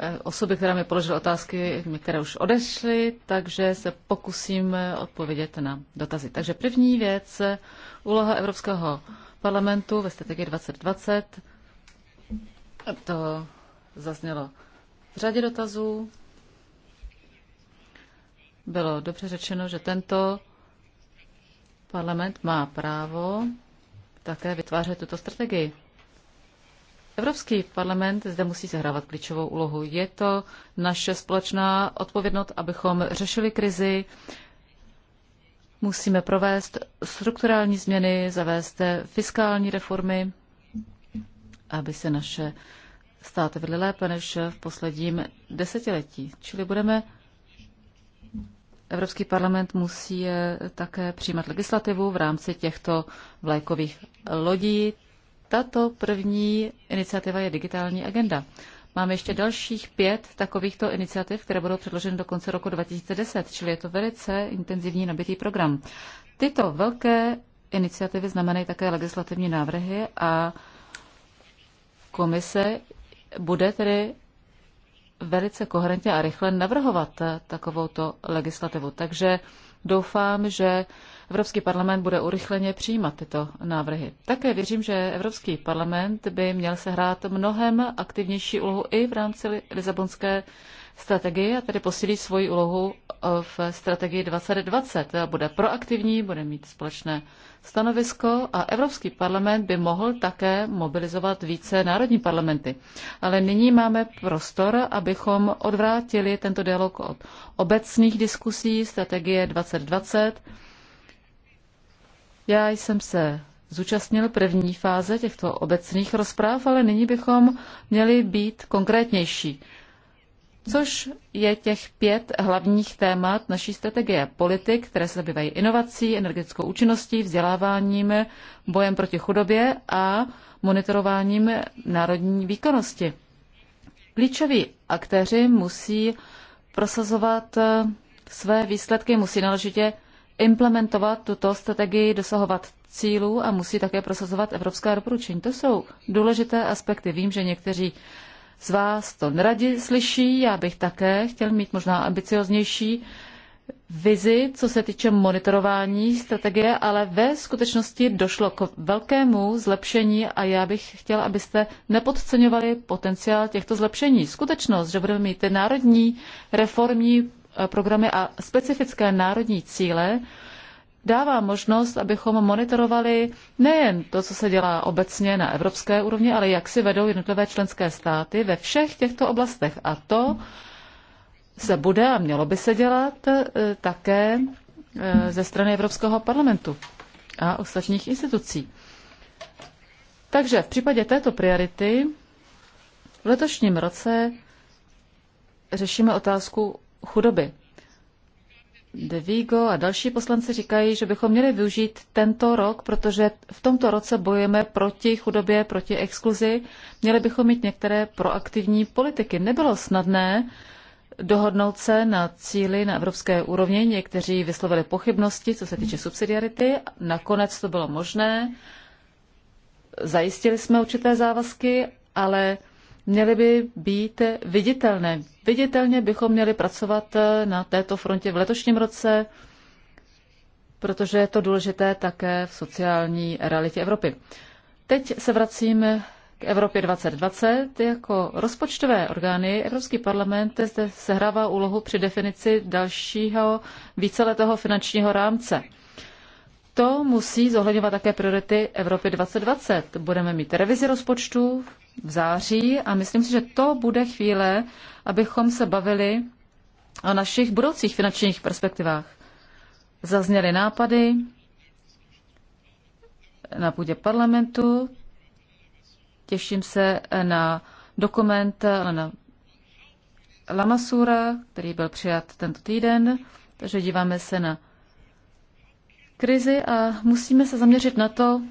eh, osoby, která mi položila otázky, které už odešly, takže se pokusím eh, odpovědět na dotazy. Takže první věc, eh, úloha Evropského parlamentu ve strategii 2020. To zaznělo v řadě dotazů. Bylo dobře řečeno, že tento parlament má právo také vytvářet tuto strategii. Evropský parlament zde musí zahrávat klíčovou úlohu. Je to naše společná odpovědnost, abychom řešili krizi, musíme provést strukturální změny, zavést fiskální reformy, aby se naše státy vedly lépe než v posledním desetiletí. Čili budeme Evropský parlament musí také přijímat legislativu v rámci těchto vlajkových lodí. Tato první iniciativa je digitální agenda. Máme ještě dalších pět takovýchto iniciativ, které budou předloženy do konce roku 2010, čili je to velice intenzivní nabitý program. Tyto velké iniciativy znamenají také legislativní návrhy a komise bude tedy velice koherentně a rychle navrhovat takovouto legislativu. Takže doufám, že Evropský parlament bude urychleně přijímat tyto návrhy. Také věřím, že Evropský parlament by měl sehrát mnohem aktivnější úlohu i v rámci Lisabonské strategie a tedy posílí svoji úlohu eh, v strategii 2020. Bude proaktivní, bude mít společné stanovisko a Evropský parlament by mohl také mobilizovat více národní parlamenty. Ale nyní máme prostor, abychom odvrátili tento dialog od obecných diskusí strategie 2020 já jsem se zúčastnil první fáze těchto obecných rozpráv, ale nyní bychom měli být konkrétnější. Což je těch pět hlavních témat naší strategie politik, které se zabývají inovací, energetickou účinností, vzděláváním, bojem proti chudobě a monitorováním národní výkonnosti. Klíčoví aktéři musí prosazovat své výsledky, musí náležitě implementovat tuto strategii, dosahovat cílů a musí také prosazovat evropská doporučení. To jsou důležité aspekty. Vím, že někteří z vás to neradi slyší, já bych také chtěl mít možná ambicioznější vizi, co se týče monitorování strategie, ale ve skutečnosti došlo k velkému zlepšení a já bych chtěla, abyste nepodceňovali potenciál těchto zlepšení. Skutečnost, že budeme mít národní reformní Eh, programy a specifické národní cíle dává možnost, abychom monitorovali nejen to, co se dělá obecně na evropské úrovni, ale jak si vedou jednotlivé členské státy ve všech těchto oblastech. A to se bude a mělo by se dělat eh, také eh, ze strany Evropského parlamentu a ostatních institucí. Takže v případě této priority v letošním roce řešíme otázku chudoby. De Vigo a další poslanci říkají, že bychom měli využít tento rok, protože v tomto roce bojujeme proti chudobě, proti exkluzi. Měli bychom mít některé proaktivní politiky. Nebylo snadné dohodnout se na cíly na evropské úrovni. Někteří vyslovili pochybnosti, co se týče subsidiarity. Nakonec to bylo možné. Zajistili jsme určité závazky, ale měly by být viditelné. Viditelně bychom měli pracovat eh, na této frontě v letošním roce, protože je to důležité také v sociální realitě Evropy. Teď se vracím k Evropě 2020. Jako rozpočtové orgány Evropský parlament zde sehrává úlohu při definici dalšího víceletého finančního rámce. To musí zohledňovat také priority Evropy 2020. Budeme mít revizi rozpočtu v září a myslím si, že to bude chvíle, abychom se bavili o našich budoucích finančních perspektivách. Zazněly nápady na půdě parlamentu. Těším se na dokument na Lamasura, který byl přijat tento týden, takže díváme se na krizi a musíme se zaměřit na to,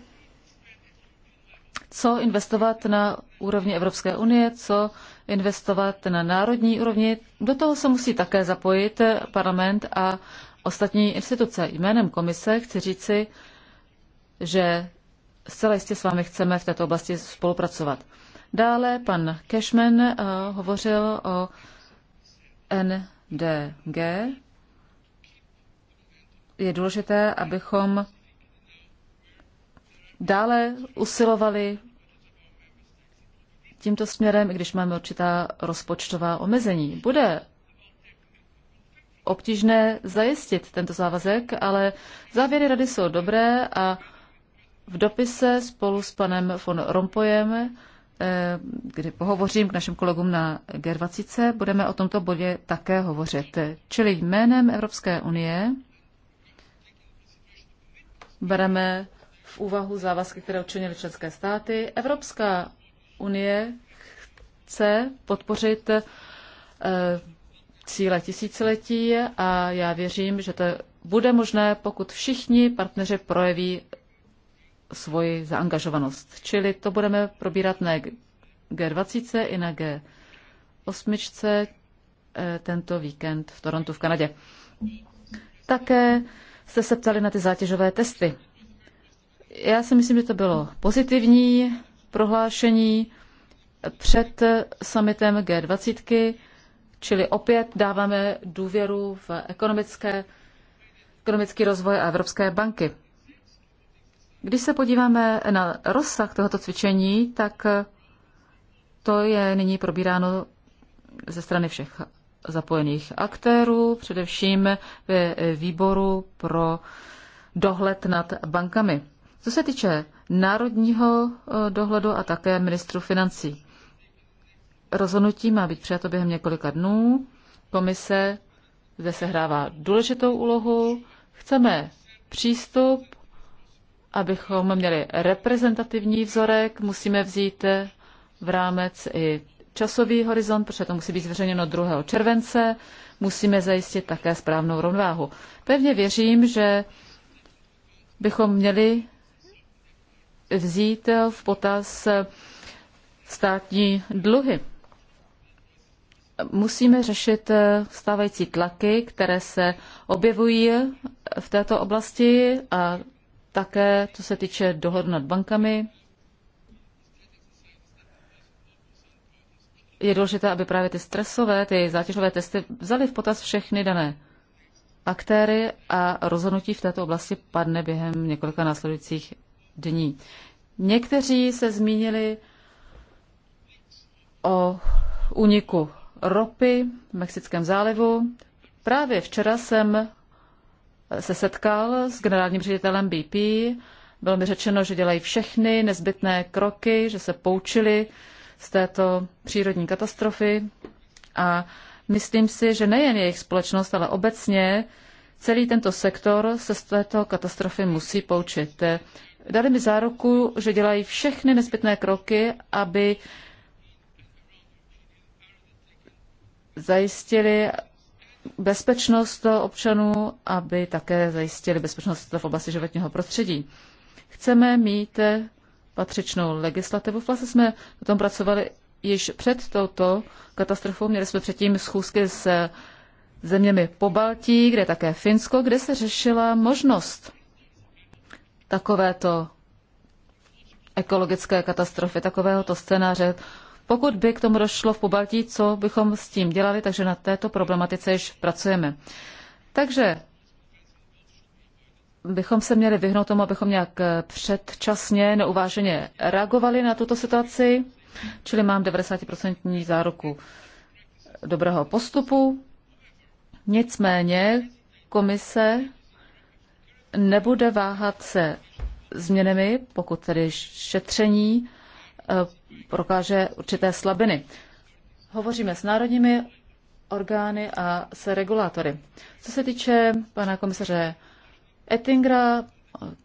co investovat na úrovni Evropské unie, co investovat na národní úrovni. Do toho se musí také zapojit parlament a ostatní instituce. Jménem komise chci říci, že zcela jistě s vámi chceme v této oblasti spolupracovat. Dále pan Cashman eh, hovořil o NDG. Je důležité, abychom dále usilovali tímto směrem, i když máme určitá rozpočtová omezení. Bude obtížné zajistit tento závazek, ale závěry rady jsou dobré a v dopise spolu s panem von Rompojem, eh, kdy pohovořím k našim kolegům na G20, budeme o tomto bodě také hovořit. Čili jménem Evropské unie bereme v úvahu závazky, které učinily členské státy. Evropská unie chce podpořit eh, cíle tisíciletí a já věřím, že to bude možné, pokud všichni partneři projeví svoji zaangažovanost. Čili to budeme probírat na G20 i na G8 eh, tento víkend v Torontu v Kanadě. Také jste se ptali na ty zátěžové testy. Já si myslím, že to bylo pozitivní prohlášení před summitem G20, Čili opět dáváme důvěru v ekonomické, ekonomický rozvoj a Evropské banky. Když se podíváme na rozsah tohoto cvičení, tak to je nyní probíráno ze strany všech zapojených aktérů, především ve výboru pro dohled nad bankami. Co se týče národního eh, dohledu a také ministru financí, rozhodnutí má být přijato během několika dnů. Komise zde sehrává důležitou úlohu. Chceme přístup, abychom měli reprezentativní vzorek, musíme vzít eh, v rámec i časový horizont, protože to musí být zveřejněno 2. července, musíme zajistit také správnou rovnováhu. Pevně věřím, že bychom měli vzít v potaz státní dluhy. Musíme řešit stávající tlaky, které se objevují v této oblasti a také, co se týče dohod nad bankami, je důležité, aby právě ty stresové, ty zátěžové testy vzaly v potaz všechny dané aktéry a rozhodnutí v této oblasti padne během několika následujících dní. Někteří se zmínili o úniku ropy v Mexickém zálivu. Právě včera jsem se setkal s generálním ředitelem BP. Bylo mi řečeno, že dělají všechny nezbytné kroky, že se poučili z této přírodní katastrofy a myslím si, že nejen jejich společnost, ale obecně celý tento sektor se z této katastrofy musí poučit dali mi záruku, že dělají všechny nezbytné kroky, aby zajistili bezpečnost občanů, aby také zajistili bezpečnost v oblasti životního prostředí. Chceme mít patřičnou legislativu. Vlastně jsme na tom pracovali již před touto katastrofou. Měli jsme předtím schůzky s zeměmi po Baltí, kde také Finsko, kde se řešila možnost takovéto ekologické katastrofy, takovéhoto scénáře. Pokud by k tomu došlo v Pobaltí, co bychom s tím dělali, takže na této problematice již pracujeme. Takže bychom se měli vyhnout tomu, abychom nějak předčasně, neuváženě reagovali na tuto situaci, čili mám 90% záruku dobrého postupu. Nicméně komise nebude váhat se změnami, pokud tedy šetření eh, prokáže určité slabiny. Hovoříme s národními orgány a se regulátory. Co se týče pana komisaře Ettingera,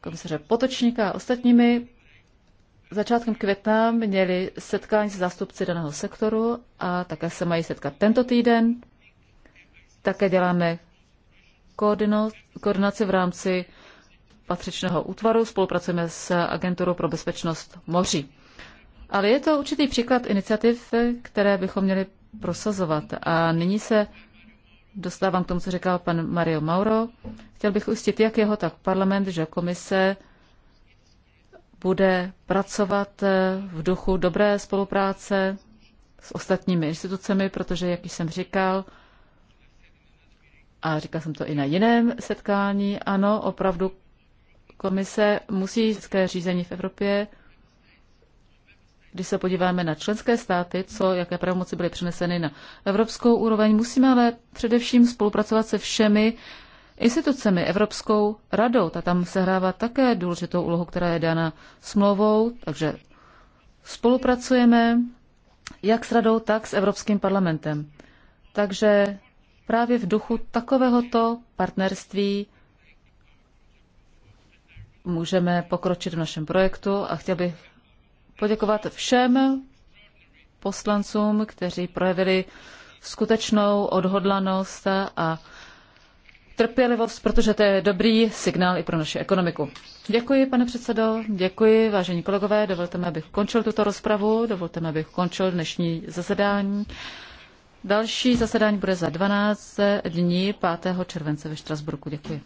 komisaře Potočníka a ostatními, začátkem května měli setkání s zástupci daného sektoru a také se mají setkat tento týden. Také děláme koordinaci v rámci patřičného útvaru, spolupracujeme s Agenturou pro bezpečnost moří. Ale je to určitý příklad iniciativ, které bychom měli prosazovat. A nyní se dostávám k tomu, co říkal pan Mario Mauro. Chtěl bych ujistit jak jeho, tak parlament, že komise bude pracovat eh, v duchu dobré spolupráce s ostatními institucemi, protože, jak jsem říkal, a říkal jsem to i na jiném setkání, ano, opravdu komise musí řízení v Evropě když se podíváme na členské státy, co, jaké pravomoci byly přeneseny na evropskou úroveň, musíme ale především spolupracovat se všemi institucemi, Evropskou radou. Ta tam sehrává také důležitou úlohu, která je dána smlouvou, takže spolupracujeme jak s radou, tak s Evropským parlamentem. Takže právě v duchu takovéhoto partnerství můžeme pokročit v našem projektu a chtěl bych poděkovat všem poslancům, kteří projevili skutečnou odhodlanost a trpělivost, protože to je dobrý signál i pro naši ekonomiku. Děkuji, pane předsedo, děkuji, vážení kolegové, dovolte mi, abych končil tuto rozpravu, dovolte mi, abych končil dnešní zasedání. Další zasedání bude za 12 dní 5. července ve Štrasburku. Děkuji.